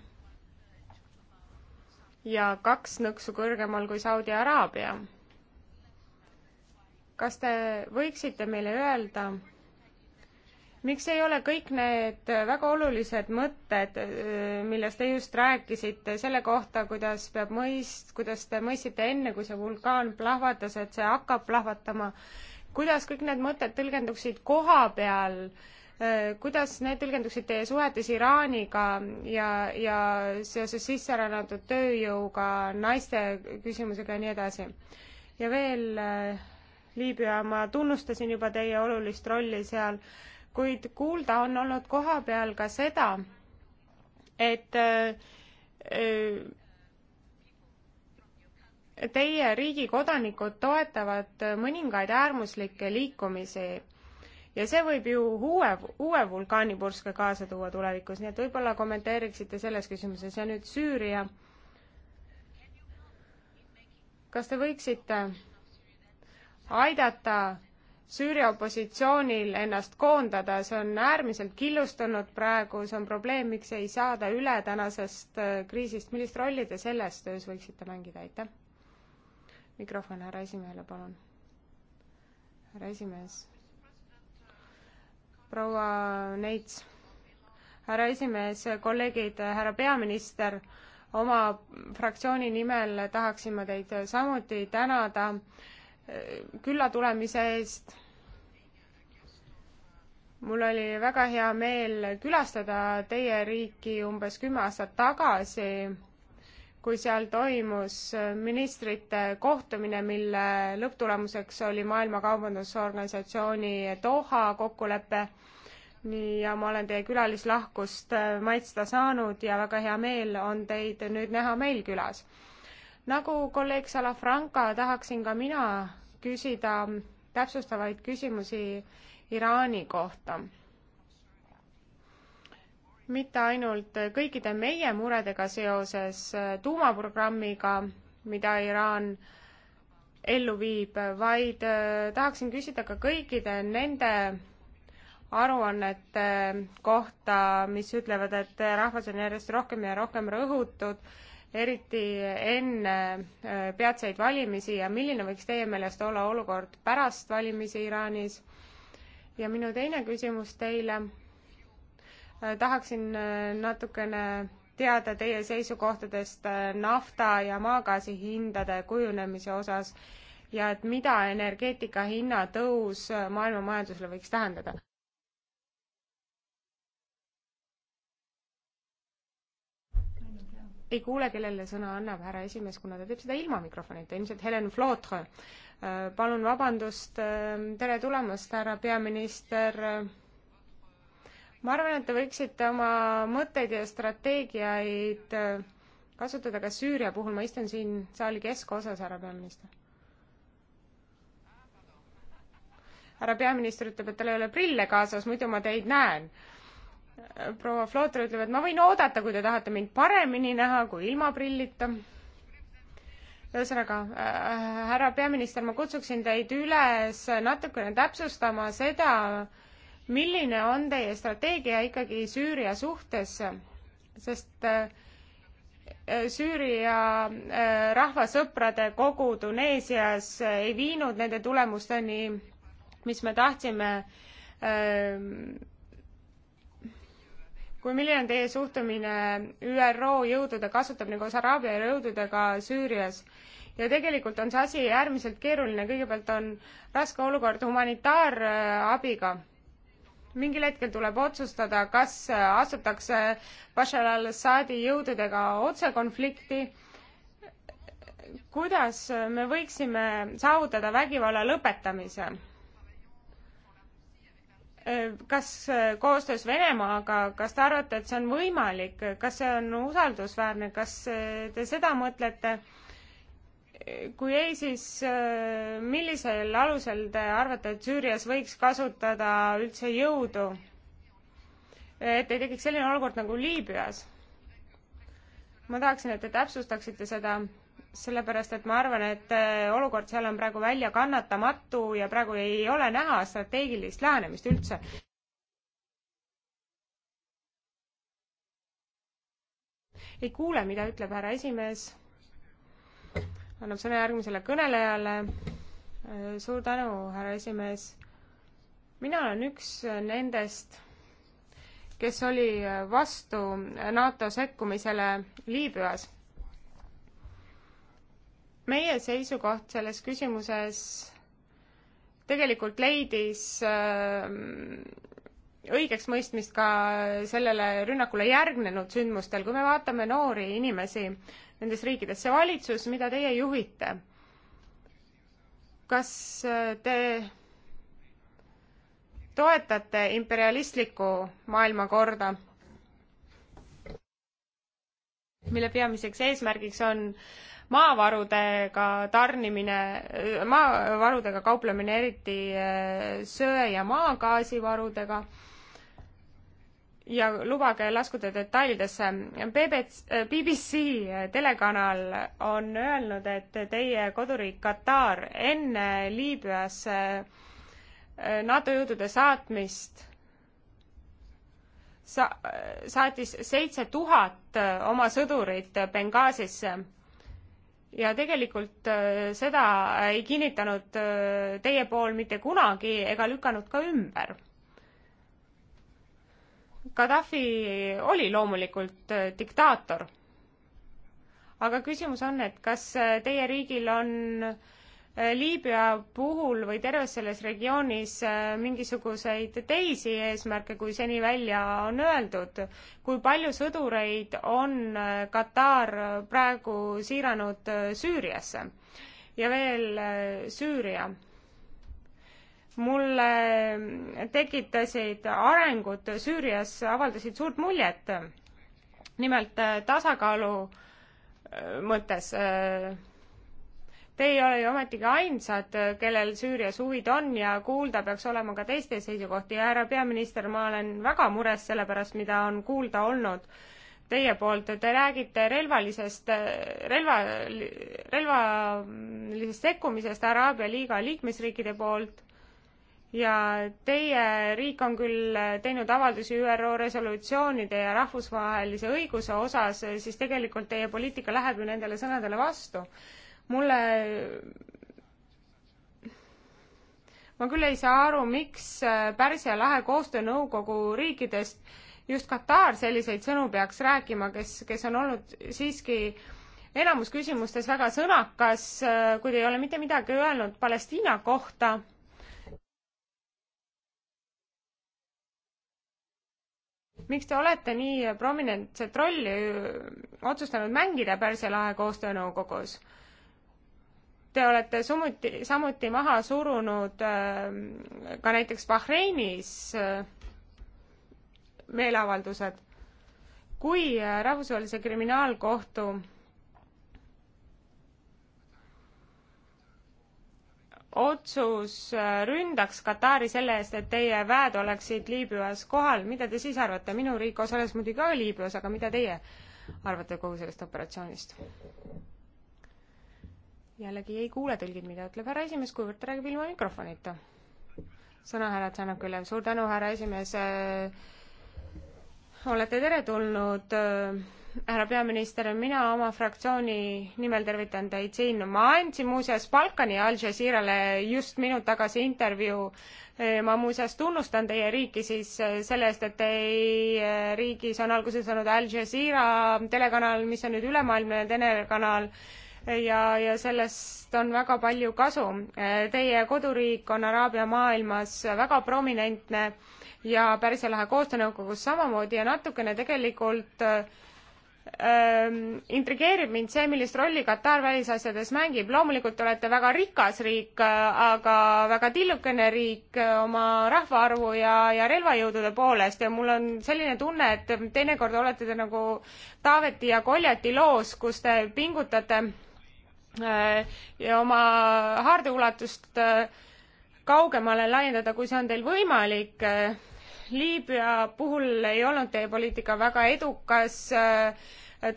Speaker 2: ja kaks nõksu kõrgemal kui Saudi Araabia. kas te võiksite meile öelda, miks ei ole kõik need väga olulised mõtted, millest te just rääkisite, selle kohta, kuidas peab mõist-, kuidas te mõistsite enne, kui see vulkaan plahvatas, et see hakkab plahvatama, kuidas kõik need mõtted tõlgenduksid koha peal, kuidas need tõlgenduksid teie suhetes Iraaniga ja, ja seoses sisserännatud tööjõuga, naiste küsimusega ja nii edasi? ja veel Liibüa, ma tunnustasin juba teie olulist rolli seal kuid kuulda on olnud koha peal ka seda, et äh, äh, teie riigi kodanikud toetavad mõningaid äärmuslikke liikumisi ja see võib ju uue, uue vulkaanipurske kaasa tuua tulevikus, nii et võib-olla kommenteeriksite selles küsimuses ja nüüd Süüria. kas te võiksite aidata Süüria opositsioonil ennast koondada, see on äärmiselt killustunud praegu, see on probleem, miks ei saada üle tänasest äh, kriisist, millist rolli te selles töös võiksite mängida, aitäh? mikrofon härra esimehele, palun. härra esimees. proua Neits. härra esimees, kolleegid, härra peaminister oma fraktsiooni nimel tahaksin ma teid samuti tänada külla tulemise eest. mul oli väga hea meel külastada teie riiki umbes kümme aastat tagasi, kui seal toimus ministrite kohtumine, mille lõpptulemuseks oli Maailma Kaubandusorganisatsiooni Doha kokkulepe nii, ja ma olen teie külalislahkust maitsta saanud ja väga hea meel on teid nüüd näha meil külas nagu kolleeg Salafranca tahaksin ka mina küsida täpsustavaid küsimusi Iraani kohta. mitte ainult kõikide meie muredega seoses äh, tuumaprogrammiga, mida Iraan ellu viib, vaid äh, tahaksin küsida ka kõikide nende aruannete kohta, mis ütlevad, et rahvas on järjest rohkem ja rohkem rõhutud eriti enne äh, peatseid valimisi ja milline võiks teie meelest olla olukord pärast valimisi Iraanis? ja minu teine küsimus teile, äh, tahaksin äh, natukene teada teie seisukohtadest nafta ja maagaasi hindade kujunemise osas ja et mida energeetika hinna tõus maailma majandusele võiks tähendada? ei kuule, kellele sõna annab härra esimees, kuna ta teeb seda ilma mikrofonita, ilmselt Helen Flotre. Äh, palun vabandust, ähm, tere tulemast, härra peaminister. ma arvan, et te võiksite oma mõtteid ja strateegiaid äh, kasutada ka Süüria puhul, ma istun siin saali keskosas, härra peaminister. härra peaminister ütleb, et tal ei ole prille kaasas, muidu ma teid näen proua Flooter ütleb, et ma võin oodata, kui te tahate mind paremini näha kui ilma prillita. ühesõnaga äh,, härra peaminister, ma kutsuksin teid üles natukene täpsustama seda, milline on teie strateegia ikkagi Süüria suhtes, sest äh, Süüria äh, rahvasõprade kogu Tuneesias ei viinud nende tulemusteni, mis me tahtsime äh, kui milline on teie suhtumine ÜRO jõudude kasutamine koos Araabia jõududega Süürias? ja tegelikult on see asi äärmiselt keeruline, kõigepealt on raske olukord humanitaarabiga. mingil hetkel tuleb otsustada, kas astutakse Bashar al-Assadi jõududega otse konflikti, kuidas me võiksime saavutada vägivalla lõpetamise Äh, kas äh, koostöös Venemaaga, kas te arvate, et see on võimalik, kas see on usaldusväärne, kas äh, te seda mõtlete? kui ei, siis millisel alusel te arvate, et Süürias võiks kasutada üldse jõudu? et ei tekiks selline olukord nagu Liibüas? ma tahaksin, et te täpsustaksite seda sellepärast et ma arvan, et äh, olukord seal on praegu väljakannatamatu ja praegu ei ole näha strateegilist lähenemist üldse. ei kuule, mida ütleb härra esimees. annab sõna järgmisele kõnelejale. Äh, suur tänu, härra esimees. mina olen üks äh, nendest, kes oli vastu NATO sekkumisele Liibüas meie seisukoht selles küsimuses tegelikult leidis ähm, õigeks mõistmist ka sellele rünnakule järgnenud sündmustel, kui me vaatame noori inimesi nendes riikides, see valitsus, mida teie juhite, kas äh, te toetate imperialistlikku maailmakorda? mille peamiseks eesmärgiks on maavarudega tarnimine, maavarudega kauplemine, eriti eh, söe- ja maagaasivarudega. ja lubage laskuda detailidesse. BBC eh, eh, telekanal on öelnud, et teie koduriik Katar enne Liibüasse NATO jõudude saatmist sa-, saatis seitse tuhat oma sõdurit Benghazisse ja tegelikult äh, seda ei kinnitanud äh, teie pool mitte kunagi ega lükanud ka ümber. Gaddafi oli loomulikult äh, diktaator. aga küsimus on, et kas teie riigil on äh, Äh, Liibüa puhul või terves selles regioonis äh, mingisuguseid teisi eesmärke, kui seni välja on öeldud. kui palju sõdureid on äh, Katar praegu siiranud Süüriasse? ja veel Süüria. mulle tekitasid arengud Süürias, avaldasid suurt muljet. nimelt tasakaalu mõttes Te ei ole ju ometigi ainsad, kellel Süürias huvid on ja kuulda peaks olema ka teiste seisukohti ja härra peaminister, ma olen väga mures selle pärast, mida on kuulda olnud teie poolt. Te räägite relvalisest, relva, relvalisest sekkumisest Araabia liiga liikmesriikide poolt ja teie riik on küll teinud avaldusi ÜRO resolutsioonide ja rahvusvahelise õiguse osas, siis tegelikult teie poliitika läheb ju nendele sõnadele vastu mulle ma küll ei saa aru, miks äh, Pärsia lahe koostöönõukogu riikidest just Katar selliseid sõnu peaks rääkima, kes, kes on olnud siiski enamus küsimustes väga sõnakas, äh, kui ta ei ole mitte midagi öelnud Palestiina kohta. miks te olete nii prominentset rolli äh, otsustanud mängida Pärsia lahe koostöönõukogus? Te olete sumuti, samuti maha surunud ähm, ka näiteks Bahreinis äh, meeleavaldused. kui äh, Rahvusvahelise Kriminaalkohtu otsus äh, ründaks Katari selle eest, et teie väed oleksid Liibüas kohal, mida te siis arvate? minu riik osales muidugi ka Liibüas, aga mida teie arvate kogu sellest operatsioonist? jällegi ei kuule tõlgid, mida ütleb härra esimees, kuivõrd ta räägib ilma mikrofonita. sõna härra Tšanakile, suur tänu, härra esimees. Äh, olete teretulnud, äh, härra peaminister, mina oma fraktsiooni nimel tervitan teid siin. ma andsin muuseas Balkani Al Jazeerale just minut tagasi intervjuu. Äh, ma muuseas tunnustan teie riiki siis selle eest, et teie riigis on alguse saanud Al Jazeera telekanal, mis on nüüd ülemaailmne telekanal ja, ja sellest on väga palju kasu. Teie koduriik on Araabia maailmas väga prominentne ja Pärsia lahe koostöönõukogus samamoodi ja natukene tegelikult ähm, intrigeerib mind see, millist rolli Katar välisasjades mängib. loomulikult olete väga rikas riik, aga väga tillukene riik oma rahvaarvu ja, ja relvajõudude poolest ja mul on selline tunne, et teinekord olete te nagu Taaveti ja Koljati loos, kus te pingutate Äh, ja oma haardeulatust äh, kaugemale laiendada, kui see on teil võimalik. Äh, Liibüa puhul ei olnud teie poliitika väga edukas.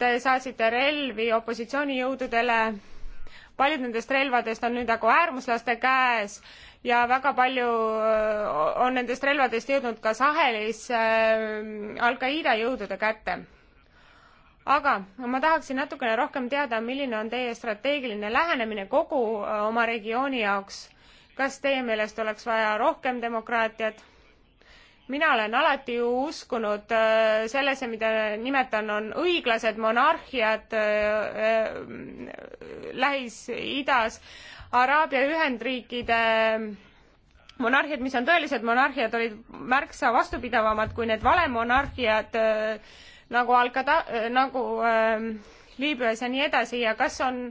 Speaker 2: Te saatsite relvi opositsioonijõududele. paljud nendest relvadest on nüüd nagu äärmuslaste käes ja väga palju on nendest relvadest jõudnud ka Sahelis Al-Qaeda jõudude kätte aga ma tahaksin natukene rohkem teada, milline on teie strateegiline lähenemine kogu äh, oma regiooni jaoks. kas teie meelest oleks vaja rohkem demokraatiat? mina olen alati ju uskunud äh, sellesse, mida nimetan, on õiglased monarhiad äh, Lähis-Idas, Araabia Ühendriikide monarhiad, mis on tõelised monarhiad, olid märksa vastupidavamad kui need valemonarhiad äh, nagu Al-Qada-, äh, nagu äh, Liibüas ja nii edasi ja kas on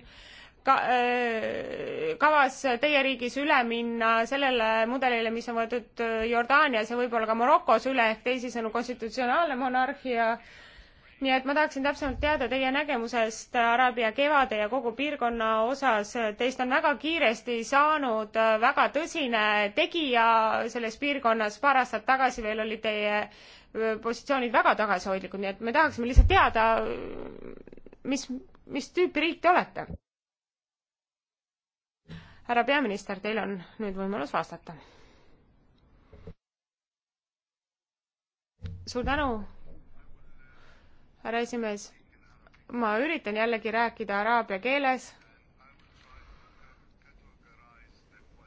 Speaker 2: ka, äh, kavas teie riigis üle minna sellele mudelile, mis on võetud äh, Jordaanias ja võib-olla ka Marokos üle, ehk teisisõnu konstitutsionaalne monarhia, nii et ma tahaksin täpsemalt teada teie nägemusest Araabia kevade ja kogu piirkonna osas. Teist on väga kiiresti saanud äh, väga tõsine tegija selles piirkonnas. paar aastat tagasi veel oli teie positsioonid väga tagasihoidlikud, nii et me tahaksime lihtsalt teada, mis, mis tüüpi riik te olete? härra peaminister, teil on nüüd võimalus vastata. suur tänu, härra esimees. ma üritan jällegi rääkida araabia keeles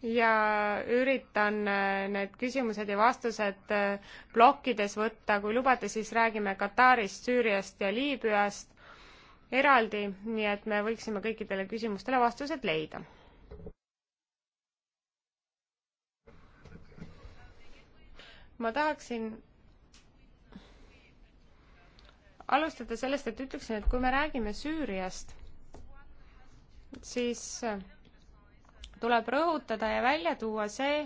Speaker 2: ja üritan äh, need küsimused ja vastused äh, plokkides võtta. kui lubate, siis räägime Katarist, Süüriast ja Liibüast eraldi, nii et me võiksime kõikidele küsimustele vastused leida. ma tahaksin alustada sellest, et ütleksin, et kui me räägime Süüriast, siis äh, tuleb rõhutada ja välja tuua see,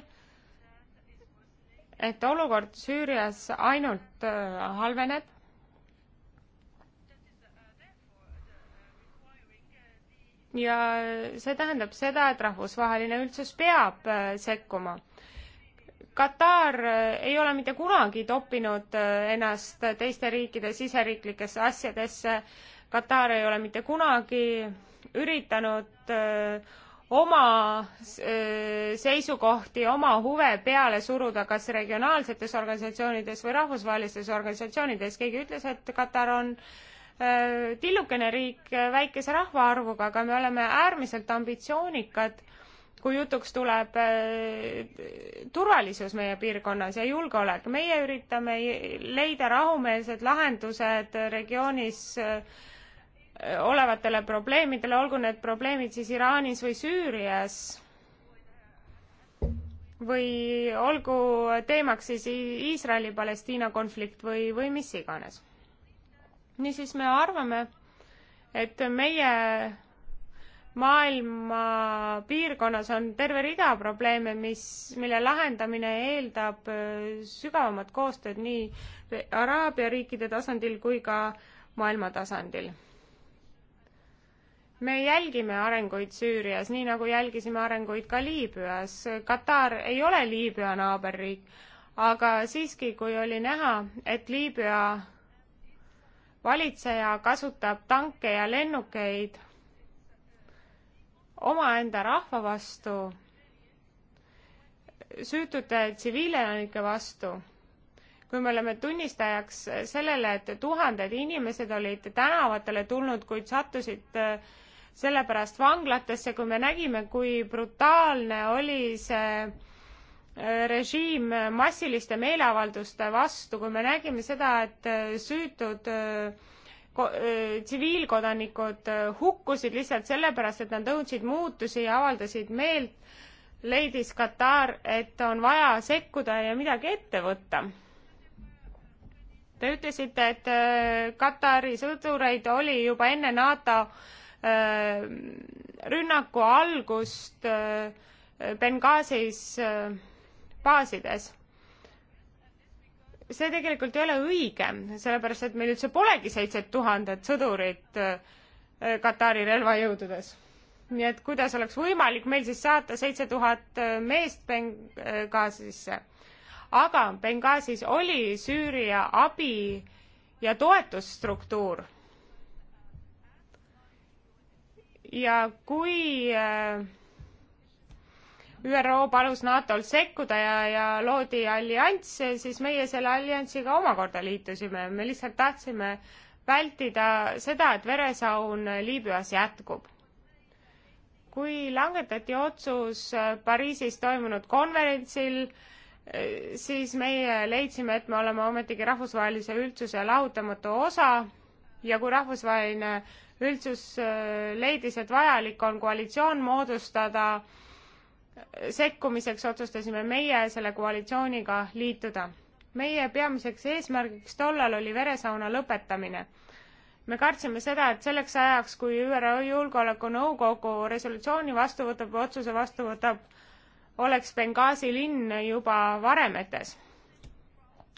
Speaker 2: et olukord Süürias ainult äh, halveneb. ja see tähendab seda, et rahvusvaheline üldsus peab äh, sekkuma. Katar äh, ei ole mitte kunagi toppinud ennast teiste riikide siseriiklikesse asjadesse. Katar ei ole mitte kunagi üritanud öö, oma äh, seisukohti, oma huve peale suruda, kas regionaalsetes organisatsioonides või rahvusvahelistes organisatsioonides. keegi ütles, et Katar on äh, tillukene riik äh, väikese rahvaarvuga, aga me oleme äärmiselt ambitsioonikad, kui jutuks tuleb turvalisus meie piirkonnas ja julgeolek. meie üritame leida rahumeelsed lahendused regioonis äh, olevatele probleemidele, olgu need probleemid siis Iraanis või Süürias või olgu teemaks siis Iisraeli-Palestiina konflikt või, või mis iganes. niisiis me arvame, et meie maailma piirkonnas on terve rida probleeme, mis, mille lahendamine eeldab äh, sügavamat koostööd nii Araabia riikide tasandil kui ka maailma tasandil me jälgime arenguid Süürias, nii nagu jälgisime arenguid ka Liibüas. Katar ei ole Liibüa naaberriik, aga siiski, kui oli näha, et Liibüa valitseja kasutab tanke ja lennukeid omaenda rahva vastu, süütute tsiviilelanike vastu, kui me oleme tunnistajaks sellele, et tuhanded inimesed olid tänavatele tulnud, kuid sattusid äh, sellepärast vanglatesse, kui me nägime, kui brutaalne oli see äh, režiim massiliste meeleavalduste vastu, kui me nägime seda, et äh, süütud äh, tsiviilkodanikud hukkusid lihtsalt sellepärast, et nad nõudsid muutusi ja avaldasid meelt, leidis Katar, et on vaja sekkuda ja midagi ette võtta. Te ütlesite, et Katari sõdureid oli juba enne NATO Äh, rünnaku algust äh, Benghazis äh, baasides. see tegelikult ei ole õige, sellepärast et meil üldse polegi seitset tuhandet sõdurit Katari relvajõududes. nii et kuidas oleks võimalik meil siis saata seitse tuhat meest Benghazisse? aga Benghazis oli Süüria abi ja toetusstruktuur ja kui äh, ÜRO palus NATO-l sekkuda ja, ja loodi allianss, siis meie selle alliansiga omakorda liitusime, me lihtsalt tahtsime vältida seda, et veresaun Liibüas jätkub. kui langetati otsus äh, Pariisis toimunud konverentsil, äh, siis meie leidsime, et me oleme ometigi rahvusvahelise üldsuse lahutamatu osa ja kui rahvusvaheline üldsus äh, leidis, et vajalik on koalitsioon moodustada. sekkumiseks otsustasime meie selle koalitsiooniga liituda. meie peamiseks eesmärgiks tollal oli veresauna lõpetamine me kartsime seda, et selleks ajaks, kui ÜRO Julgeolekunõukogu resolutsiooni vastu võtab või otsuse vastu võtab, oleks Benghazi linn juba varemetes.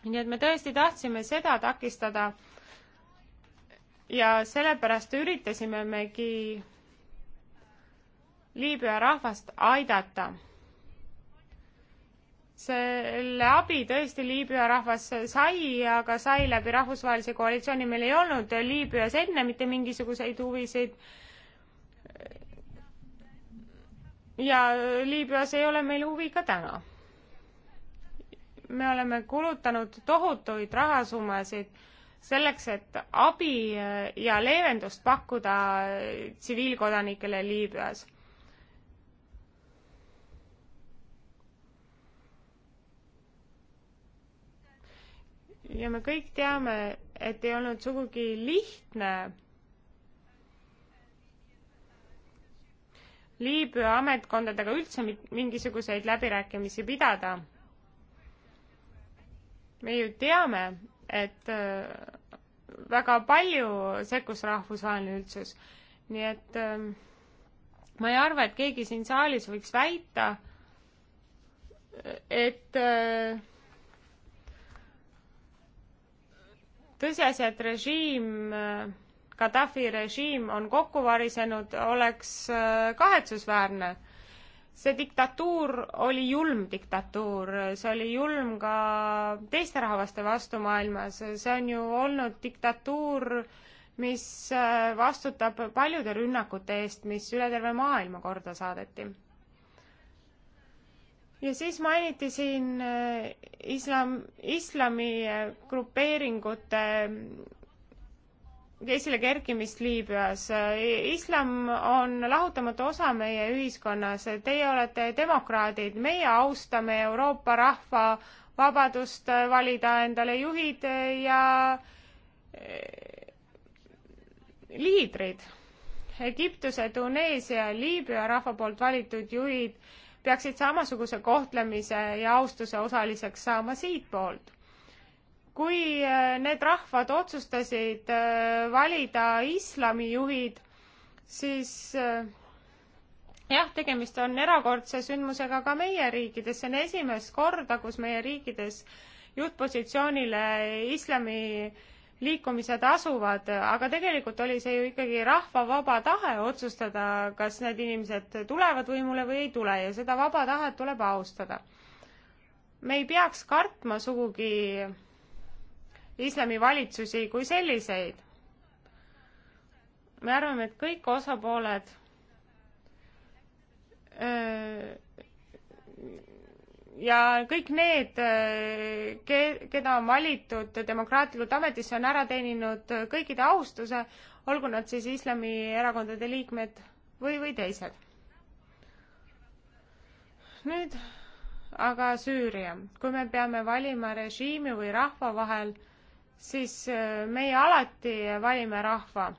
Speaker 2: nii et me tõesti tahtsime seda takistada ja sellepärast üritasime megi Liibüa rahvast aidata. selle abi tõesti Liibüa rahvas sai, aga sai läbi rahvusvahelise koalitsiooni, meil ei olnud Liibüas enne mitte mingisuguseid huvisid. ja Liibüas ei ole meil huvi ka täna. me oleme kulutanud tohutuid rahasummasid selleks, et abi äh, ja leevendust pakkuda äh, tsiviilkodanikele Liibüas. ja me kõik teame, et ei olnud sugugi lihtne Liibüa ametkondadega üldse mingisuguseid läbirääkimisi pidada. me ju teame, et äh, väga palju sekkus rahvusvaheline üldsus. nii et äh, ma ei arva, et keegi siin saalis võiks väita, et äh, tõsiasi, et režiim, Gaddafi režiim on kokku varisenud, oleks kahetsusväärne see diktatuur oli julm diktatuur, see oli julm ka teiste rahvaste vastu maailmas, see on ju olnud diktatuur, mis äh, vastutab paljude rünnakute eest, mis üle terve maailma korda saadeti. ja siis mainiti siin äh, islam, islami äh, grupeeringute esile kerkimist Liibüas. islam on lahutamatu osa meie ühiskonnas, teie olete demokraadid, meie austame Euroopa rahva vabadust valida endale juhid ja eh, liidrid. Egiptuse, Tuneesia, Liibüa rahva poolt valitud juhid peaksid samasuguse kohtlemise ja austuse osaliseks saama siitpoolt kui äh, need rahvad otsustasid äh, valida islamijuhid, siis äh, jah, tegemist on erakordse sündmusega ka meie riikides, see on esimest korda, kus meie riikides juhtpositsioonile islami liikumised asuvad, aga tegelikult oli see ju ikkagi rahva vaba tahe otsustada, kas need inimesed tulevad võimule või ei tule ja seda vaba tahet tuleb austada. me ei peaks kartma sugugi islamivalitsusi kui selliseid. me arvame, et kõik osapooled äh, ja kõik need, äh, ke-, keda on valitud demokraatlikult ametisse, on ära teeninud kõikide austuse, olgu nad siis islamierakondade liikmed või, või teised. nüüd aga Süüria. kui me peame valima režiimi või rahva vahel, siis äh, meie alati valime rahva.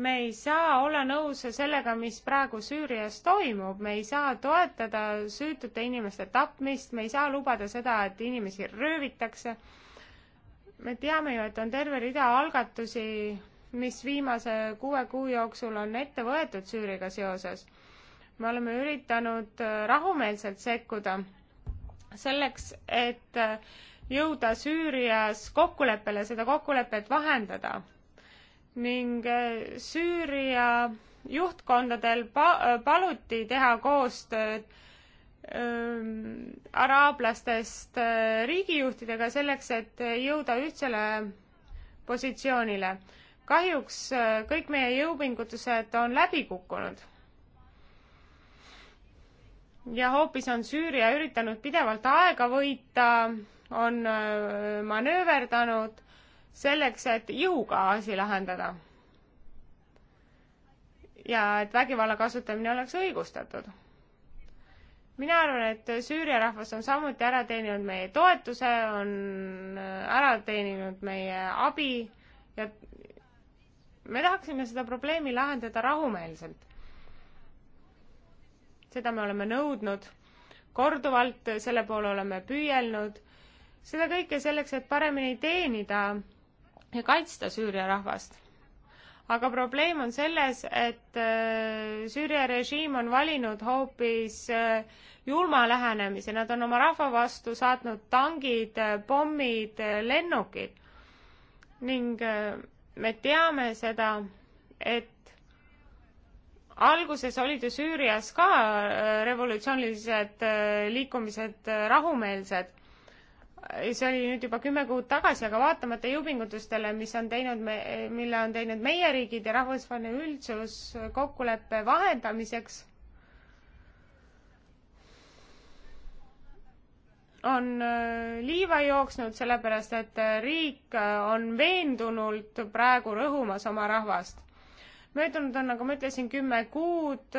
Speaker 2: me ei saa olla nõus sellega, mis praegu Süürias toimub, me ei saa toetada süütute inimeste tapmist, me ei saa lubada seda, et inimesi röövitakse. me teame ju, et on terve rida algatusi, mis viimase kuue kuu jooksul on ette võetud Süüriga seoses. me oleme üritanud äh, rahumeelselt sekkuda selleks, et äh, jõuda Süürias kokkuleppele, seda kokkulepet vahendada ning äh, Süüria juhtkondadel pa-, äh, paluti teha koostööd ähm, araablastest äh, riigijuhtidega selleks, et äh, jõuda ühtsele positsioonile. kahjuks äh, kõik meie jõupingutused on läbi kukkunud. ja hoopis on Süüria üritanud pidevalt aega võita on äh, manööverdanud selleks, et jõuga asi lahendada. ja et vägivalla kasutamine oleks õigustatud. mina arvan, et Süüria rahvas on samuti ära teeninud meie toetuse, on äh, ära teeninud meie abi ja me tahaksime seda probleemi lahendada rahumeelselt. seda me oleme nõudnud korduvalt, selle poole oleme püüelnud seda kõike selleks, et paremini teenida ja kaitsta Süüria rahvast. aga probleem on selles, et äh, Süüria režiim on valinud hoopis äh, julma lähenemise, nad on oma rahva vastu saatnud tangid, äh, pommid, lennukid. ning me teame seda, et alguses olid ju Süürias ka revolutsioonilised liikumised rahumeelsed see oli nüüd juba kümme kuud tagasi, aga vaatamata jõupingutustele, mis on teinud me, mille on teinud meie riigid ja rahvusvaheline üldsus kokkuleppe vahendamiseks, on äh, liiva jooksnud, sellepärast et äh, riik äh, on veendunult praegu rõhumas oma rahvast. möödunud on, nagu ma ütlesin, kümme kuud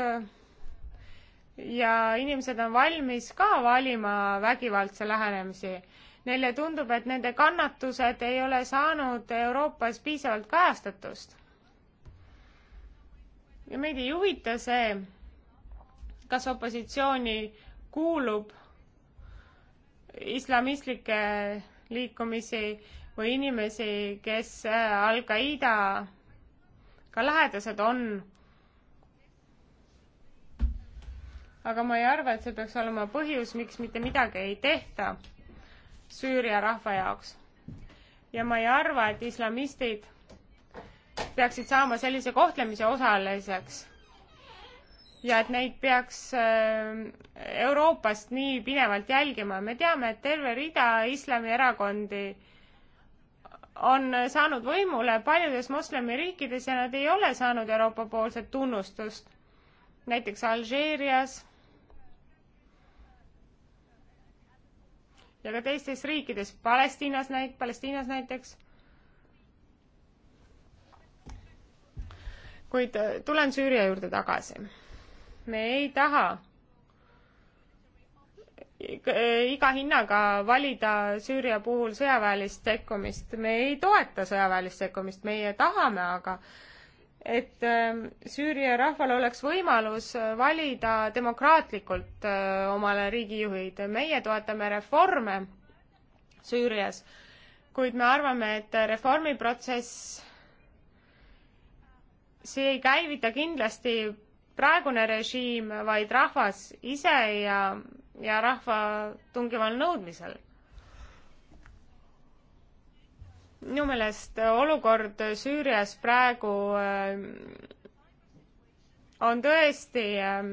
Speaker 2: ja inimesed on valmis ka valima vägivaldse lähenemisi neile tundub, et nende kannatused ei ole saanud Euroopas piisavalt kajastatust. ja meid ei huvita see, kas opositsiooni kuulub islamistlikke liikumisi või inimesi, kes Al-Qaeda ka lähedased on. aga ma ei arva, et see peaks olema põhjus, miks mitte midagi ei tehta Süüria rahva jaoks. ja ma ei arva, et islamistid peaksid saama sellise kohtlemise osaliseks ja et neid peaks äh, Euroopast nii pidevalt jälgima. me teame, et terve rida islamierakondi on saanud võimule paljudes moslemiriikides ja nad ei ole saanud Euroopa poolset tunnustust. näiteks Alžeerias ja ka teistes riikides, Palestiinas näit-, Palestiinas näiteks. kuid äh, tulen Süüria juurde tagasi. me ei taha äh, iga hinnaga valida Süüria puhul sõjaväelist sekkumist, me ei toeta sõjaväelist sekkumist, meie tahame aga äh, et ähm, Süüria rahval oleks võimalus äh, valida demokraatlikult äh, omale riigijuhid. meie toetame reforme Süürias, kuid me arvame, et reformiprotsess, see ei käivita kindlasti praegune režiim, vaid rahvas ise ja, ja rahva tungival nõudmisel minu meelest olukord Süürias praegu äh, on tõesti ähm,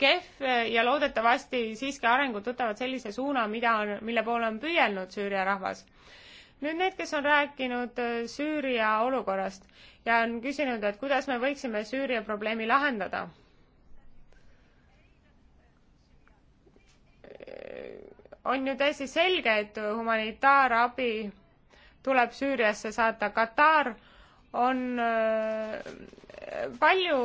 Speaker 2: kehv ja loodetavasti siiski arengud võtavad sellise suuna, mida on, mille poole on püüelnud Süüria rahvas. nüüd need, kes on rääkinud äh, Süüria olukorrast ja on küsinud, et kuidas me võiksime Süüria probleemi lahendada äh, on ju täiesti selge, et humanitaarabi tuleb Süüriasse saata. Katar on äh, palju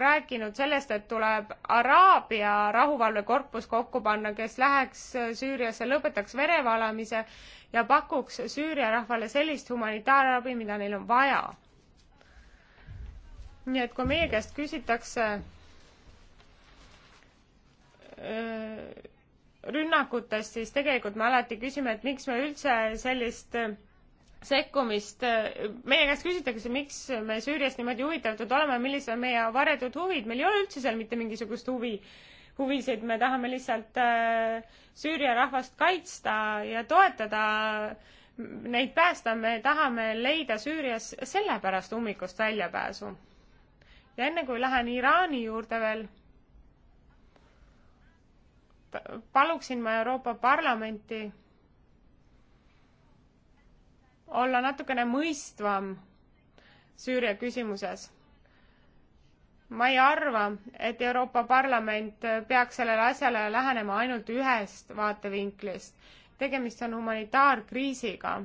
Speaker 2: rääkinud sellest, et tuleb Araabia rahuvalvekorpus kokku panna, kes läheks äh, Süüriasse, lõpetaks verevalamise ja pakuks Süüria rahvale sellist humanitaarabi, mida neil on vaja. nii et kui meie käest küsitakse äh, rünnakutest, siis tegelikult me alati küsime, et miks me üldse sellist öö, sekkumist. meie käest küsitakse, miks me Süürias niimoodi huvitatud oleme, millised on meie varjatud huvid, meil ei ole üldse seal mitte mingisugust huvi, huvisid, me tahame lihtsalt äh, Süüria rahvast kaitsta ja toetada, neid päästa, me tahame leida Süürias sellepärast ummikust väljapääsu. ja enne kui lähen Iraani juurde veel, paluksin ma Euroopa Parlamenti olla natukene mõistvam Süüria küsimuses. ma ei arva, et Euroopa Parlament peaks sellele asjale lähenema ainult ühest vaatevinklist. tegemist on humanitaarkriisiga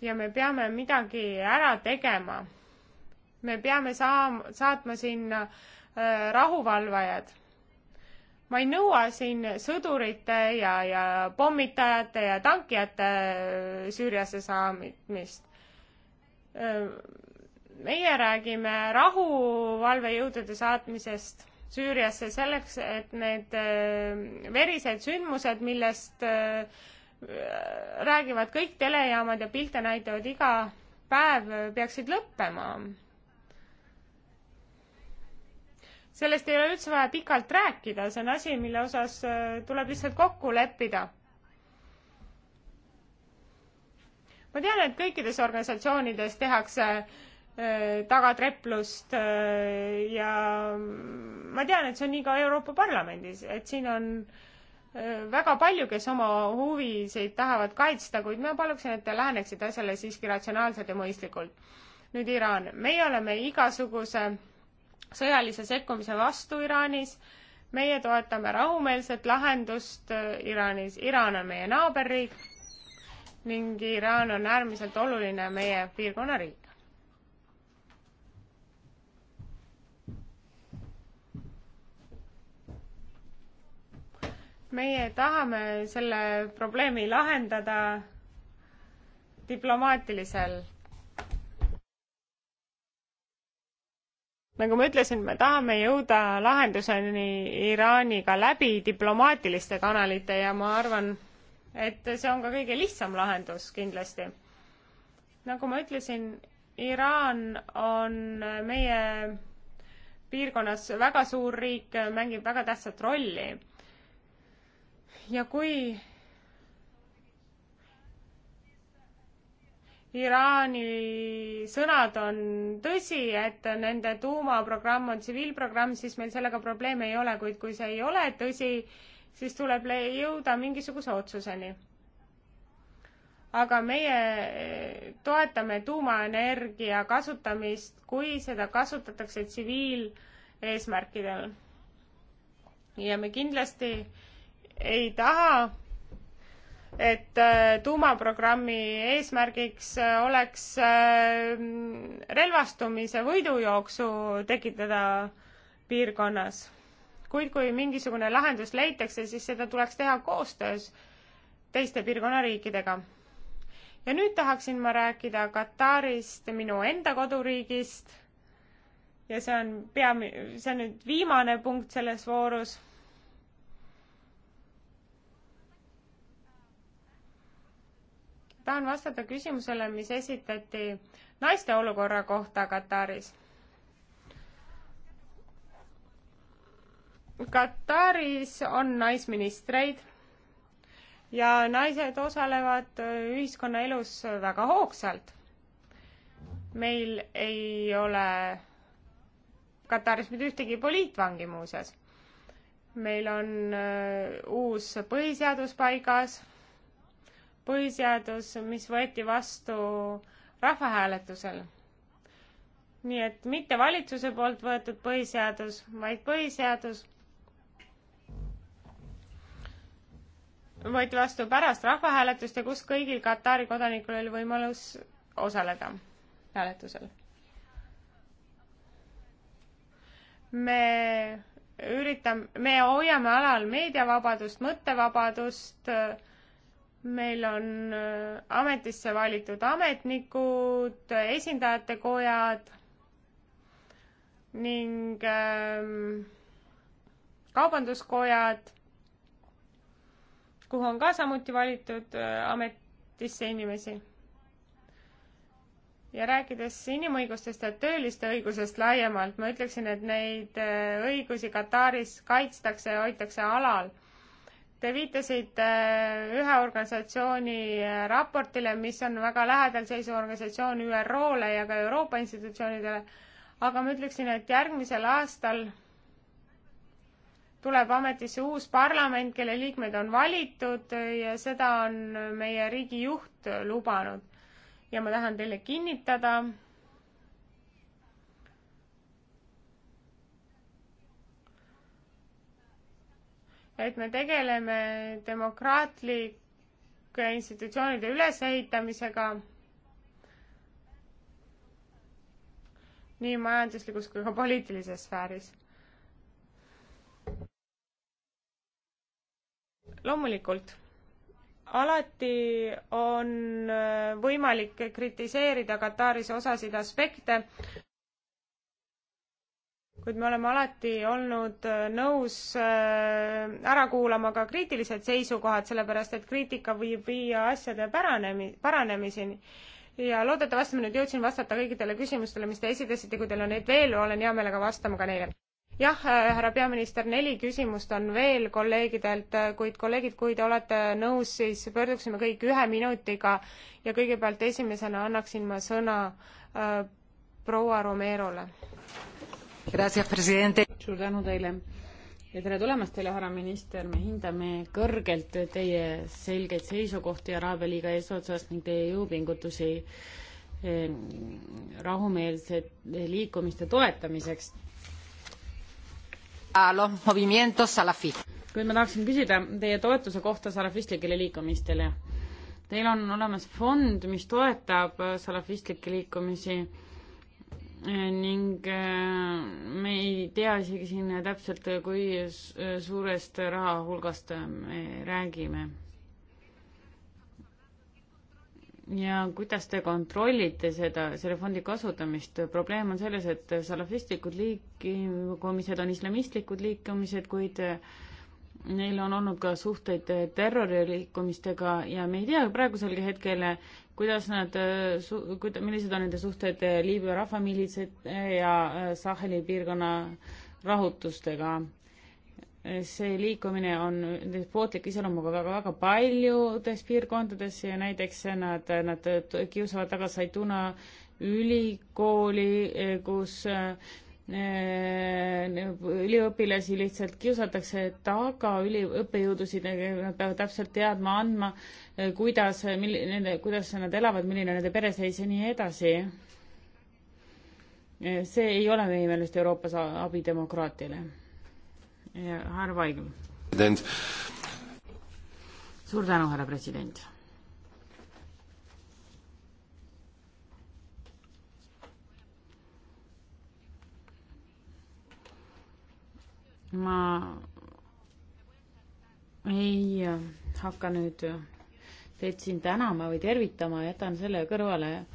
Speaker 2: ja me peame midagi ära tegema. me peame saama, saatma sinna äh, rahuvalvajad ma ei nõua siin sõdurite ja, ja pommitajate ja tankijate äh, Süüriasse saamist. Äh, meie räägime rahuvalvejõudude saatmisest Süüriasse selleks, et need äh, verised sündmused, millest räägivad kõik telejaamad ja pilte näitavad iga päev, peaksid lõppema sellest ei ole üldse vaja pikalt rääkida, see on asi, mille osas äh, tuleb lihtsalt kokku leppida. ma tean, et kõikides organisatsioonides tehakse äh, tagatreplust äh, ja ma tean, et see on nii ka Euroopa Parlamendis, et siin on väga palju, kes oma huvisid tahavad kaitsta, kuid ma paluksin, et te läheneksite asjale siiski ratsionaalselt ja mõistlikult. nüüd Iraan, meie oleme igasuguse sõjalise sekkumise vastu Iraanis. meie toetame rahumeelset lahendust äh, Iraanis. Iraan on meie naaberriik ning Iraan on äärmiselt oluline meie piirkonna riik. meie tahame selle probleemi lahendada diplomaatilisel nagu ma ütlesin, me tahame jõuda lahenduseni Iraaniga läbi diplomaatiliste kanalite ja ma arvan, et see on ka kõige lihtsam lahendus kindlasti. nagu ma ütlesin, Iraan on meie piirkonnas väga suur riik, mängib väga tähtsat rolli. ja kui Iraani sõnad on tõsi, et nende tuumaprogramm on tsiviilprogramm, siis meil sellega probleeme ei ole, kuid kui see ei ole tõsi, siis tuleb jõuda mingisuguse otsuseni. aga meie eh, toetame tuumaenergia kasutamist, kui seda kasutatakse tsiviileesmärkidel. ja me kindlasti ei taha et äh, tuumaprogrammi eesmärgiks äh, oleks äh, relvastumise võidujooksu tekitada piirkonnas. kuid kui mingisugune lahendus leitakse, siis seda tuleks teha koostöös teiste piirkonna riikidega. ja nüüd tahaksin ma rääkida Katarist, minu enda koduriigist. ja see on pea, see on nüüd viimane punkt selles voorus tahan vastata küsimusele, mis esitati naiste olukorra kohta Kataris. Kataris on naisministreid ja naised osalevad ühiskonnaelus väga hoogsalt. meil ei ole Kataris mitte ühtegi poliitvangi muuseas. meil on äh, uus põhiseadus paigas põhiseadus, mis võeti vastu rahvahääletusel. nii et mitte valitsuse poolt võetud põhiseadus, vaid põhiseadus võeti vastu pärast rahvahääletust ja kus kõigil Katari kodanikul oli võimalus osaleda hääletusel. me üritame, me hoiame alal meediavabadust, mõttevabadust äh,, meil on äh, ametisse valitud ametnikud, esindajate kojad ning ähm, kaubanduskojad, kuhu on ka samuti valitud äh, ametisse inimesi. ja rääkides inimõigustest ja tööliste õigusest laiemalt, ma ütleksin, et neid äh, õigusi Kataris kaitstakse ja hoitakse alal Te viitasite äh, ühe organisatsiooni äh, raportile, mis on väga lähedal seisev organisatsioon ÜRO-le ja ka Euroopa institutsioonidele, aga ma ütleksin, et järgmisel aastal tuleb ametisse uus parlament, kelle liikmed on valitud ja seda on meie riigi juht lubanud. ja ma tahan teile kinnitada, et me tegeleme demokraatlike institutsioonide ülesehitamisega nii majanduslikus kui ka poliitilises sfääris. loomulikult, alati on võimalik kritiseerida Kataris osasid aspekte, kuid me oleme alati olnud äh, nõus äh, ära kuulama ka kriitilised seisukohad, sellepärast et kriitika võib viia asjade paranemi-, paranemiseni. ja loodetavasti ma nüüd jõudsin vastata kõikidele küsimustele, mis te esitasite, kui teil on neid veel, olen hea meelega vastama ka neile. jah, äh, härra peaminister, neli küsimust on veel kolleegidelt, kuid kolleegid, kui te olete nõus, siis pöörduksime kõik ühe minutiga ja kõigepealt esimesena annaksin ma sõna äh, proua Romerole
Speaker 4: suur
Speaker 2: tänu teile ja tere tulemast teile, härra minister, me
Speaker 5: hindame kõrgelt teie selgeid seisukohti Araabia liiga eesotsas ning teie jõupingutusi eh, rahumeelse liikumiste toetamiseks. kuid ma tahaksin küsida teie toetuse kohta salafistlikele liikumistele. Teil on olemas fond, mis toetab salafistlikke liikumisi ning äh, me ei tea isegi siin täpselt, kui suurest rahahulgast me räägime. ja kuidas te kontrollite seda, selle fondi kasutamist? probleem on selles, et salafistlikud liikumised on islamistlikud liikumised, kuid äh, neil on olnud ka suhteid eh, terroriliikumistega ja me ei tea praegusel hetkel, eh, kuidas nad, eh, kuida-, millised on nende suhted Liibüa rahvamiilitsed ja Saheli piirkonna rahutustega. see liikumine on pootliku iseloomuga väga-väga paljudes piirkondades ja näiteks nad, nad kiusavad taga Saituna ülikooli, kus Äh, üliõpilasi lihtsalt kiusatakse taga, üli, õppejõudusid, nad peavad täpselt teadma andma, äh, kuidas, milli-, nende, kuidas nad elavad, milline nende pereseis ja nii edasi. Äh, see ei ole meie meelest Euroopas abi demokraatiale. härra Vaigel. suur tänu, härra president ma ei hakka nüüd teid siin tänama või tervitama, jätan selle kõrvale.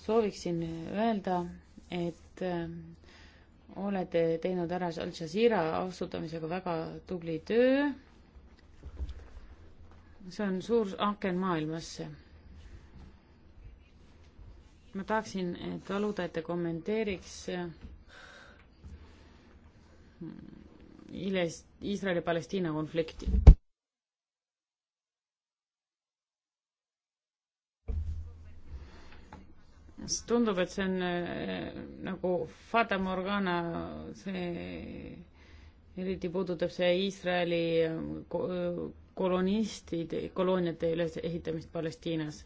Speaker 5: sooviksin öelda, et äh, olete teinud ära Al Jazeera austutamisega väga tubli töö. see on suur aken maailmasse. ma tahaksin paluda, et te kommenteeriks äh, Iisraeli-Palestiina konflikti. tundub, et see on äh, nagu Fata Morgana, see eriti puudutab see Iisraeli eh, eh, kolonistide, kolooniate ülesehitamist Palestiinas.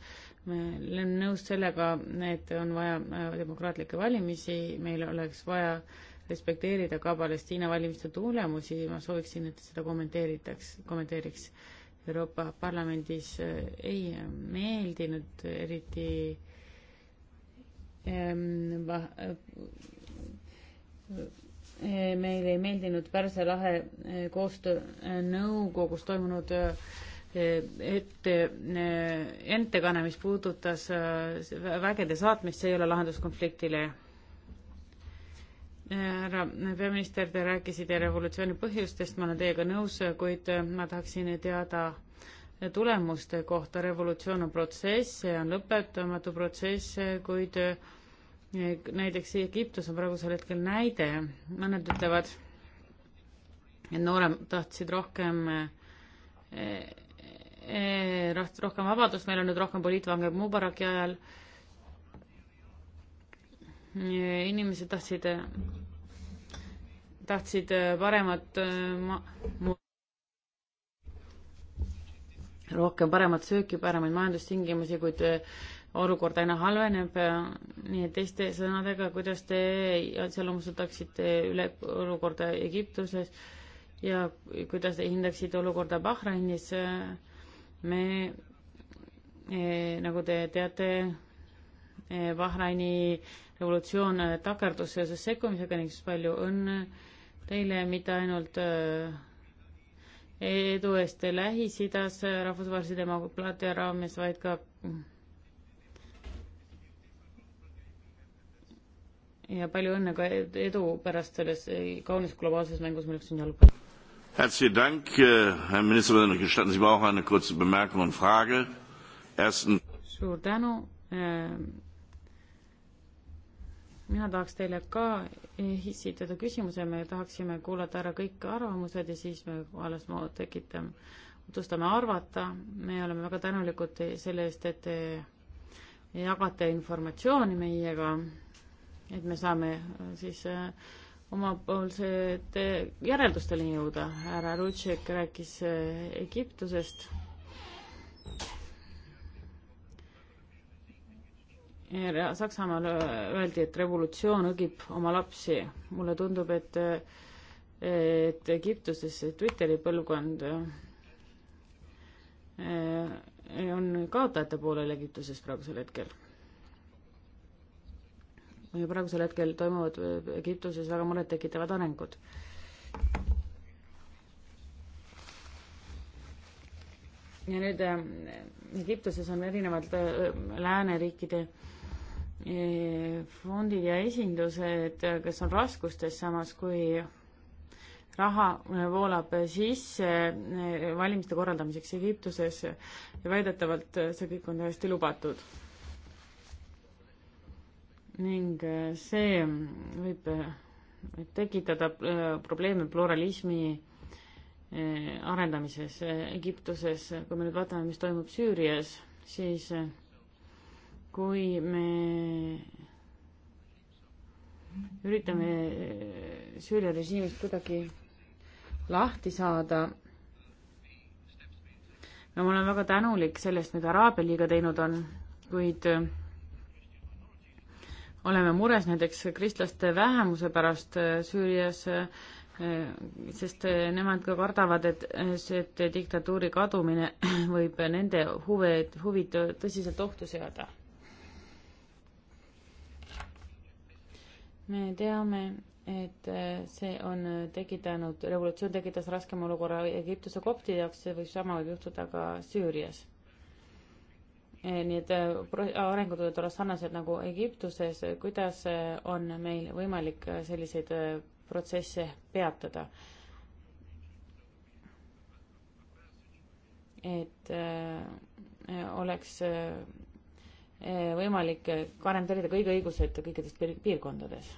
Speaker 5: me oleme nõus sellega, et on vaja demokraatlikke valimisi, meil oleks vaja äh, respekteerida ka Palestiina valimiste tulemusi, ma sooviksin, et seda kommenteeritaks, kommenteeriks. Euroopa Parlamendis äh, ei meeldinud eriti ähm, bah, äh, äh meile ei meeldinud Pärsia lahe äh, koostöönõukogus toimunud ette, ettekanne, mis puudutas vägede saatmist, see ei ole lahendus konfliktile härra peaminister, te rääkisite revolutsiooni põhjustest, ma olen teiega nõus, kuid ma tahaksin teada tulemuste kohta. revolutsioon on protsess, see on lõpetamatu protsess, kuid näiteks Egiptus on praegusel hetkel näide, mõned ütlevad, et noorem tahtsid rohkem eh, eh, rohkem vabadust, meil on nüüd rohkem poliitvange Mubaraki ajal inimesed tahtsid, tahtsid paremat, rohkem paremat sööki, paremaid majandustingimusi, kuid olukord aina halveneb, nii et teiste sõnadega, kuidas te iseloomustaksite üle olukorda Egiptuses ja kuidas te hindaksite olukorda Bahrainis, me eh, nagu te teate, eh, Bahraini revolutsioon äh, takerdus seoses sekkumisega ning siis palju õnne teile mitte ainult äh, edu eest Lähis-Idas äh, rahvusvahelise demokraatia raames, vaid ka mm, ja palju õnne ka edu pärast selles kaunis globaalses mängus, milleks on jalgpall.
Speaker 1: Herzlichen Dank, Herr Ministerpräsident. Gestatten Sie mir auch eine kurze Bemerkung und Frage. Ersten.
Speaker 5: Suur tänu äh, mina tahaks teile ka esitada küsimuse, me tahaksime kuulata ära kõik arvamused ja siis me alles tekitame, otsustame arvata, me oleme väga tänulikud selle eest, et te jagate informatsiooni meiega, et me saame äh, siis äh, omapoolsete äh, järeldusteni jõuda. härra Rutšek rääkis Egiptusest Saksamaal äh, öeldi, et revolutsioon õgib oma lapsi. mulle tundub, et, äh, et Egiptuses Twitteri põlvkond äh, on kaotajate poolel Egiptuses praegusel hetkel. praegusel hetkel toimuvad Egiptuses väga murettekitavad arengud. ja nüüd Egiptuses on erinevad lääneriikide äh, E, fondid ja esindused, kes on raskustes, samas kui raha voolab sisse e, valimiste korraldamiseks Egiptuses ja väidetavalt see kõik on täiesti lubatud. ning e, see võib, võib tekitada probleeme pluralismi arendamises Egiptuses, kui me nüüd vaatame, mis toimub Süürias, siis kui me üritame Süüria režiimist kuidagi lahti saada. no ma olen väga tänulik sellest, mida Araabia liiga teinud on, kuid oleme mures näiteks kristlaste vähemuse pärast Süürias, sest nemad ka kardavad, et see, et diktatuuri kadumine võib nende huve, huvid tõsiselt ohtu seada me teame, et äh, see on äh, tekitanud, revolutsioon tekitas raskema olukorra Egiptuse kopti jaoks, see võib, sama võib juhtuda ka Süürias. Äh, nii et arengud võivad olla sarnased nagu Egiptuses, kuidas on meil võimalik selliseid protsesse peatada? et oleks Eh, võimalik eh, garanteerida kõigi õigused kõikides piirkondades.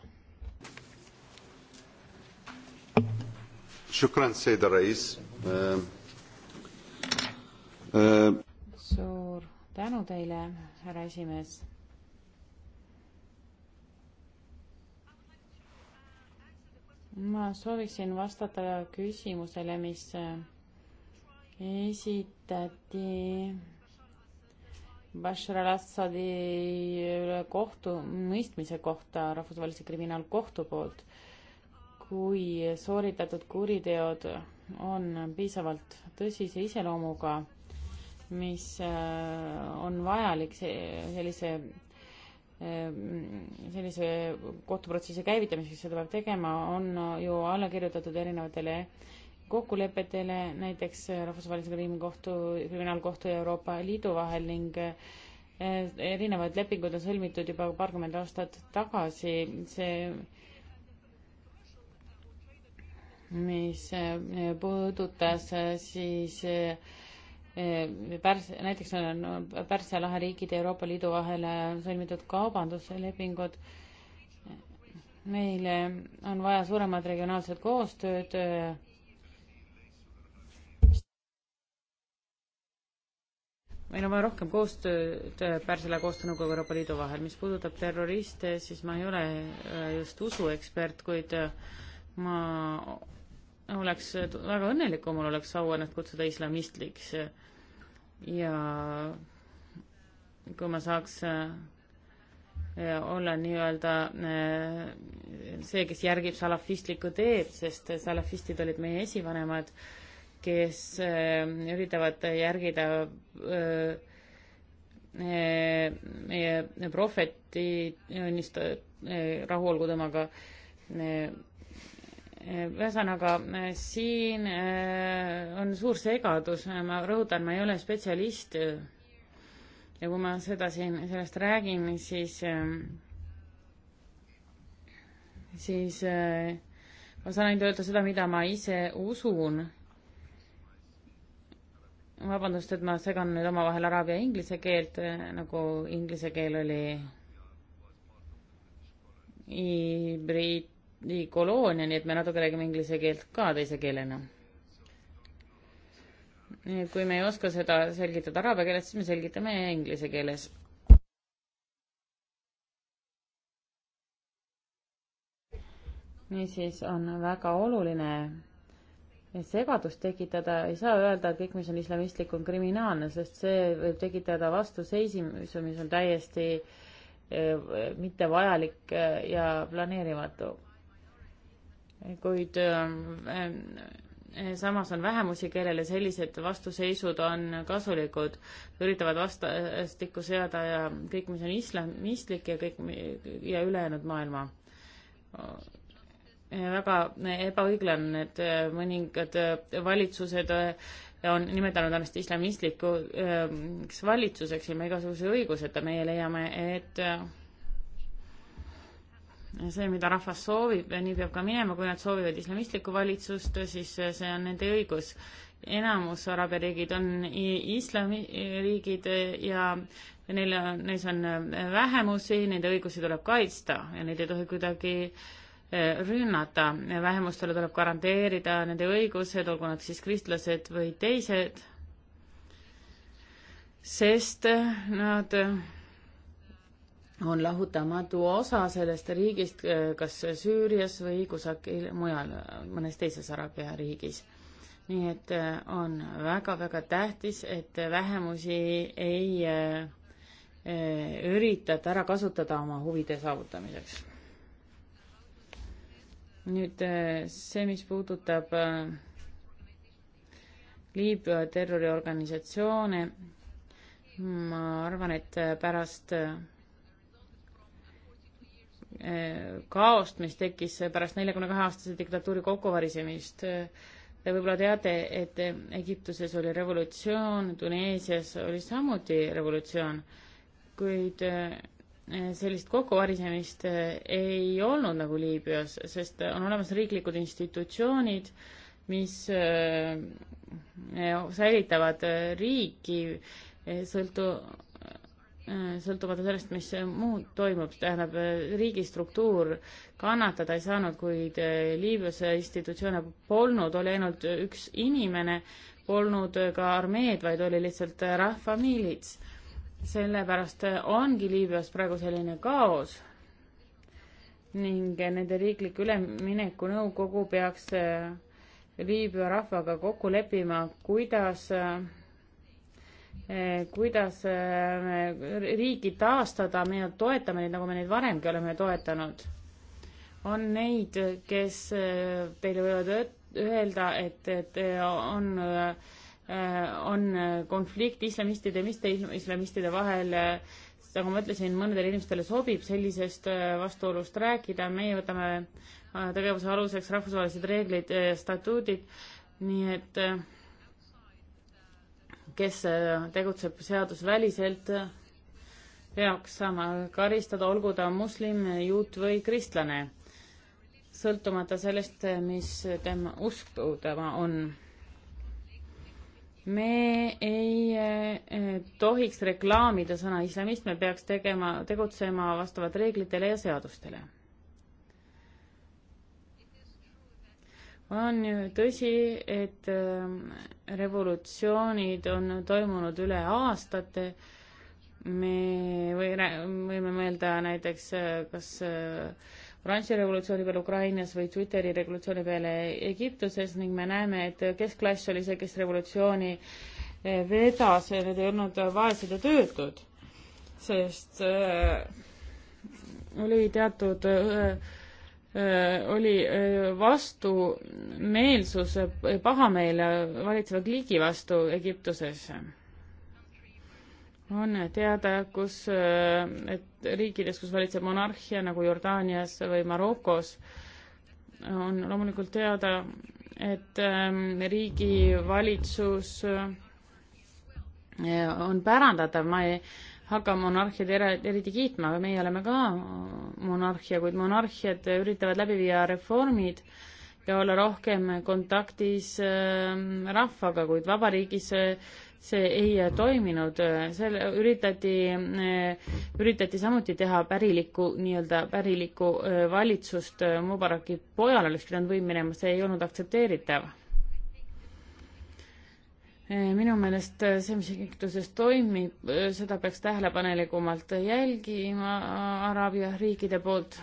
Speaker 1: Ähm, äh,
Speaker 5: suur tänu teile, härra esimees. ma sooviksin vastata küsimusele, mis äh, esitati Bashar al-Assadi üle kohtu, mõistmise kohta Rahvusvahelise Kriminaalkohtu poolt, kui sooritatud kuriteod on piisavalt tõsise iseloomuga, mis äh, on vajalik sellise, äh, sellise kohtuprotsessi käivitamiseks, seda peab tegema, on ju alla kirjutatud erinevatele kokkulepetele näiteks Rahvusvahelise Kriminaalkohtu, Kriminaalkohtu ja Euroopa Liidu vahel ning eh, erinevad lepingud on sõlmitud juba paarkümmend aastat tagasi, see mis eh, puudutas eh, siis Pärs-, näiteks on Pärsia lahe riigid ja Euroopa Liidu vahel sõlmitud kaubanduslepingud. meile on vaja suuremat regionaalset koostööd meil on vaja rohkem koostööd äh, Pärsia koostöönõukogu Euroopa Liidu vahel. mis puudutab terroriste, siis ma ei ole äh, just usuekspert, kuid äh, ma oleks väga õnnelik, kui mul oleks auannet kutsuda islamistlikuks. ja kui ma saaks olla nii-öelda see, kes järgib salafistlikku teed, sest salafistid olid meie esivanemad kes ähm, üritavad järgida äh, äh, meie prohveti õnnist-, äh, rahu olgu temaga. ühesõnaga, siin on suur segadus, ma rõhutan, ma ei ole spetsialist ja kui ma seda siin, sellest räägin, siis siis ma saan ainult öelda seda, mida ma ise usun vabandust, et ma segan nüüd omavahel araabia ja inglise keelt, eh, nagu inglise keel oli Briti koloonia, nii et me natuke räägime inglise keelt ka teise keelena. nii et kui me ei oska seda selgitada araabia keeles, siis me selgitame inglise keeles. niisiis on väga oluline segadust tekitada, ei saa öelda, et kõik, mis on islamistlik, on kriminaalne, sest see võib tekitada vastuseisimise, mis on täiesti eh, mittevajalik eh, ja planeerimatu. kuid eh, samas on vähemusi, kellele sellised vastuseisud on kasulikud, üritavad vastastikku seada ja kõik, mis on islamistlik ja kõik ja ülejäänud maailma väga ebaõiglane, et äh, mõningad äh, valitsused äh, on nimetanud ennast islamistlikuks valitsuseks ilma igasuguse õiguseta, meie leiame, et see, mida rahvas soovib, nii peab ka minema, kui nad soovivad islamistlikku valitsust, siis see on nende õigus. enamus araabia riigid on islamiriigid ja neil on, neis on vähemusi, nende õigusi tuleb kaitsta ja neid ei tohi kuidagi äh, rünnata. vähemustele tuleb garanteerida nende õigused, olgu nad siis kristlased või teised, sest nad on lahutamatu osa sellest riigist, kas Süürias või kusagil mujal, mõnes teises araabia riigis. nii et on väga-väga tähtis, et vähemusi ei eh, üritata ära kasutada oma huvide saavutamiseks nüüd eh, see, mis puudutab eh, Liibüa terroriorganisatsioone, ma arvan, et eh, pärast kaost, mis tekkis pärast neljakümne kahe aastase diktatuuri kokkuvarisemist, te võib-olla teate, et Egiptuses oli revolutsioon, Tuneesias oli samuti revolutsioon, kuid sellist kokkuvarisemist äh, ei olnud nagu Liibüas, sest on olemas riiklikud institutsioonid, mis äh, äh, säilitavad riiki sõltu, sõltumata sellest, mis muud toimub, tähendab, riigi struktuur kannatada ei saanud, kuid Liibüas institutsioone polnud, oli ainult üks inimene, polnud ka armeed, vaid oli lihtsalt rahvamiilits sellepärast ongi Liibüas praegu selline kaos ning nende riikliku ülemineku nõukogu peaks eh, Liibüa rahvaga kokku leppima, kuidas, eh, kuidas eh, riigi taastada, me toetame neid, nagu me neid varemgi oleme toetanud. on neid, kes teile võivad öelda, et, et on äh, Äh, on äh, konflikt islamistide ja mitteislamistide vahel, äh, nagu ma ütlesin, mõnedele inimestele sobib sellisest vastuolust rääkida, meie võtame tegevuse aluseks rahvusvahelised reeglid ja statuudid, nii et kes tegutseb seadusväliselt, peaks saama karistada, olgu ta moslem, juut või kristlane, sõltumata sellest, mis tema usk tema on me ei eh, tohiks reklaamida sõna islamist, me peaks tegema, tegutsema vastavalt reeglitele ja seadustele. on ju tõsi, et eh, revolutsioonid on toimunud üle aastate, me või võime mõelda näiteks eh, kas äh, oranži revolutsiooni peale Ukrainas või Twitteri revolutsiooni peale Egiptuses ning me näeme, et keskklass oli see, kes revolutsiooni eh, vedas ja need ei olnud vaesed ja töötud, sest äh, oli teatud äh, oli vastumeelsus, pahameel valitseva kliigi vastu Egiptuses on teada, kus, äh, et riikides, kus valitseb monarhia nagu Jordaanias või Marokos, on loomulikult teada, et ähm, riigi valitsus äh, on pärandatav, ma ei hakka monarhiaid eriti kiitma, aga meie oleme ka monarhia, kuid monarhiad üritavad läbi viia reformid ja olla rohkem kontaktis ähm, rahvaga, kuid vabariigis äh, see ei toiminud, selle üritati, üritati samuti teha pärilikku, nii-öelda pärilikku valitsust, Mubaraki pojal oleks pidanud võim minema, see ei olnud aktsepteeritav. minu meelest see, mis Egiptuses toimib, seda peaks tähelepanelikumalt jälgima Araabia riikide poolt.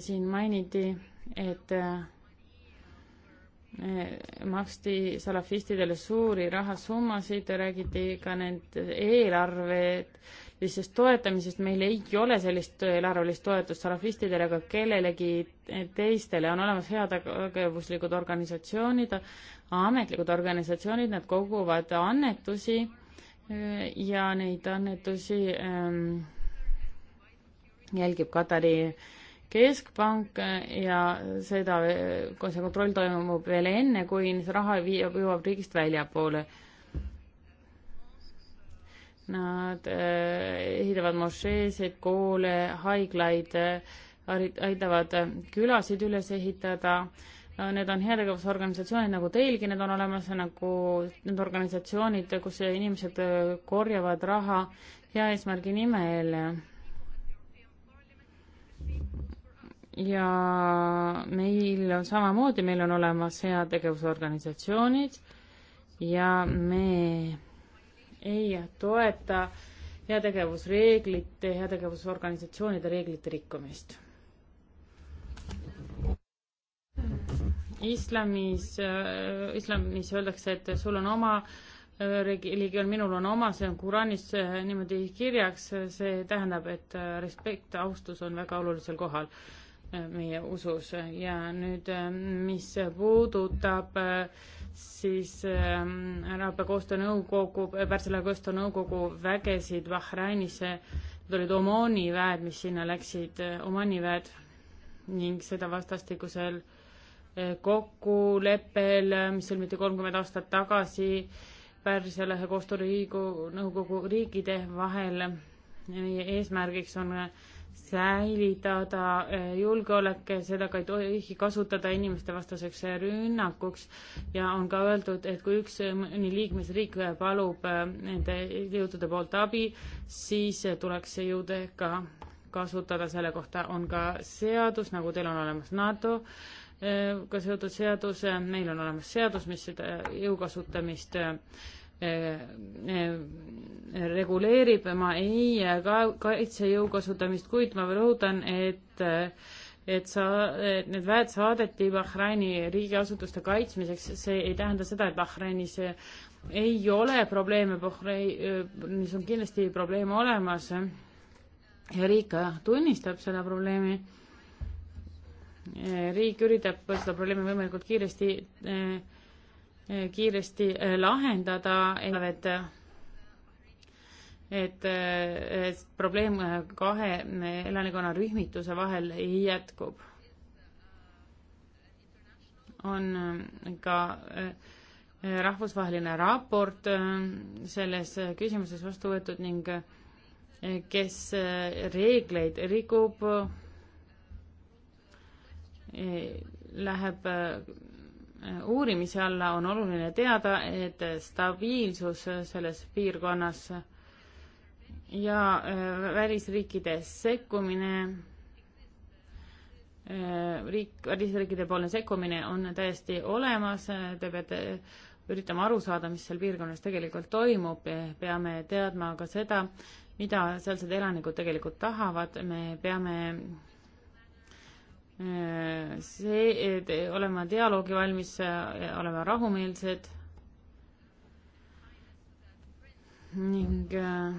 Speaker 5: siin mainiti, et maksti salafistidele suuri rahasummasid, räägiti ka nende eelarvelisest toetamisest, meil ei ole sellist eelarvelist toetust salafistidele ega kellelegi teistele, on olemas heategevuslikud organisatsioonid, ametlikud organisatsioonid, nad koguvad annetusi ja neid annetusi ähm, jälgib Katari äh, keskpank ja seda, kui see kontroll toimub veel enne, kui see raha viib, jõuab riigist väljapoole. Nad eh, ehitavad mošeesid, koole, haiglaid, aitavad külasid üles ehitada. Need on heategevusorganisatsioonid nagu teilgi, need on olemas nagu need organisatsioonid, kus inimesed korjavad raha hea eesmärgi nimel ja meil on samamoodi, meil on olemas heategevusorganisatsioonid ja me ei toeta heategevusreeglite, heategevusorganisatsioonide reeglite rikkumist. islamis, äh, islamis öeldakse, et sul on oma äh, religioon, minul on oma, see on Kuranis äh, niimoodi kirjaks, see tähendab, et respekt, austus on väga olulisel kohal meie usus ja nüüd, äh, mis puudutab äh, siis Araabia ähm, koostöönõukogu, Pärsia koostöönõukogu vägesid Bahrainis, need olid Omaani väed, mis sinna läksid, äh, Omaani väed ning seda vastastikusel kokkuleppel, mis sõlmiti kolmkümmend aastat tagasi Pärsia lähe koostöönõukogu riikide vahel. meie eesmärgiks on säilitada eh, julgeolek, eh, seda ka ei tohi kasutada inimestevastaseks eh, rünnakuks ja on ka öeldud, et kui üks mõni liikmesriik palub nende jõudude poolt abi, siis tuleks see jõude ka kasutada, selle kohta on ka seadus, nagu teil on olemas NATO ka seotud seadus, meil on olemas seadus, mis seda jõu kasutamist Äh, äh, reguleerib, ma ei kaitse jõu kasutamist, kuid ma rõhutan, et äh, et sa, et need väed saadeti Bahraini riigiasutuste kaitsmiseks, see ei tähenda seda, et Bahrainis ei ole probleeme, Bahrainis on kindlasti probleeme olemas ja riik tunnistab seda probleemi. riik üritab seda probleemi võimalikult kiiresti eh, kiiresti eh, lahendada, et et, et probleem eh, kahe eh, elanikkonna rühmituse vahel jätkub. on ka rahvusvaheline raport selles küsimuses vastu võetud ning kes reegleid rikub, läheb uurimise alla, on oluline teada, et stabiilsus selles piirkonnas ja äh, välisriikide sekkumine, äh, riik, välisriikide poolne sekkumine on täiesti olemas, te peate üritama aru saada, mis seal piirkonnas tegelikult toimub, peame teadma ka seda, mida sealsed elanikud tegelikult tahavad, me peame Äh, see, olema dialoogi valmis, olema rahumeelsed ning äh,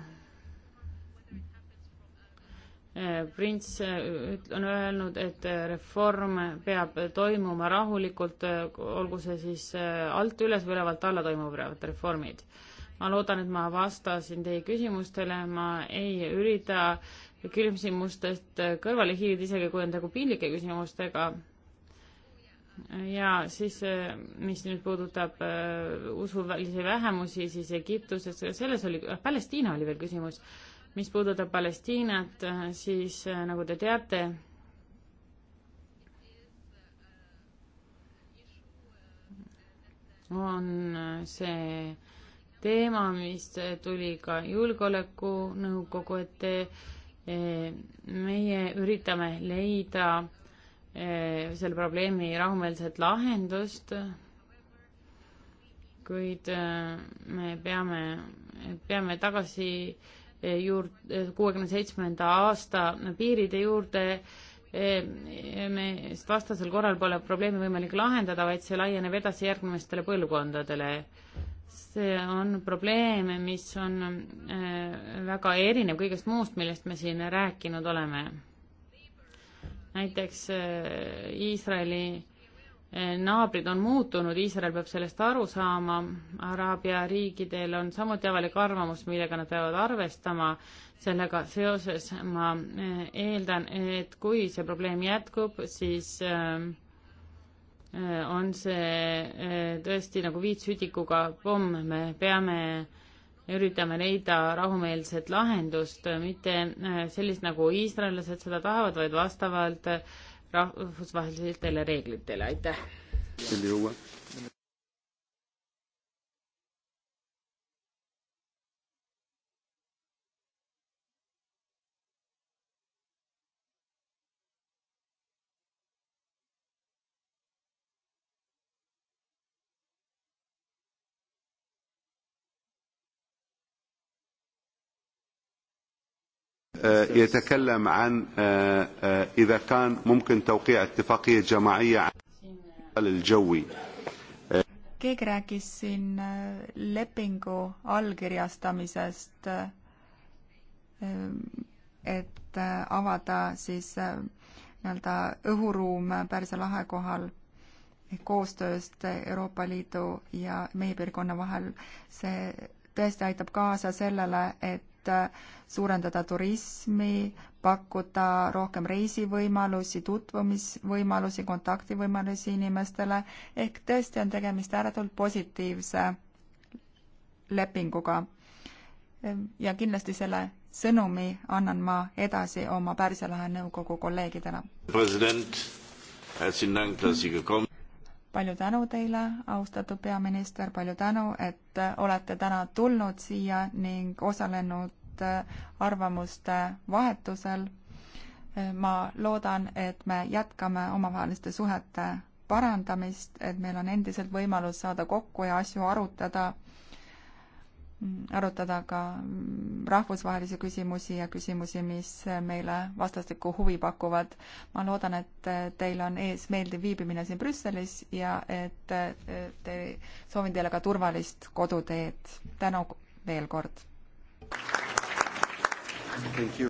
Speaker 5: äh, prints on öelnud, et reform peab toimuma rahulikult, olgu see siis alt üles või ülevalt alla toimuvad reformid. ma loodan, et ma vastasin teie küsimustele, ma ei ürita küsimustest kõrvale hiilida, isegi kui on tegu piinlike küsimustega. ja siis, eh, mis nüüd puudutab eh, usuvälisi vähemusi, siis Egiptuses, selles oli, ah, Palestiina oli veel küsimus. mis puudutab Palestiinat, eh, siis nagu te teate, on see teema, mis tuli ka Julgeolekunõukogu ette meie üritame leida eh, selle probleemi rahumeelset lahendust, kuid eh, me peame, peame tagasi eh, juurde, kuuekümne seitsmenda aasta piiride juurde, me, sest vastasel korral pole probleemi võimalik lahendada, vaid see laieneb edasi järgmistele põlvkondadele see on probleem, mis on äh, väga erinev kõigest muust, millest me siin rääkinud oleme. näiteks äh, Iisraeli äh, naabrid on muutunud, Iisrael peab sellest aru saama, Araabia riikidel on samuti avalik arvamus, millega nad peavad arvestama, sellega seoses ma eeldan, et kui see probleem jätkub, siis äh, Äh, on see äh, tõesti nagu viitsütikuga pomm, me peame, üritame leida rahumeelset lahendust, äh, mitte sellist, nagu iisraellased seda tahavad, vaid vastavalt rahvusvahelistele reeglitele, aitäh.
Speaker 1: يتكلم عن إذا كان ممكن توقيع اتفاقية جماعية عن الجوي
Speaker 4: keegi rääkis siin lepingu allkirjastamisest, et avada siis nii-öelda õhuruum Pärsia lahe kohal koostööst Euroopa Liidu ja meie piirkonna vahel. see tõesti aitab kaasa sellele, et et suurendada turismi, pakkuda rohkem reisivõimalusi, tutvumisvõimalusi, kontaktivõimalusi inimestele, ehk tõesti on tegemist ääretult positiivse lepinguga. ja kindlasti selle sõnumi annan ma edasi oma Pärsia lahe nõukogu kolleegidele.
Speaker 1: president, tänan, et te tulite
Speaker 4: palju tänu teile, austatud peaminister, palju tänu, et olete täna tulnud siia ning osalenud äh, arvamuste vahetusel. Äh, ma loodan, et me jätkame omavaheliste suhete parandamist, et meil on endiselt võimalus saada kokku ja asju arutada Mm, arutada ka mm, rahvusvahelisi küsimusi ja küsimusi, mis meile vastastikku huvi pakuvad. ma loodan, et teil on ees meeldiv viibimine siin Brüsselis ja et te, soovin teile ka turvalist koduteed. tänu veel kord!